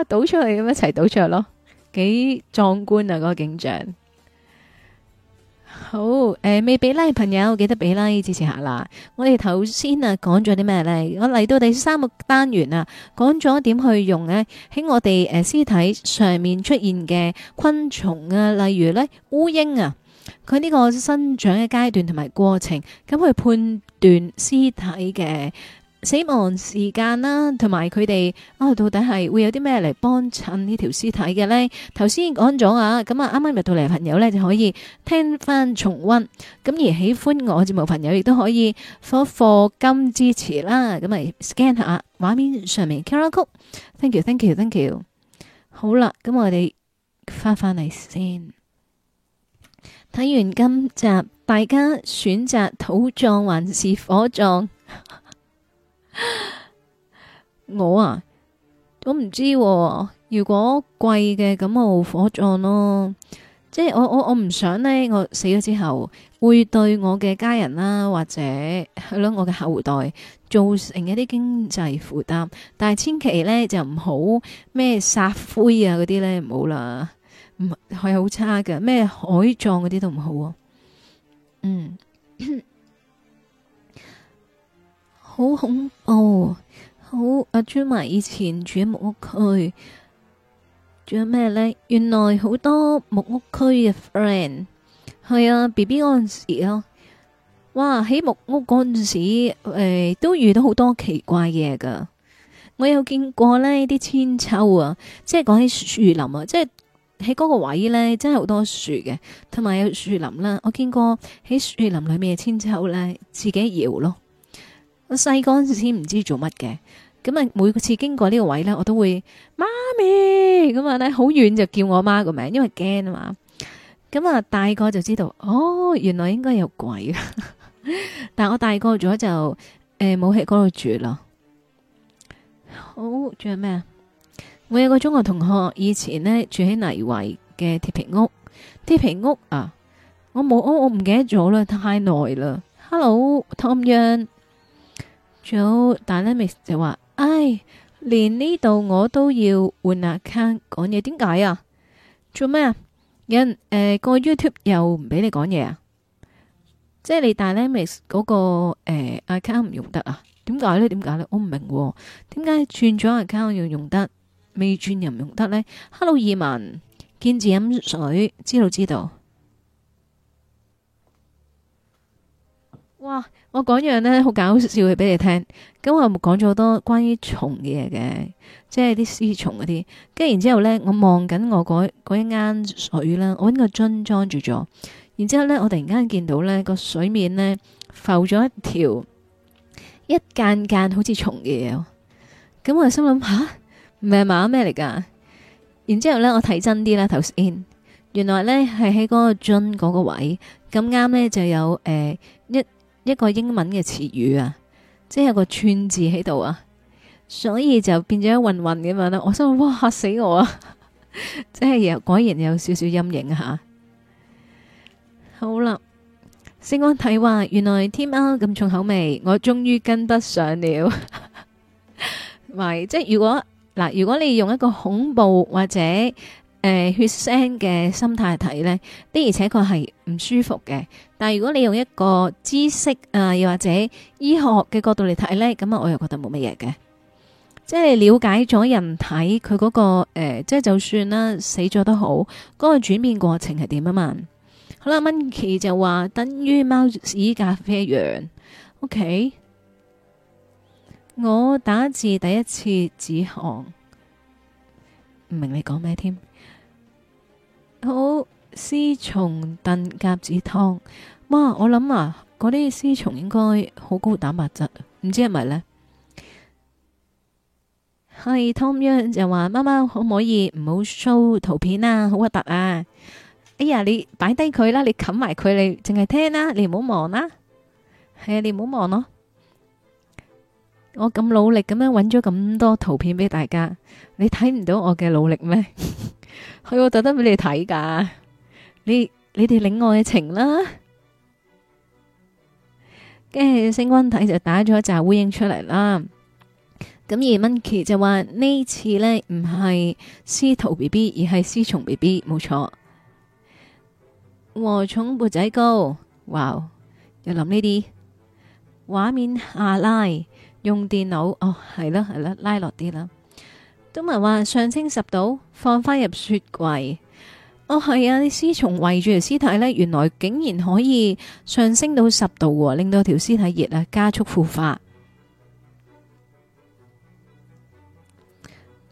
Speaker 1: 倒出嚟咁一齊倒出嚟咯，幾壯觀啊、嗰個景象！好，誒、呃，未俾拉朋友記得俾拉、like，支持下啦。我哋頭先啊講咗啲咩咧？我嚟到第三個單元啊，講咗點去用咧，喺我哋誒屍體上面出現嘅昆蟲啊，例如咧烏蠅啊。佢呢個生長嘅階段同埋過程，咁去判斷屍體嘅死亡時間啦，同埋佢哋啊到底係會有啲咩嚟幫襯呢條屍體嘅咧？頭先講咗啊，咁啊啱啱入到嚟嘅朋友咧就可以聽翻重溫，咁而喜歡我節目朋友亦都可以課課金支持啦。咁咪 scan 下畫面上面曲。Thank you，Thank you，Thank you, thank you, thank you. 好。好啦，咁我哋翻翻嚟先。睇完今集，大家選擇土葬還是火葬？ 我啊，我唔知道、啊。如果貴嘅，咁我火葬咯。即係我我我唔想呢，我死咗之後會對我嘅家人啦、啊，或者係咯、啊、我嘅後代造成一啲經濟負擔。但係千祈呢，就唔好咩撒灰啊嗰啲呢，唔好啦。唔係好差㗎，咩海葬嗰啲都唔好啊。嗯， 好恐怖，好阿朱埋以前住喺木屋區，仲有咩咧？原來好多木屋區嘅 friend 係啊，B B 嗰陣時咯、啊，哇喺木屋嗰陣時誒、欸，都遇到好多奇怪嘢噶。我有見過呢啲千秋啊，即係講起樹林啊，即係。喺嗰個位咧，真係好多樹嘅，同埋有樹林啦。我見過喺樹林裏面嘅韆鞦咧，自己搖咯。我細個時唔知做乜嘅，咁啊，每次經過呢個位咧，我都會媽咪咁啊，呢好遠就叫我媽個名字，因為驚啊嘛。咁啊，大個就知道，哦，原來應該有鬼。 但係我大個咗就誒冇喺嗰度住啦。好，哦，仲有咩啊？我有個中學同學以前呢住喺泥圍嘅鐵皮屋。鐵皮屋啊，我冇屋，我唔記得咗啦，太耐啦。Hello，Tommy，仲有，Dynamics 就話，唉、哎，連呢度我都要換 account 講嘢，點解啊？做咩啊？人誒、呃那個 YouTube 又唔俾你講嘢啊？即係你 Dynamics 嗰、那個誒 account、呃、唔用得啊？點解呢？點解呢？我唔明白、啊，點解轉咗 account 要用得？未轉又唔用得呢？Hello，移民見字飲水，知道知道。哇！我講樣呢，好搞笑嘅，俾你聽。咁我又冇講咗好多關於蟲嘅嘢嘅，即係啲絲蟲嗰啲。跟住然之後呢，我望緊我嗰一間水啦，我喺個樽裝住咗。然之後呢，我突然間見到呢個水面呢浮咗一條一間間好似蟲嘅嘢哦。咁我心諗下。咩嘛咩嚟噶？然之後咧，我睇真啲啦，頭先原來咧係喺嗰個樽嗰個位咁啱咧，就有誒、呃、一一個英文嘅詞語啊，即係有個串字喺度啊，所以就變咗混混咁樣啦。我心諗哇嚇死我啊， 即係又果然有少少陰影吓、啊。好啦，先我睇話，原來天喵咁重口味，我終於跟得上了。唔係 即係如果。嗱，如果你用一個恐怖或者誒、呃、血腥嘅心態睇呢，的而且確係唔舒服嘅。但係如果你用一個知識啊，又、呃、或者醫學嘅角度嚟睇呢，咁啊我又覺得冇乜嘢嘅。即係了解咗人體佢嗰、嗰個、呃、即係就算啦死咗都好，嗰、嗰個轉變過程係點啊嘛？好啦、嗯、好，Monkey 就話等於貓屎咖啡樣，OK。我打字第一次止汗，唔明你講咩添？好絲蟲燉甲子湯，哇！我諗啊，嗰啲絲蟲應該好高蛋白質，唔知係咪呢？係 Tom Young 就話：貓貓可唔可以唔好 show 圖片啊？好核突啊！哎呀，你擺低佢啦，你冚埋佢，你淨係聽啦，你唔好望啦，係啊，你唔好望咯。我咁努力咁樣揾咗咁多圖片俾大家，你睇唔到我嘅努力咩？佢 我特登俾你睇噶，你你哋領我嘅情啦。跟住升溫體就打咗一扎烏蠅出嚟啦。咁而 m i n k y 就話呢次呢，唔係司徒 B B 而係司蟲 B B，冇錯。禾蟲缽仔糕，哇！又諗呢啲畫面下拉。用電腦哦，係啦係啦，拉落啲啦。都咪話上升十度，放翻入雪櫃。哦係啊，啲屍蟲圍住條屍體呢，原來竟然可以上升到十度，令到條屍體熱啊，加速腐化。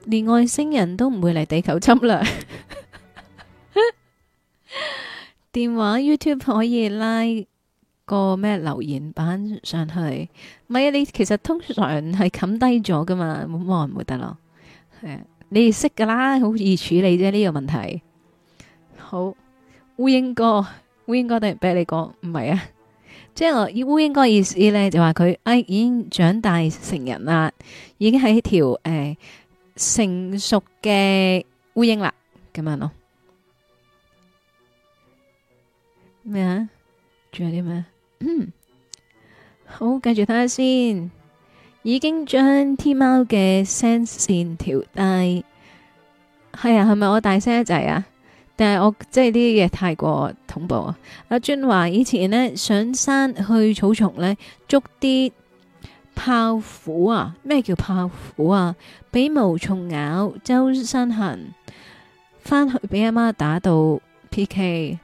Speaker 1: 連外星人都唔會嚟地球侵略。電話 YouTube 可以拉。個咩留言板上去？唔係啊，你其實通常係冚低咗噶嘛，冇人會得咯。係啊，你哋識噶啦，好易處理啫呢個問題。好，烏蠅哥，烏蠅哥，哥，我俾你講，唔係啊，即係烏蠅哥嘅意思咧，就話佢哎已經長大成人啦，已經係一條誒成熟嘅烏蠅啦，咁樣咯。咩啊？仲有啲咩？嗯， 好，繼續睇下先。已經將天貓嘅聲線調低。係啊，係咪我大聲一仔啊？但係我即係啲嘢太過恐怖啊！阿尊話以前呢，上山去草叢呢，捉啲泡虎啊，咩叫泡虎啊？俾毛蟲咬，周身痕，翻去俾阿媽打到 PK。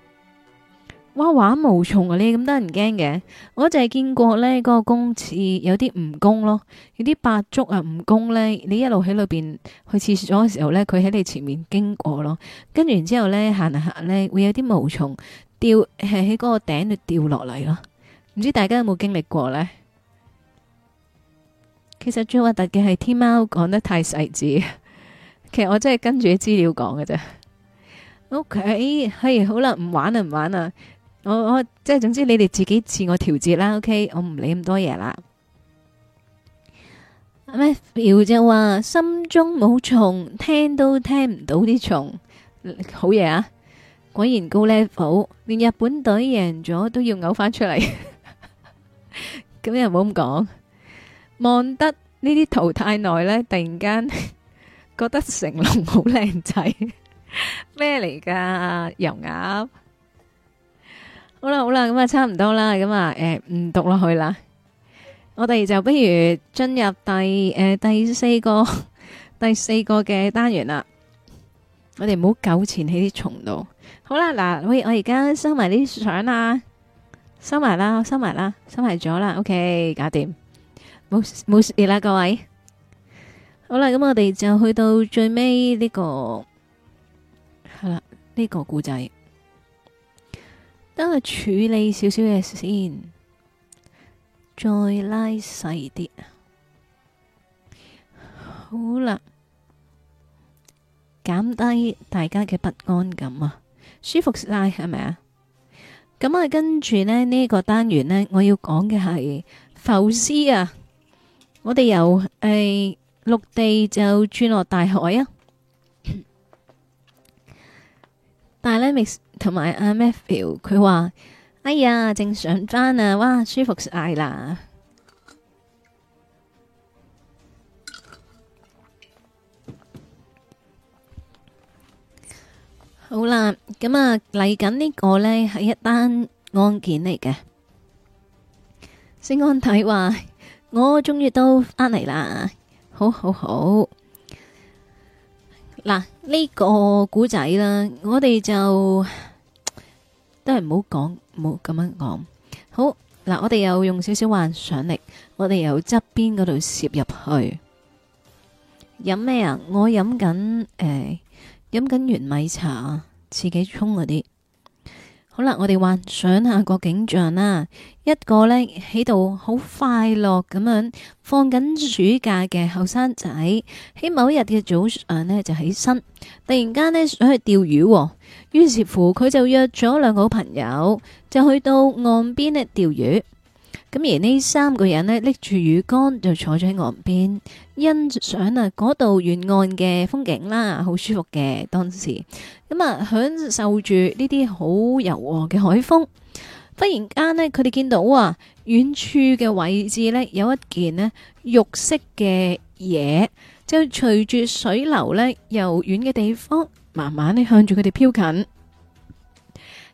Speaker 1: 哇！玩毛蟲啊，你咁得人驚嘅？我就係見過呢嗰、嗰個公廁有啲蜈蚣咯，有啲白竹啊蜈蚣呢。你一路喺裏邊去廁所嘅時候呢，佢喺你前面經過咯，跟住然之後呢，行行呢，會有啲毛蟲掉喺嗰個頂度掉落嚟咯，唔知大家有冇經歷過呢？其實最核突嘅係天貓講得太細致，其實我真係跟住啲資料講嘅啫。OK，係好啦，唔玩啊，唔玩啊！我我即係總之，你哋自己自我調節啦，OK，我唔理咁多嘢啦。咩、啊？表就話心中冇蟲，聽都聽唔到啲蟲，好嘢啊！果然高 level，連日本隊贏咗都要嘔翻出嚟。咁 又唔好咁講，望得呢啲圖太耐咧，突然間覺得成龍好靚仔。咩嚟噶油鴨？好啦，好啦，咁啊，差唔多啦，咁啊，誒，唔讀落去啦，我哋就不如進入第誒第四個第四個嘅單元啦。我哋唔好糾纏喺啲蟲度。好啦，嗱，喂，我而家收埋啲相啦，收埋啦，收埋啦，收埋咗啦，OK，搞掂，冇冇事啦，各位。好啦，咁我哋就去到最尾呢個，係啦，呢個故仔。等我處理少少嘢先，再拉細啲，好啦，減低大家嘅不安感啊，舒服晒係咪啊？咁啊，跟住咧，呢、呢個單元呢，我要講嘅係浮尸啊！我哋由誒陸地就轉落大海啊，但係呢。 同埋阿 Matthew，佢話：哎呀，正上班啊，哇，舒服晒啦！好啦，咁啊嚟緊呢個呢，係一單案件嚟嘅。姓安仔話：我終於都翻嚟啦，好好好。嗱，呢、呢個古仔啦，我哋就。都係唔好講，唔好咁樣講。好嗱，我哋又用少少幻想力，我哋由側邊嗰度攝入去。飲咩啊？我飲緊誒，飲緊玄米茶，自己沖嗰啲。好啦，我哋幻想下個景象啦。一個呢喺度好快樂咁樣放緊暑假嘅後生仔，喺某一日嘅早上呢就起身，突然間呢想去釣魚喎。於是乎，佢就約咗兩個朋友，就去到岸邊呢釣魚。咁而呢三個人呢，拎住魚竿就坐咗喺岸邊欣賞啊嗰度沿岸嘅風景啦，好舒服嘅當時，咁啊享受住呢啲好柔和嘅海風。忽然間呢，佢哋見到啊遠處嘅位置呢，有一件呢肉色嘅嘢，就隨住水流呢，由遠嘅地方，慢慢呢，向住佢哋飄近。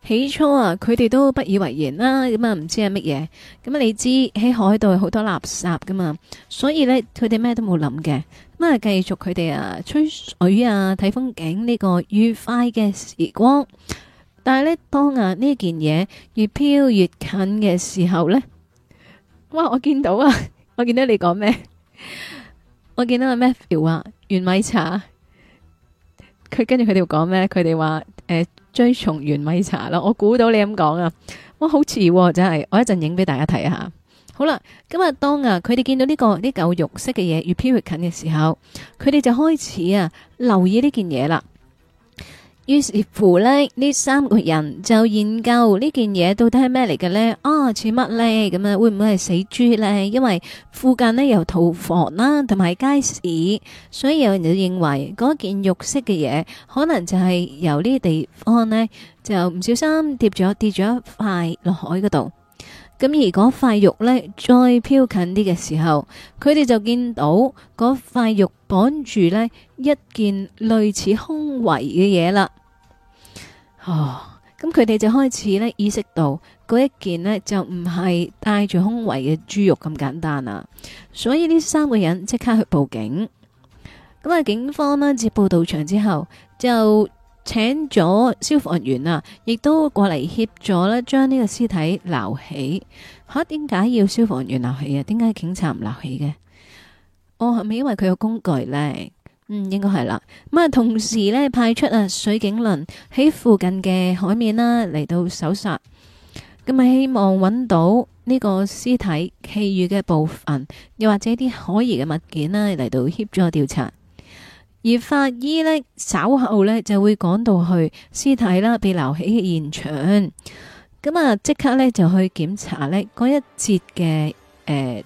Speaker 1: 起初啊，佢哋都不以為然啦、啊，咁、嗯、啊唔知係乜嘢。咁啊、嗯、你知喺海度好多垃圾噶嘛，所以咧佢哋咩都冇諗嘅。咁、嗯、啊繼續佢哋啊吹水啊睇風景呢個愉快嘅時光。但係咧當啊呢件嘢越飄越近嘅時候咧，哇！我見到啊，我見到你講咩？我見到阿 Matthew 話原米茶。佢跟住佢哋講咩？佢哋話誒。欸追從原米茶啦，我估到你咁講啊，哇，好遲、啊、真係，我一陣影俾大家睇下。好啦，咁啊，當啊，佢哋見到呢、這個啲狗肉色嘅嘢越飄越近嘅時候，佢哋就開始啊留意呢件嘢啦。於是乎呢，呢三個人就研究呢件嘢到底係咩嚟嘅咧？啊，似乜咧？咁啊，會唔會係死豬咧？因為附近咧有屠房啦、啊，同埋街市，所以有人就認為嗰件肉色嘅嘢可能就係由呢啲地方咧就唔小心跌咗跌咗一塊落海嗰度。咁而嗰塊肉呢，再飄近啲嘅時候，佢哋就見到嗰塊肉綁住呢一件類似胸圍嘅嘢啦。哦，咁佢哋就開始呢意識到嗰一件呢就唔係戴住胸圍嘅豬肉咁簡單啦。所以呢三個人即刻去報警。咁、嗯、啊，警方呢接報到場之後就請咗消防員啊，亦都過嚟協助咧，將呢個屍體撈起。吓，點解要消防員撈起啊？點解警察唔撈起嘅？哦，係咪因為佢有工具呢？嗯，應該係啦。咁啊，同時呢，派出啊水警輪喺附近嘅海面啦嚟到搜索，咁啊希望揾到呢個屍體其餘嘅部分，又或者啲可疑嘅物件啦嚟到協助調查。而法醫呢，稍後呢就會趕到去屍體啦，被撈起嘅現場。咁啊，即刻呢就去檢查呢嗰一節嘅、呃、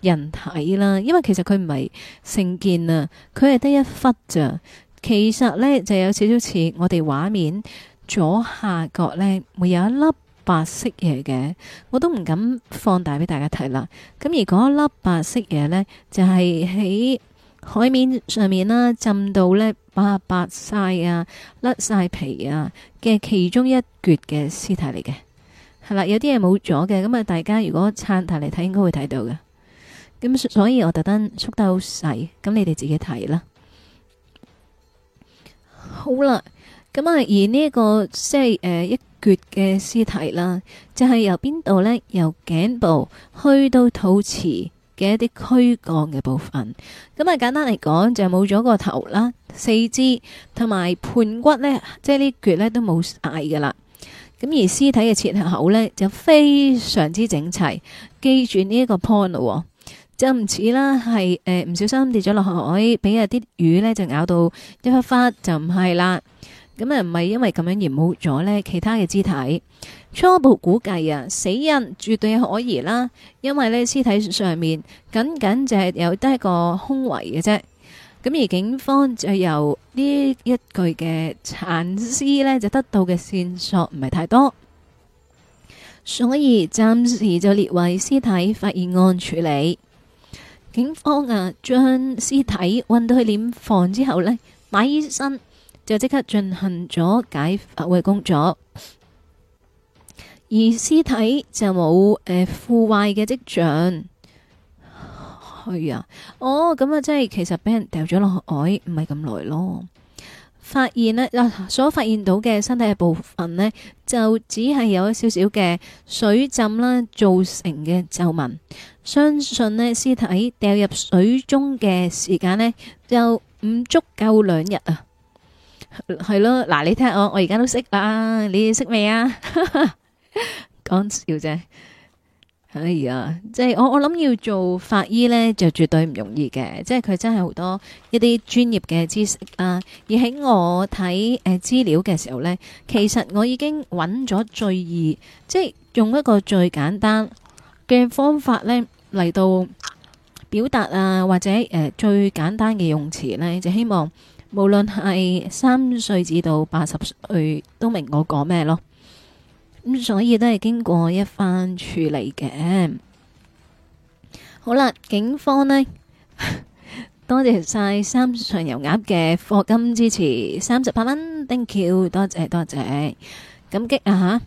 Speaker 1: 人體啦。因為其實佢唔係成件啊，佢係得一忽咋。其實呢就有少少似我哋畫面左下角呢，會有一粒白色嘢嘅，我都唔敢放大俾大家睇啦。咁而嗰粒白色嘢呢，就係喺海面上面啦、啊，浸到咧，白白晒啊，甩晒皮啊嘅其中一橛嘅屍體嚟嘅，係啦，有啲嘢冇咗嘅，咁啊，大家如果撐大嚟睇，應該會睇到嘅。咁所以我特登縮得好細，咁你哋自己睇啦。好啦，咁、嗯、啊，而呢、這個呃、一個即係誒一橛嘅屍體啦，就係、是、由邊度呢？由頸部去到肚臍。嘅一啲軀幹嘅部分，咁啊簡單嚟講就冇咗個頭啦、四肢同埋盤骨呢，即係呢橛呢都冇晒㗎啦。咁而屍體嘅切口呢，就非常之整齊，記住呢一個 point 咯，就唔似啦係誒唔小心跌咗落海，俾啊啲魚呢就咬到一忽忽就唔係啦。咁啊，唔係因為咁樣而冇咗呢其他嘅肢體。初步估計啊，死因絕對可疑啦，因為呢屍體上面僅僅就係有得一個空位嘅啫。咁而警方就由呢一具嘅殘屍呢就得到嘅線索唔係太多，所以暫時就列為屍體發現案處理。警方啊，將屍體運到去殮房之後呢，擺起身。就即刻進行咗解剖嘅工作，而屍體就冇誒、呃、腐壞嘅跡象。係、哎、啊，哦咁啊，即係其實俾人掉咗落海，唔係咁耐咯。發現呢，所發現到嘅身體嘅部分呢，就只係有一少少嘅水浸啦造成嘅皺紋。相信呢，屍體掉入水中嘅時間呢，就唔足夠兩日啊。係咯，嗱，你聽我，我而家都識啦，你識未啊？講笑啫，哎呀，即係我我諗要做法醫呢，就絕對唔容易嘅，即係佢真係好多一啲專業嘅知識啊。而喺我睇誒，資料嘅時候呢，其實我已經揾咗最易，即係用一個最簡單嘅方法呢嚟到表達啊，或者誒，最簡單嘅用詞呢，就希望。無論係三歲至到八十歲都明我講咩咯，咁、嗯、所以都係經過一番處理嘅。好啦，警方呢， 多謝晒三上油鴨嘅課金支持，三十八蚊，Thank you，多謝多謝，感激啊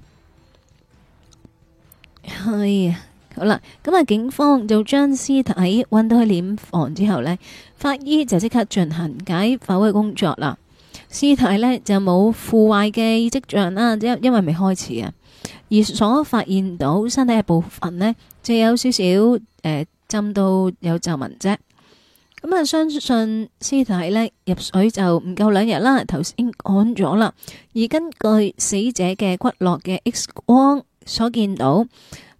Speaker 1: 吓，係、哎、啊。好啦，咁啊，警方就將屍體搵到去殮房之後咧，法醫就即刻進行解剖嘅工作啦。屍體咧就冇腐壞嘅跡象啦，因因為未開始啊。而所發現到身體嘅部分咧，就有少少誒浸到有皺紋啫。咁、嗯、啊，相信屍體咧入水就唔夠兩日啦，頭先講咗啦。而根據死者嘅骨骼嘅 X 光所見到。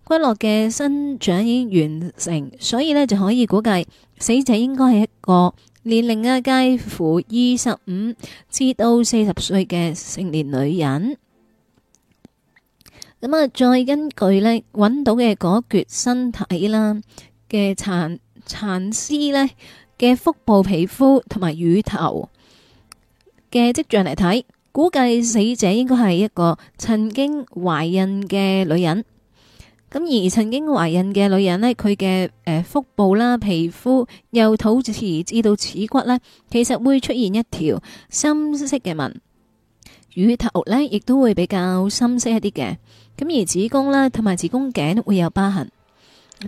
Speaker 1: 骨骼嘅生長已經完成，所以呢就可以估計死者應該係一個年齡啊，介乎二十五至到四十歲嘅成年女人。咁啊，再根據呢揾到嘅嗰橛身體啦嘅殘殘屍呢嘅腹部皮膚同埋乳頭嘅跡象嚟睇，估計死者應該係一個曾經懷孕嘅女人。咁而曾經懷孕嘅女人呢，佢嘅、呃、腹部啦、皮膚由肚臍至到恥骨呢，其實會出現一條深色嘅紋，乳頭呢，亦都會比較深色一啲嘅。咁而子宮啦同埋子宮頸會有疤痕，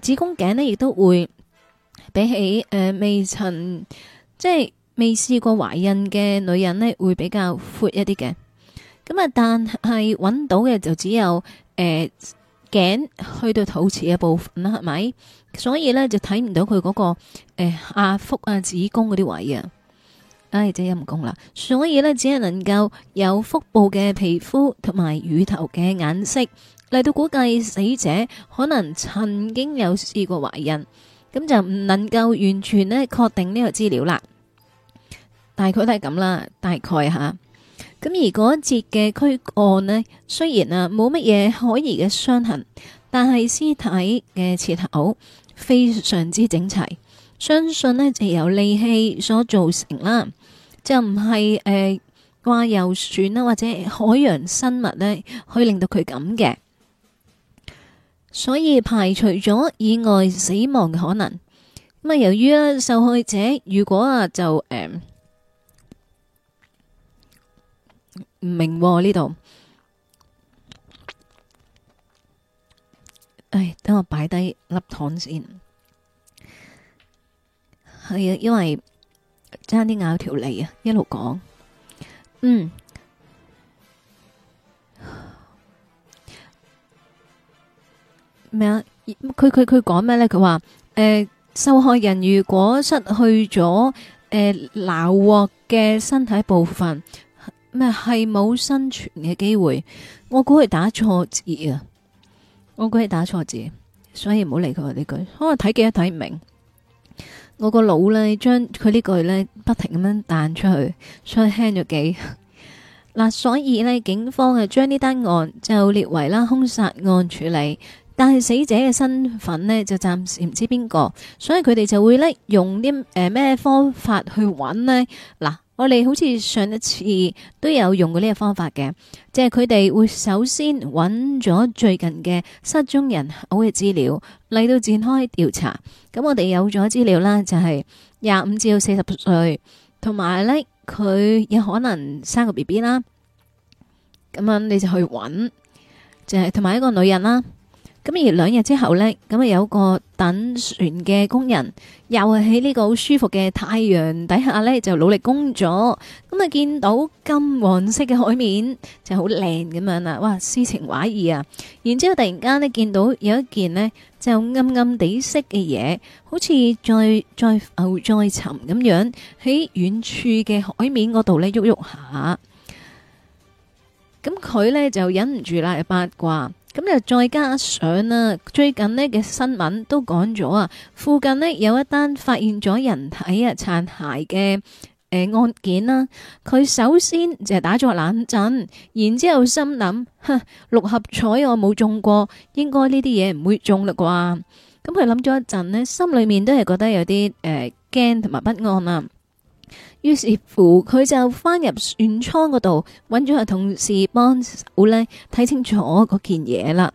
Speaker 1: 子宮頸呢，亦都會比起、呃、未曾即係未試過懷孕嘅女人呢，會比較闊一啲嘅。咁啊，但係揾到嘅就只有誒、呃頸去到肚臍嘅部分啦，係咪？所以呢、那個，就睇唔到佢嗰個誒下腹啊子宮嗰啲位啊，唉、哎、真陰功啦！所以呢，只係能夠有腹部嘅皮膚同埋乳頭嘅顏色嚟到估計死者可能曾經有試過懷孕，咁就唔能夠完全呢確定呢個資料啦。大概都係咁啦，大概吓。咁而嗰截嘅軀幹呢，雖然啊冇乜嘢可疑嘅傷痕，但係屍體嘅切口非常之整齊，相信呢就由利器所造成啦，就唔係誒話遊船啦或者海洋生物呢可以令到佢咁嘅，所以排除咗意外死亡嘅可能。咁啊，由於啊受害者如果啊就誒。呃唔明呢度，唉，等我擺低粒糖先。係啊，因為爭啲咬條脷啊，一路講。嗯，咩啊？佢佢佢講咩咧？佢話誒，受害人如果失去咗誒，撈獲嘅身體部分。咩係冇生存嘅機會？我估係打錯字啊！我估係打錯字的，所以唔好理佢話呢句。可能睇幾都睇唔明。我個腦呢，將佢呢句呢不停咁樣彈出去，所以輕咗幾。嗱，所以呢，警方啊將呢單案就列為啦兇殺案處理，但係死者嘅身份呢，就暫時唔知邊個，所以佢哋就會呢，用啲誒咩方法去揾呢？嗱。我哋好似上一次都有用過呢個方法嘅，即係佢哋會首先揾咗最近嘅失蹤人口嘅資料嚟到展開調查。咁我哋有咗資料啦，就係廿五至到四十歲，同埋咧佢有可能生個 BB 啦。咁樣你就去揾，就係同埋一個女人啦。咁而兩日之後呢，咁啊有個等船嘅工人，又係喺呢個好舒服嘅太陽底下呢，就努力工作。咁啊見到金黃色嘅海面，就好靚咁樣啦。哇，詩情畫意啊！然之後突然間呢，見到有一件呢，就暗暗地色嘅嘢，好似再再浮再沉咁樣，喺遠處嘅海面嗰度呢，喐喐下。咁佢呢，就忍唔住啦，八卦。咁又再加上啦，最近呢嘅新聞都講咗啊，附近呢有一單發現咗人體啊殘骸嘅誒案件啦。佢首先就打咗冷震，然之後心諗，哼，六合彩我冇中過，應該呢啲嘢唔會中嘞啩。咁佢諗咗一陣呢，心裏面都係覺得有啲誒驚同埋不安啊。於是乎就，佢就翻入船艙嗰度，揾咗個同事幫手呢，睇清楚嗰件嘢啦。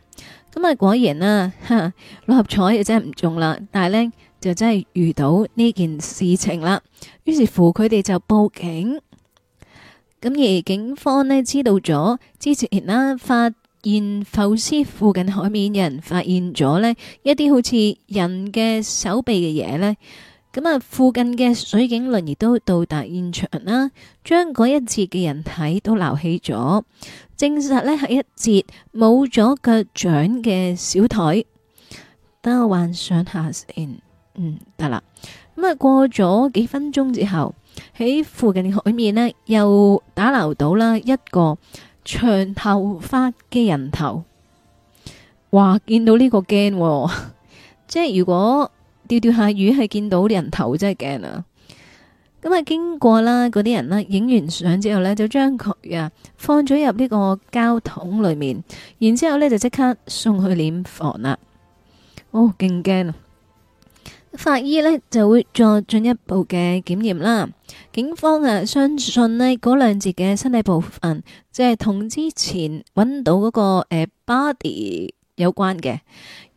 Speaker 1: 咁啊，果然啦，啊，六合彩又真係唔中啦。但係呢，就真係遇到呢件事情啦。於是乎，佢哋就報警。咁而警方呢，知道咗之前啦，發現浮屍附近海面有人發現咗呢一啲好似人嘅手臂嘅嘢呢。咁啊，附近嘅水警輪亦都到達現場啦，將嗰一截嘅人體都撈起咗，證實咧係一截冇咗腳掌嘅小腿。等我幻想下先，嗯，得啦。咁啊，過咗幾分鐘之後，喺附近嘅海面呢又打撈到啦一個長頭髮嘅人頭。哇，見到呢個驚， 即係如果。釣釣下魚係見到啲人頭真係驚啊！咁啊經過啦，嗰啲人啦，影完相之後呢，就將佢啊放咗入呢個膠桶裏面，然之後呢就即刻送去殮房啦。哦，勁驚啊！法醫呢就會作進一步嘅檢驗啦。警方啊，相信呢嗰兩節嘅身體部分，即係同之前揾到嗰個誒 body 有關嘅。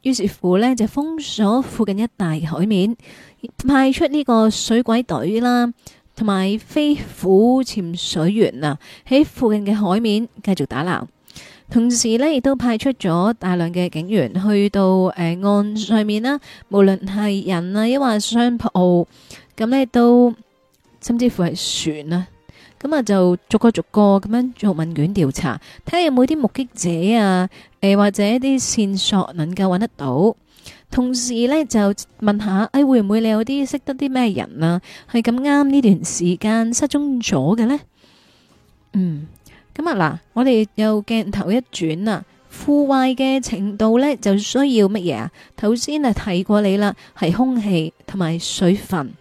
Speaker 1: 於是乎呢就封鎖附近一帶海面，派出呢個水鬼隊啦，同埋飛虎潛水員啊，喺附近嘅海面繼續打撈。同時呢，亦都派出咗大量嘅警員去到、呃、岸上面啦，無論係人呀、啊，抑或商鋪，咁呢，都，甚至乎係船啦、啊。咁啊，就逐個逐個咁樣做問卷調查，睇下有冇啲目擊者啊，誒、呃、或者啲線索能夠揾得到。同時呢，就問下，誒、哎、會唔會你有啲識得啲咩人啊，係咁啱呢段時間失蹤咗嘅呢？」嗯，咁啊嗱，我哋又鏡頭一轉啊，腐壞嘅程度呢，就需要乜嘢啊？頭先啊睇過你啦，係空氣同埋水分。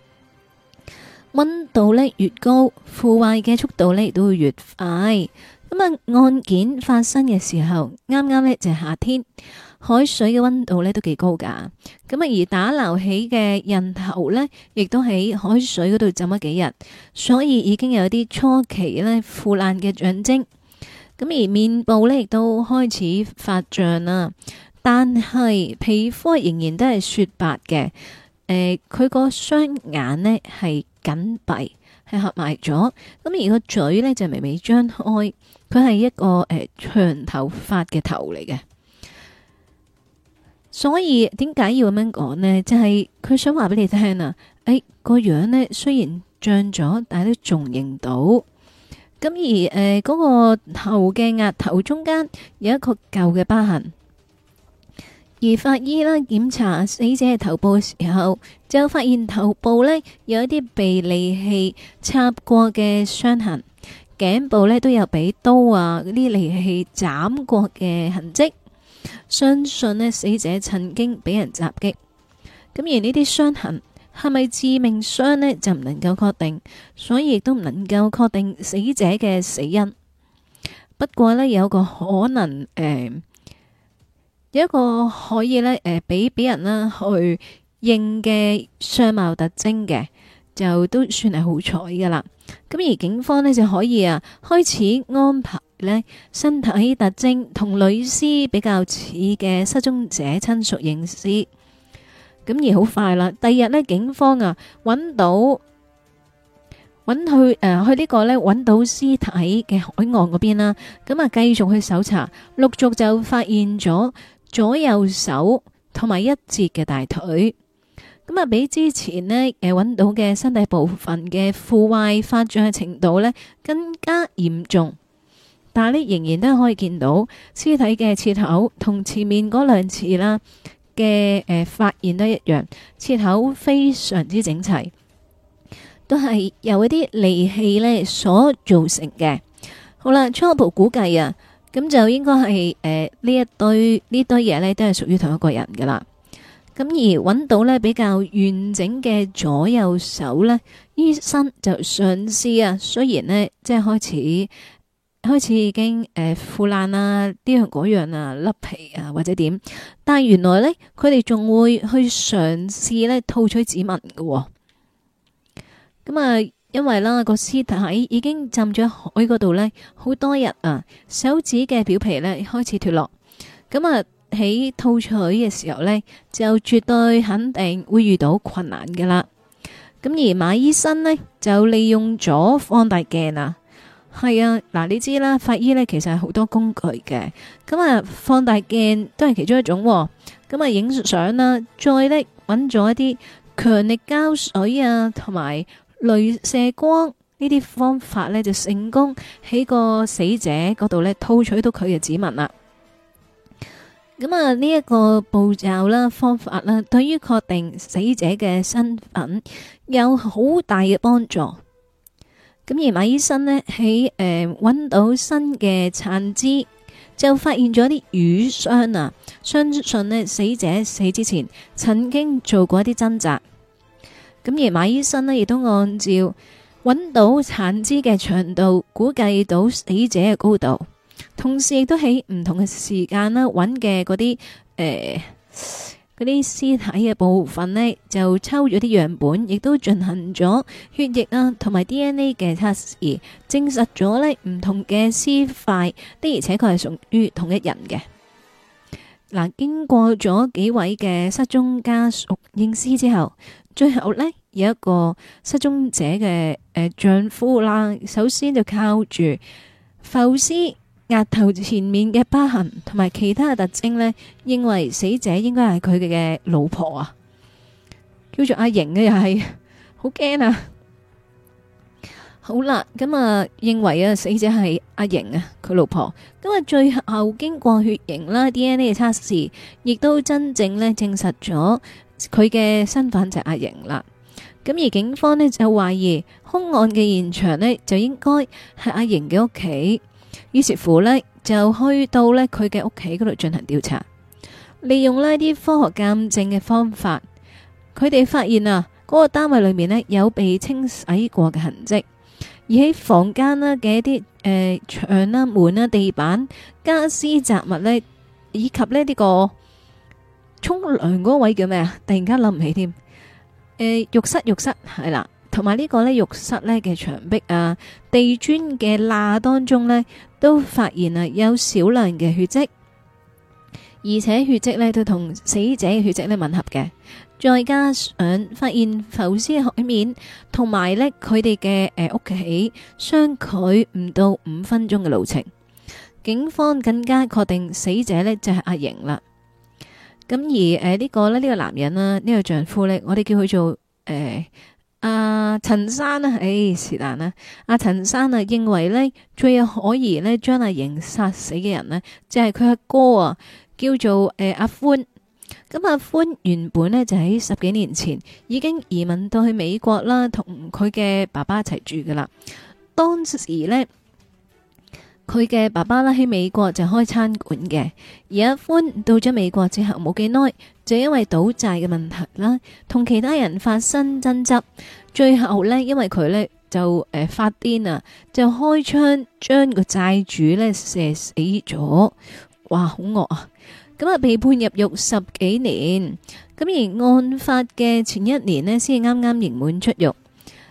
Speaker 1: 溫度呢越高，腐壞嘅速度呢都會越快。咁啊，案件發生嘅時候，啱啱呢，就係夏天，海水嘅溫度呢都幾高㗎。咁啊，而打撈起嘅人頭呢，亦都喺海水嗰度浸咗幾日，所以已經有啲初期呢腐爛嘅象徵。咁而面部呢亦都開始發脹啦，但係皮膚仍然都係雪白嘅。誒、呃，佢個雙眼呢，係。緊閉係合埋咗，咁而個嘴咧就微微張開。佢係一個誒、呃、長頭髮嘅頭嚟嘅，所以點解要咁樣講呢？就係、是、佢想話俾你聽啊！誒、哎，個樣呢雖然脹咗，但係都仲認到。咁而誒嗰、呃嗰個頭嘅額頭中間有一個舊嘅疤痕。而法醫呢檢查死者嘅頭部嘅時候，就發現頭部呢有一啲被利器插過嘅傷痕，頸部呢都有俾刀啊嗰啲利器斬過嘅痕跡。相信呢死者曾經俾人襲擊，咁而呢啲傷痕係咪致命傷呢？就唔能夠確定，所以亦都唔能夠確定死者嘅死因。不過呢，有個可能誒。呃有一個可以咧，誒，俾俾人咧去認嘅相貌特徵嘅，就都算係好彩噶啦。咁而警方呢，就可以啊，開始安排咧身體特徵同女屍比較似嘅失蹤者親屬認屍。咁而好快啦，第二日呢，警方啊，揾到揾去誒，去呢個咧揾到屍體嘅海岸嗰邊啦。咁啊，繼續去搜查，陸續就發現咗。左右手同埋一截嘅大腿，咁啊，比之前呢誒揾到嘅身體部分嘅腐壞發脹嘅程度呢更加嚴重，但係呢，仍然都可以見到屍體嘅切口同前面嗰兩次啦嘅誒發現都一樣，切口非常之整齊，都係由一啲利器呢所造成嘅。好啦，初步估計啊。咁就應該係誒呢一堆，一堆呢堆嘢咧，都係屬於同一個人噶啦。咁而揾到咧比較，完整嘅左右手咧，醫生就嘗試啊。雖然咧即係開始開始已經誒、呃、腐爛啊，呢樣嗰樣啊，甩皮啊或者點，但係原來咧佢哋仲會去嘗試咧套取指紋嘅、哦。咁、嗯、啊～、呃因為啦，個屍體已經浸咗海嗰度呢好多日啊，手指嘅表皮呢開始脫落，咁啊喺吐取嘅時候呢就絕對肯定會遇到困難噶啦。咁而馬醫生呢，就利用咗放大鏡啊，係啊，嗱你知啦，法醫呢其實係好多工具嘅，咁啊放大鏡都係其中一種，咁啊影相啦，再呢，揾咗一啲強力膠水啊，同埋。鐳射光呢啲方法呢，就成功喺個死者嗰度呢，套取到佢嘅指紋啦。咁啊呢一個步驟啦方法啦，對於確定死者嘅身份有好大嘅幫助。咁而馬醫生呢，喺誒揾到新嘅殘肢，就發現咗啲瘀傷啊，相信呢，死者死之前曾經做過一啲掙扎。咁而馬醫生呢，亦都按照揾到殘肢嘅長度，估計到死者嘅高度。同時亦都喺唔同嘅時間啦，揾嘅嗰啲誒嗰啲屍體嘅部分呢，就抽咗啲樣本，亦都進行咗血液啊同埋 DNA 嘅測試，證實咗呢唔同嘅屍塊的，而且確係屬於同一人嘅。嗱，經過咗幾位嘅失蹤家屬認屍之後。最後咧，有一個失蹤者嘅誒丈夫啦，首先就靠住浮屍額頭前面嘅疤痕同埋其他嘅特徵咧，認為死者應該係佢哋嘅老婆啊，叫做阿瑩呢又係，好驚啊！好啦，咁啊認為啊死者係阿瑩啊佢老婆，咁啊最後經過血型啦、DNA 嘅測試，亦都真正咧證實咗。佢嘅身份就係阿瑩啦，咁而警方呢就懷疑兇案嘅現場呢就應該係阿瑩嘅屋企，於是乎呢就去到呢佢嘅屋企嗰度進行調查，利用呢啲科學鑑證嘅方法，佢哋發現啊嗰個單位裏面呢有被清洗過嘅痕跡，而喺房間啦嘅一啲誒牆啦門啦地板家私雜物呢以及呢呢個。沖涼嗰位叫咩啊？突然間諗唔起添。誒，浴室浴室係啦，同埋呢個咧浴室咧嘅牆壁啊、地磚嘅罅當中咧，都發現啊有少量嘅血跡，而且血跡咧都同死者嘅血跡咧吻合嘅。再加上發現浮屍嘅海面，同埋咧佢哋嘅誒屋企相距唔到五分鐘嘅路程，警方更加確定死者咧就係阿瑩啦。咁而誒呢、呃這個咧呢、這個男人啦呢、這個丈夫咧，我哋叫佢做誒阿陳生啊，誒是但啦，阿、哎啊、陳生啊認為咧最有可疑咧將阿瑩殺死嘅人咧，就係佢阿哥啊，叫做誒、呃、阿歡。咁、啊、阿歡原本咧就喺十幾年前已經移民到去美國啦，同佢嘅爸爸一齊住噶啦。當時咧。佢嘅爸爸呢，喺美國就開餐館嘅，而阿歡到咗美國之後冇幾耐，就因為賭債嘅問題啦，同其他人發生爭執，最後呢，因為佢呢，就誒、呃、發癲啊，就開槍將個債主呢射死咗，哇好惡啊！咁啊被判入獄十幾年，咁而案發嘅前一年呢，先至啱啱刑滿出獄，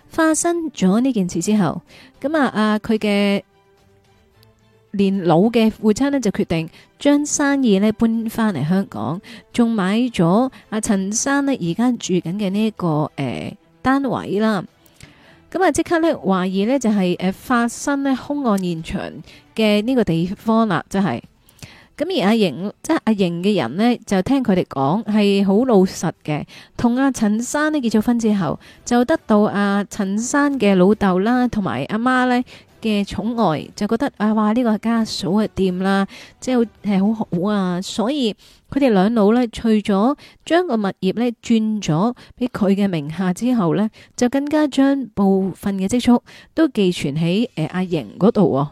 Speaker 1: 發生咗呢件事之後，咁啊啊佢嘅。呃年老嘅父親咧就決定將生意咧搬翻嚟香港，仲買咗阿陳生咧而家住緊嘅呢一個誒、呃、單位啦。咁啊即刻咧懷疑呢就係誒發生咧兇案現場嘅呢個地方啦，即係咁而阿瑩，即係阿瑩嘅人呢，就聽佢哋講係好老實嘅，同阿陳生咧結咗婚之後就得到阿陳生嘅老豆啦，同埋阿媽呢嘅寵愛就覺得啊，哇！呢個家嫂係掂啦，即係好好啊。所以佢哋兩老呢，除咗將個物業呢轉咗俾佢嘅名下之後呢，就更加將部分嘅積蓄都寄存喺阿、呃啊、盈嗰度，哦。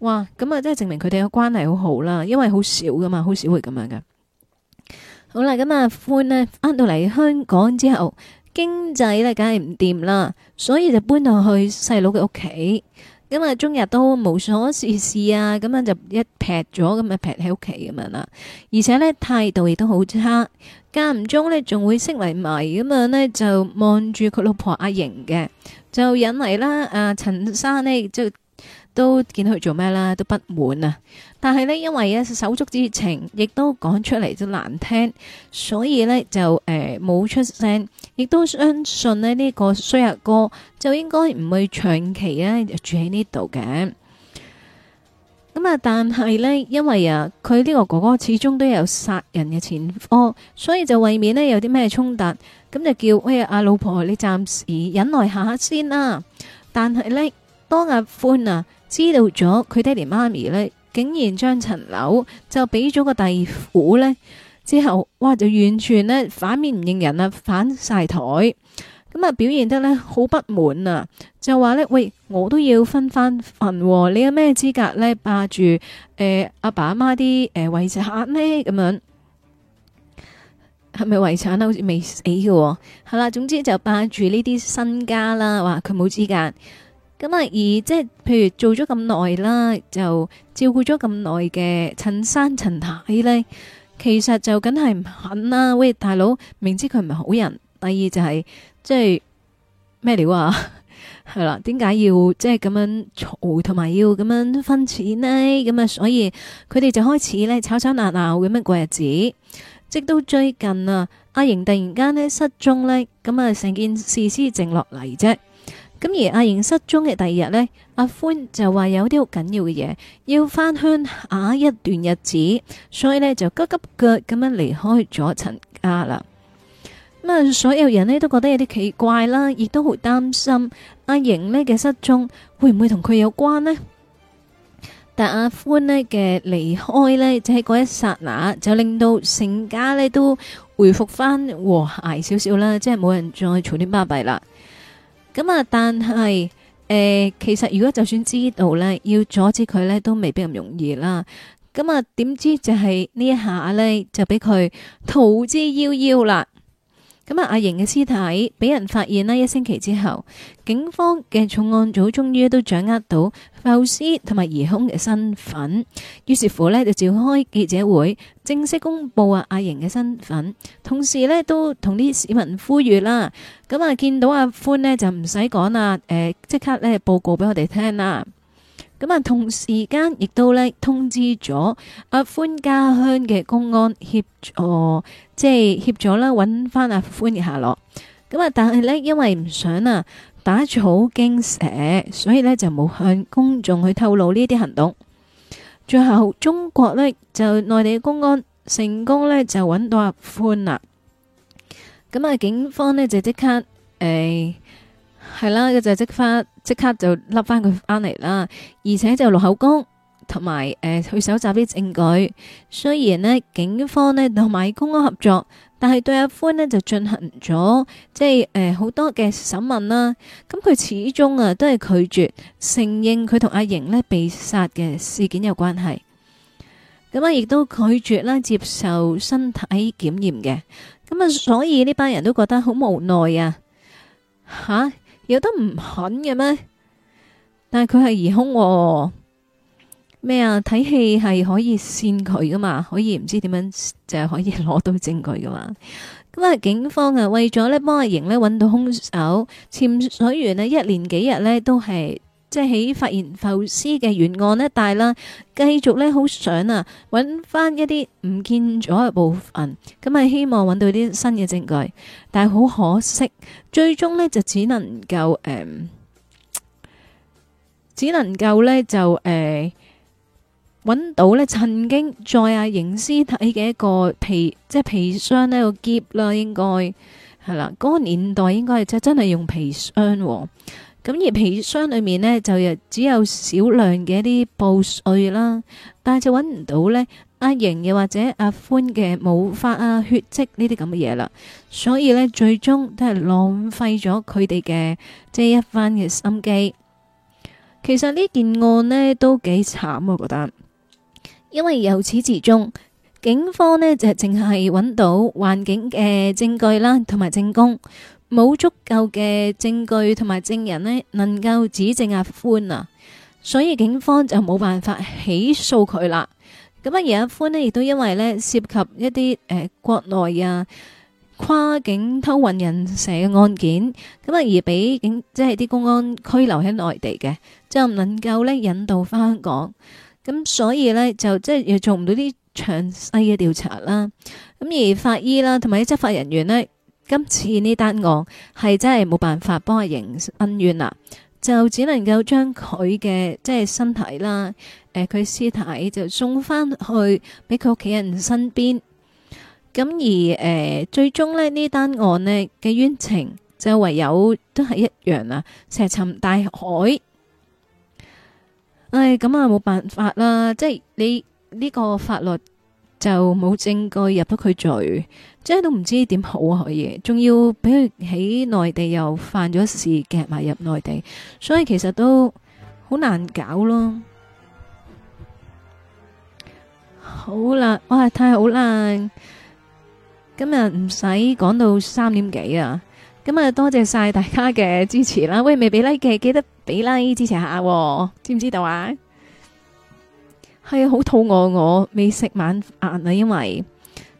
Speaker 1: 哇！咁啊，即係證明佢哋嘅關係好好啦，因為好少噶嘛，好少會咁樣噶。好啦，咁啊，歡呢，翻到嚟香港之後，經濟呢梗係唔掂啦，所以就搬到去細佬嘅屋企。咁啊，終日都無所事事啊，咁樣就一劈咗，咁啊劈喺屋企咁樣啦。而且咧態度亦都好差，間唔中咧仲會釋埋迷，咁樣咧就望住佢老婆阿瑩嘅，就引嚟啦。阿陳生咧就。都見到佢做咩啦，都不滿啊！但係呢，因為啊手足之情，亦都講出嚟，都難聽，所以呢就誒冇、呃、出聲，亦都相信咧呢、呢個衰阿哥就應該唔會長期咧住喺呢度嘅。咁啊，但係呢，因為啊，佢呢個哥哥始終都有殺人嘅前科，所以就為免咧有啲咩衝突，咁就叫喂阿、哎、老婆，你暫時忍耐下先啦、啊。但係呢，當阿、啊、歡啊。知道咗佢爹哋媽咪呢，竟然將層樓就俾咗個弟婦呢。之後哇就完全呢反面唔認人啊，反晒台咁啊表現得呢好不滿啊，就話呢：喂「喂我都要分翻份喎，你有咩資格呢？霸住誒阿爸阿媽啲誒遺產呢咁樣，係咪遺產？好似未死㗎喎，係啦，總之就霸住呢啲身家啦，哇佢冇資格。咁啊！而即係譬如做咗咁耐啦，就照顧咗咁耐嘅陳生陳太咧，其實就梗係唔肯啦。喂，大佬明知佢唔係好人，第二就係即係咩料啊？係 啦，點解要即係咁樣嘈，同埋要咁樣分錢呢？咁啊，所以佢哋就開始咧吵吵鬧鬧咁樣過日子，直到最近啊，阿瑩突然間呢，失蹤咧，咁啊成件事先靜落嚟啫。咁而阿瑩失蹤嘅第二日呢，阿歡就話有啲好緊要嘅嘢要翻鄉下一段日子，所以呢，就急急腳咁樣離開咗陳家啦。咁啊，所有人呢，都覺得有啲奇怪啦，亦都好擔心阿瑩呢嘅失蹤會唔會同佢有關呢？但阿歡呢嘅離開呢，就喺嗰一剎那就令到成家呢都回復翻和諧少少啦，即係冇人再嘈啲巴閉啦。咁啊！但係，誒、呃，其實如果就算知道呢，要阻止佢呢，都未必咁容易啦。咁啊，點知就係呢一下呢，就俾佢逃之夭夭啦。咁啊！阿瑩嘅屍體俾人發現啦，一星期之後，警方嘅重案組終於都掌握到浮屍同埋疑兇嘅身份，於是乎呢，就召開記者會，正式公布啊阿瑩嘅身份，同時呢，都同啲市民呼籲啦。咁啊，見到阿歡呢，就唔使講啦，誒、呃，即刻咧報告俾我哋聽啦。咁啊，同時間亦都呢，通知咗阿歡家鄉嘅公安協助，即係協助啦，揾返阿歡嘅下落。咁啊，但係呢，因為唔想啊打草驚蛇，所以呢就冇向公眾去透露呢啲行動。最後，中國呢就內地嘅公安成功呢就揾到阿歡啦。咁啊，警方呢就即刻誒。係啦，佢 就即刻即刻就笠翻佢翻嚟啦，而且就落口供，同埋誒去搜集啲證據。雖然呢警方，呢同埋公安合作，但係對阿歡呢就進行咗即係誒好多嘅審問啦。咁佢始終啊都係拒絕承認佢同阿瑩呢被殺嘅事件有關係。咁啊，亦都拒絕啦接受身體檢驗嘅。咁啊，所以呢班人都覺得好無奈啊，吓！有得唔肯嘅咩？但係佢係疑凶。哦，咩啊？睇戲係可以線佢噶嘛？可以唔知點樣就係可以攞到證據噶嘛？咁啊，警方啊，為咗咧幫阿瑩咧搵到凶手，潛水員呢一連幾日咧都係。即係喺發現浮屍嘅沿岸呢，但係啦，繼續呢，好想啊，揾翻一啲唔見咗嘅部分，咁啊，希望揾到啲新嘅證據，但係好可惜，最終呢，就只能夠誒、呃，只能夠呢，就誒，揾、呃、到呢曾經在阿凝屍體嘅一個皮，即係皮箱呢個喼啦，應該係啦，嗰、那個年代應該係真真係用皮箱、哦。咁而皮箱裏面呢，就有只有少量嘅一啲布碎啦，但係就揾唔到呢阿盈又或者阿歡嘅毛髮啊血跡呢啲咁嘅嘢啦，所以呢，最終都係浪費咗佢哋嘅即係一番嘅心機。其實呢件案呢，都幾慘，我覺得，因為由始至終警方呢就係淨係揾到環境嘅證據啦，同埋證供。冇足夠嘅證據同埋證人呢，能夠指證阿歡啊，所以警方就冇辦法起訴佢啦。咁啊而阿歡呢，亦都因為呢涉及一啲誒、呃、國內啊跨境偷運人蛇嘅案件，咁啊而俾警即係啲公安拘留喺內地嘅，就唔能夠呢引導翻香港，咁所以呢，就即係又做唔到啲詳細嘅調查啦。咁而法醫啦，同埋啲執法人員呢。今次呢單案係真係冇辦法幫佢恩冤啦，就只能夠將佢嘅即係身體啦，誒佢屍體就送翻去俾佢屋企人身邊。咁而誒、呃、最終咧呢單案咧嘅冤情就唯有都係一樣啦，石沉大海。唉，咁啊冇辦法啦，即係你呢個法律，就冇證據入到佢罪，即係都唔知點好啊！可以仲要俾佢喺內地又犯咗事夾埋入內地，所以其實都好難搞咯。好啦，哇，太好啦！今日唔使講到三點幾啊！咁啊，多謝晒大家嘅支持啦。喂，未俾 like 嘅記得俾 like 支持下，啊，知唔知道啊？係啊，好肚餓，我未食晚飯啊，因為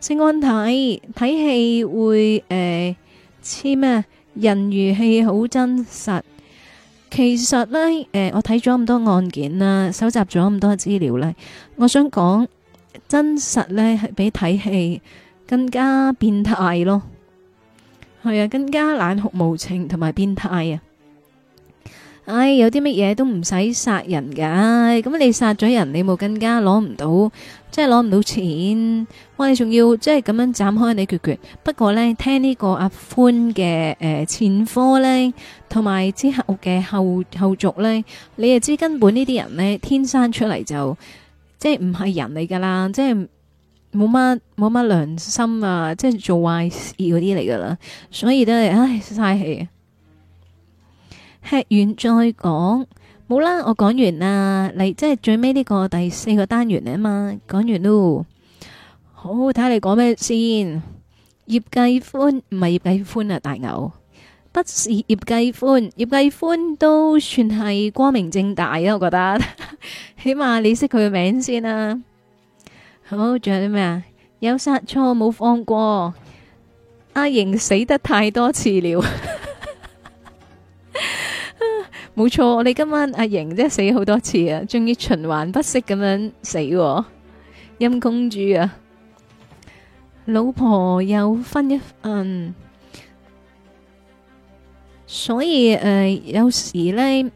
Speaker 1: 升安睇睇戲會誒，似、呃、咩人如戲好真實。其實咧，誒、呃，我睇咗咁多案件啦，收集咗咁多資料咧，我想講真實咧係比睇戲更加變態咯。係啊，更加冷酷無情同埋變態啊！唉，有啲乜嘢都唔使殺人噶，咁你殺咗人，你冇更加攞唔到，即係攞唔到錢，喂，你仲要即係咁樣斬開你決決。不過咧，聽呢個阿歡嘅誒、呃、前科咧，同埋之後嘅後後續咧，你就知根本呢啲人咧天生出嚟就即係唔係人嚟噶啦，即係冇乜冇乜良心啊，即係做壞事嗰啲嚟噶啦，所以都係唉嘥氣。吃完再講，冇啦！我講完啦，嚟即係最尾呢個第四個單元嚟啊嘛，講完咯。好睇你講咩先？葉繼歡唔係葉繼歡啊，大牛，不是葉繼歡，葉繼歡都算係光明正大啊，我覺得， 起碼你識佢嘅名先啦、啊。好，仲有啲咩啊？有殺錯冇放過，阿瑩死得太多次了。 冇錯，我哋今晚阿瑩真係死好多次啊！仲要循環不息咁樣死了，陰公豬啊！老婆又分一分嗯，所以誒、呃，有時呢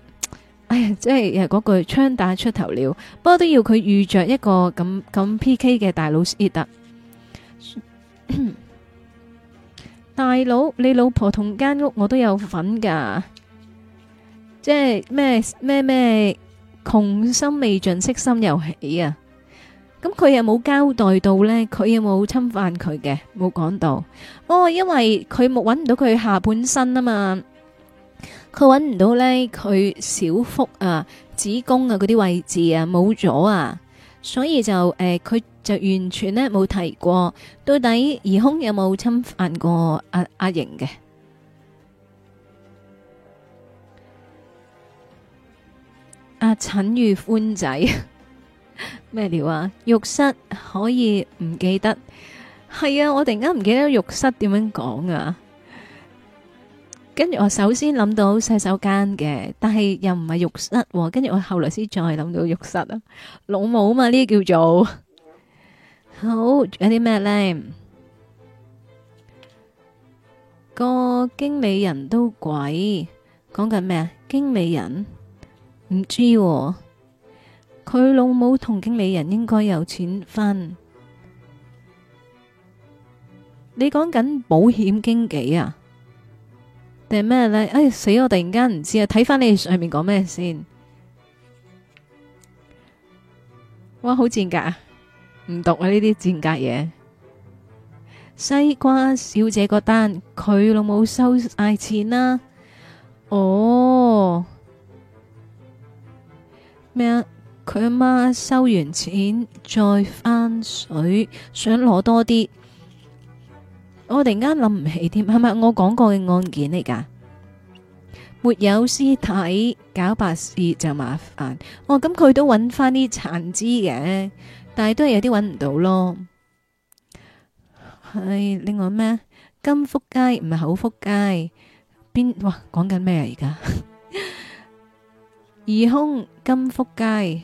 Speaker 1: 哎呀，即係誒嗰句槍打出頭鳥，不過都要佢遇着一個咁咁 P K 嘅大佬先得。大佬，你老婆同間屋我都有份噶。即係咩咩咩窮心未盡，色心又起啊！咁佢又冇交代到呢？佢有冇侵犯佢嘅？冇講到哦，因為佢冇揾唔到佢下半身啊嘛，佢揾唔到呢？佢小腹啊、子宮啊嗰啲位置啊冇咗啊，所以就誒，佢、呃、就完全呢冇提過，到底疑兇有冇侵犯過、啊、阿阿瑩嘅？阿陳與歡仔，咩料啊？浴室可以唔記得，係啊！我突然間唔記得浴室點樣講啊！跟住我首先諗到洗手間嘅，但係又唔係浴室喎。跟住我後來先再諗到浴室啊！老母嘛，呢叫做好有啲咩咧？個經理人都鬼講緊咩啊？經理人。唔知，啊，佢老母同經理人應該有錢分。你講緊保險經紀啊，定咩咧？哎，死我！突然間唔知啊，睇翻你上面講咩先。哇，好賤格，唔讀啊呢啲賤格嘢。西瓜小姐個單，佢老母收晒錢啦，啊。哦。咩啊？佢阿媽收完錢再翻水，想攞多啲。我突然間諗唔起添，係咪我講過嘅案件嚟噶？沒有屍體搞白事就麻煩。哦，咁佢都揾翻啲殘肢嘅，但係都係有啲揾唔到咯。係另外咩？金福街唔係口福街邊？哇！講緊咩啊？而家？義興金福街，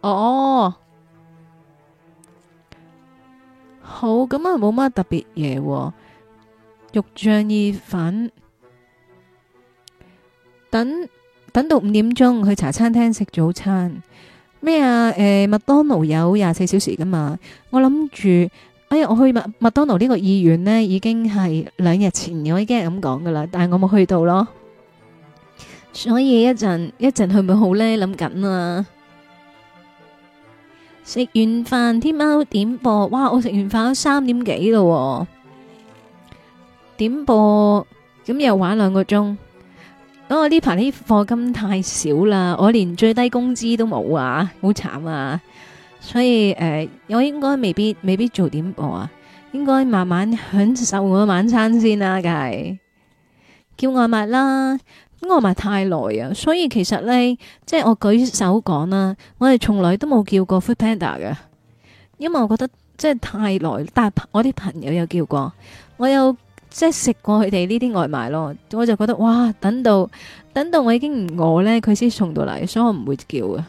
Speaker 1: 哦，好咁啊，冇乜特別嘢，肉醬意粉，等等到五點鐘去茶餐廳食早餐。咩啊？誒，麥當勞有廿四小時噶嘛？我諗住，哎呀，我去麥麥當勞呢個意願呢，已經係兩日前我已經係咁講噶啦，但係我冇去到咯。所以一陣一陣佢咪好咧，諗緊啊。食完飯，天貓點播，哇！我食完飯都三點幾咯。點播咁又玩兩個鐘。我呢排啲課金太少啦，我連最低工資都冇啊，好慘啊。所以誒、呃，我應該未必未必做點播啊，應該慢慢享受我的晚餐先啦、啊。梗係叫外賣啦。外賣太耐啊，所以其實呢，即係我舉手講啦，我係從來都冇叫過 Food Panda 嘅，因為我覺得即係太耐。但係我啲朋友有叫過，我有即係食過佢哋呢啲外賣咯，我就覺得哇，等到等到我已經唔餓呢，佢先送到嚟，所以我唔會叫啊。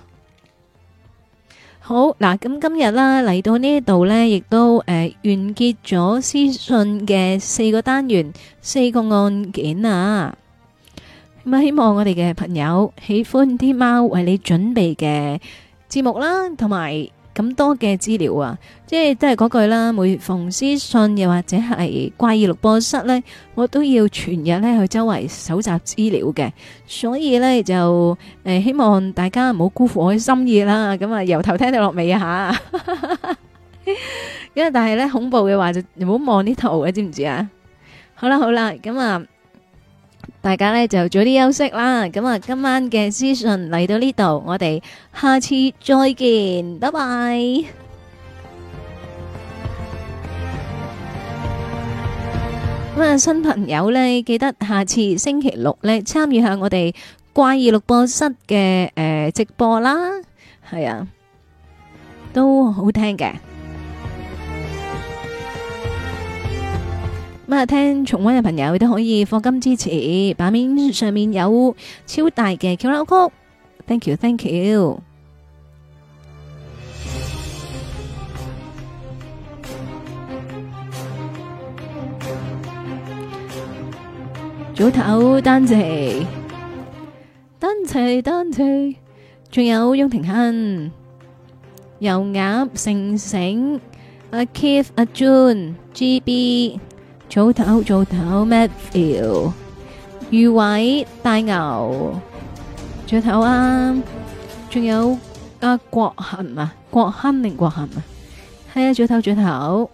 Speaker 1: 好嗱，咁今日啦嚟到呢度呢，亦都誒、呃、完結咗屍訊嘅四個單元、四個案件啊。咁啊！希望我哋嘅朋友喜歡啲貓為你準備嘅節目啦，同埋咁多嘅資料啊！即係都係嗰句啦，每逢屍訊又或者係怪異錄播室呢，我都要全日呢去周圍搜集資料嘅。所以呢就誒，希望大家唔好辜負我嘅心意啦。咁啊，由頭聽到落尾啊吓！因為但係呢恐怖嘅話就唔好望呢頭嘅，知唔知啊？好啦好啦，咁啊。大家呢就早啲休息啦。咁啊，今晚嘅屍訊嚟到呢度，我哋下次再見，拜拜。咁啊，新朋友呢，記得下次星期六呢參與下我哋怪異錄播室嘅誒直播啦。係啊，都好聽嘅。聽重溫嘅朋友都可以放金支持，版面上面有超大嘅卡拉 ok。Thank you，Thank you。早唞單車，單車單車，仲有翁廷亨、油鴨、成成、阿 Keith、阿 June、GB。早唞早唞，咩料？魚位大牛，早唞啊！仲有阿國恒啊，國亨定國恒啊，係啊！早唞早唞，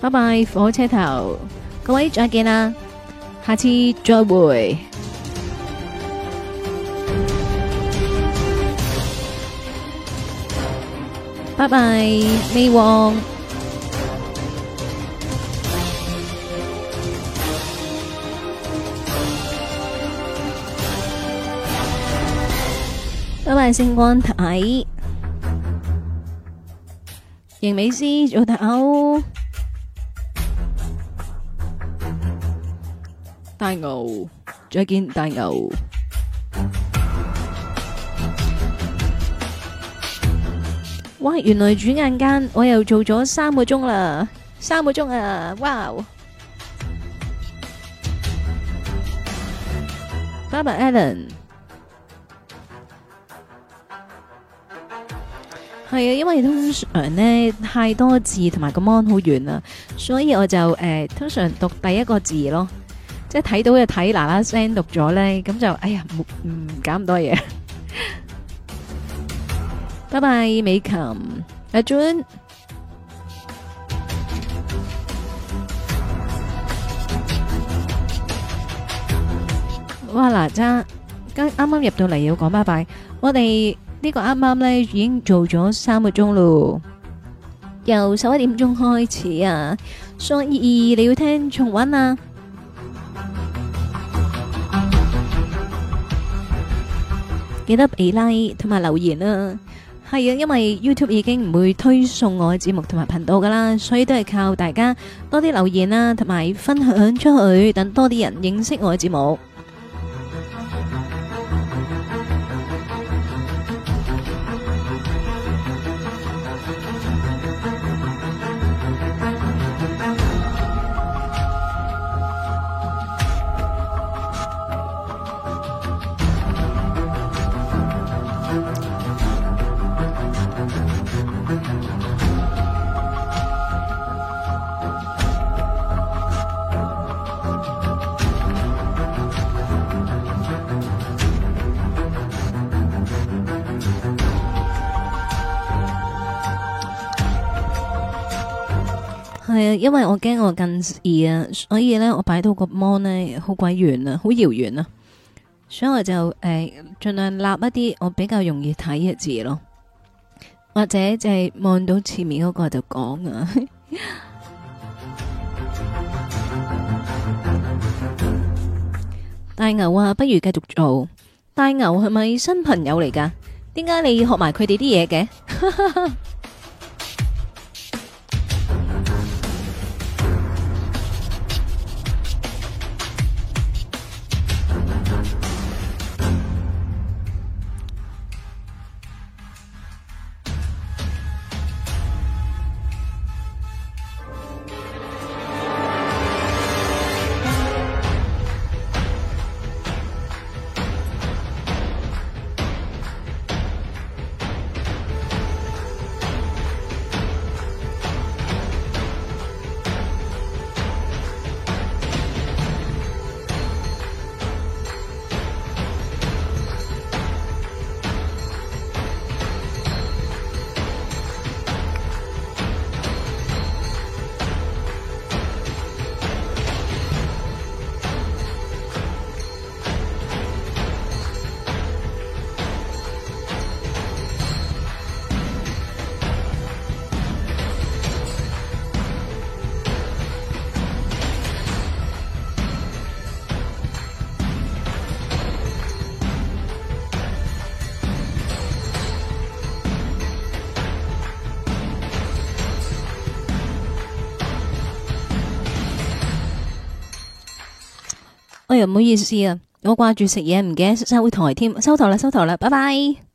Speaker 1: 拜拜火車頭，各位再見啦，下次再會，拜拜美王。星光睇，英美詩做大，大，大牛，大牛再見大牛。哇！原來轉眼間我又做咗三個鐘啦，三個鐘啊！哇！爸爸 Allen。係啊，因為通常咧太多字同埋個 mon 好遠啊，所以我就誒、呃、通常讀第一個字咯，即係睇到就睇嗱嗱聲讀咗咧，咁就哎呀，唔嗯，搞咁多嘢。 拜拜，美琴阿 Jun，哇哪吒，跟啱啱入到嚟要講拜拜，我哋。呢個啱啱呢已經做咗三個鐘咯，由十一點鐘開始啊！所以你要聽重溫啊，記得俾 like 同埋留言啦。係啊，因為 YouTube 已經唔會推送我嘅節目同埋頻道噶啦，所以都係靠大家多啲留言啊，同埋分享出去，等多啲人認識我嘅節目。因為我驚我近視啊，所以咧我擺到個芒 o 咧好鬼遠啊，好遙遠啊，所以我就誒盡量立一啲我比較容易睇嘅字咯，或者就係望到前面嗰個就講啊。大牛啊，不如繼續做。大牛係咪新朋友嚟噶？點解你要學埋佢哋啲嘢嘅？ 哎，唔好意思啊，我掛住食嘢，唔記得收台添，收台啦，收台啦，拜拜。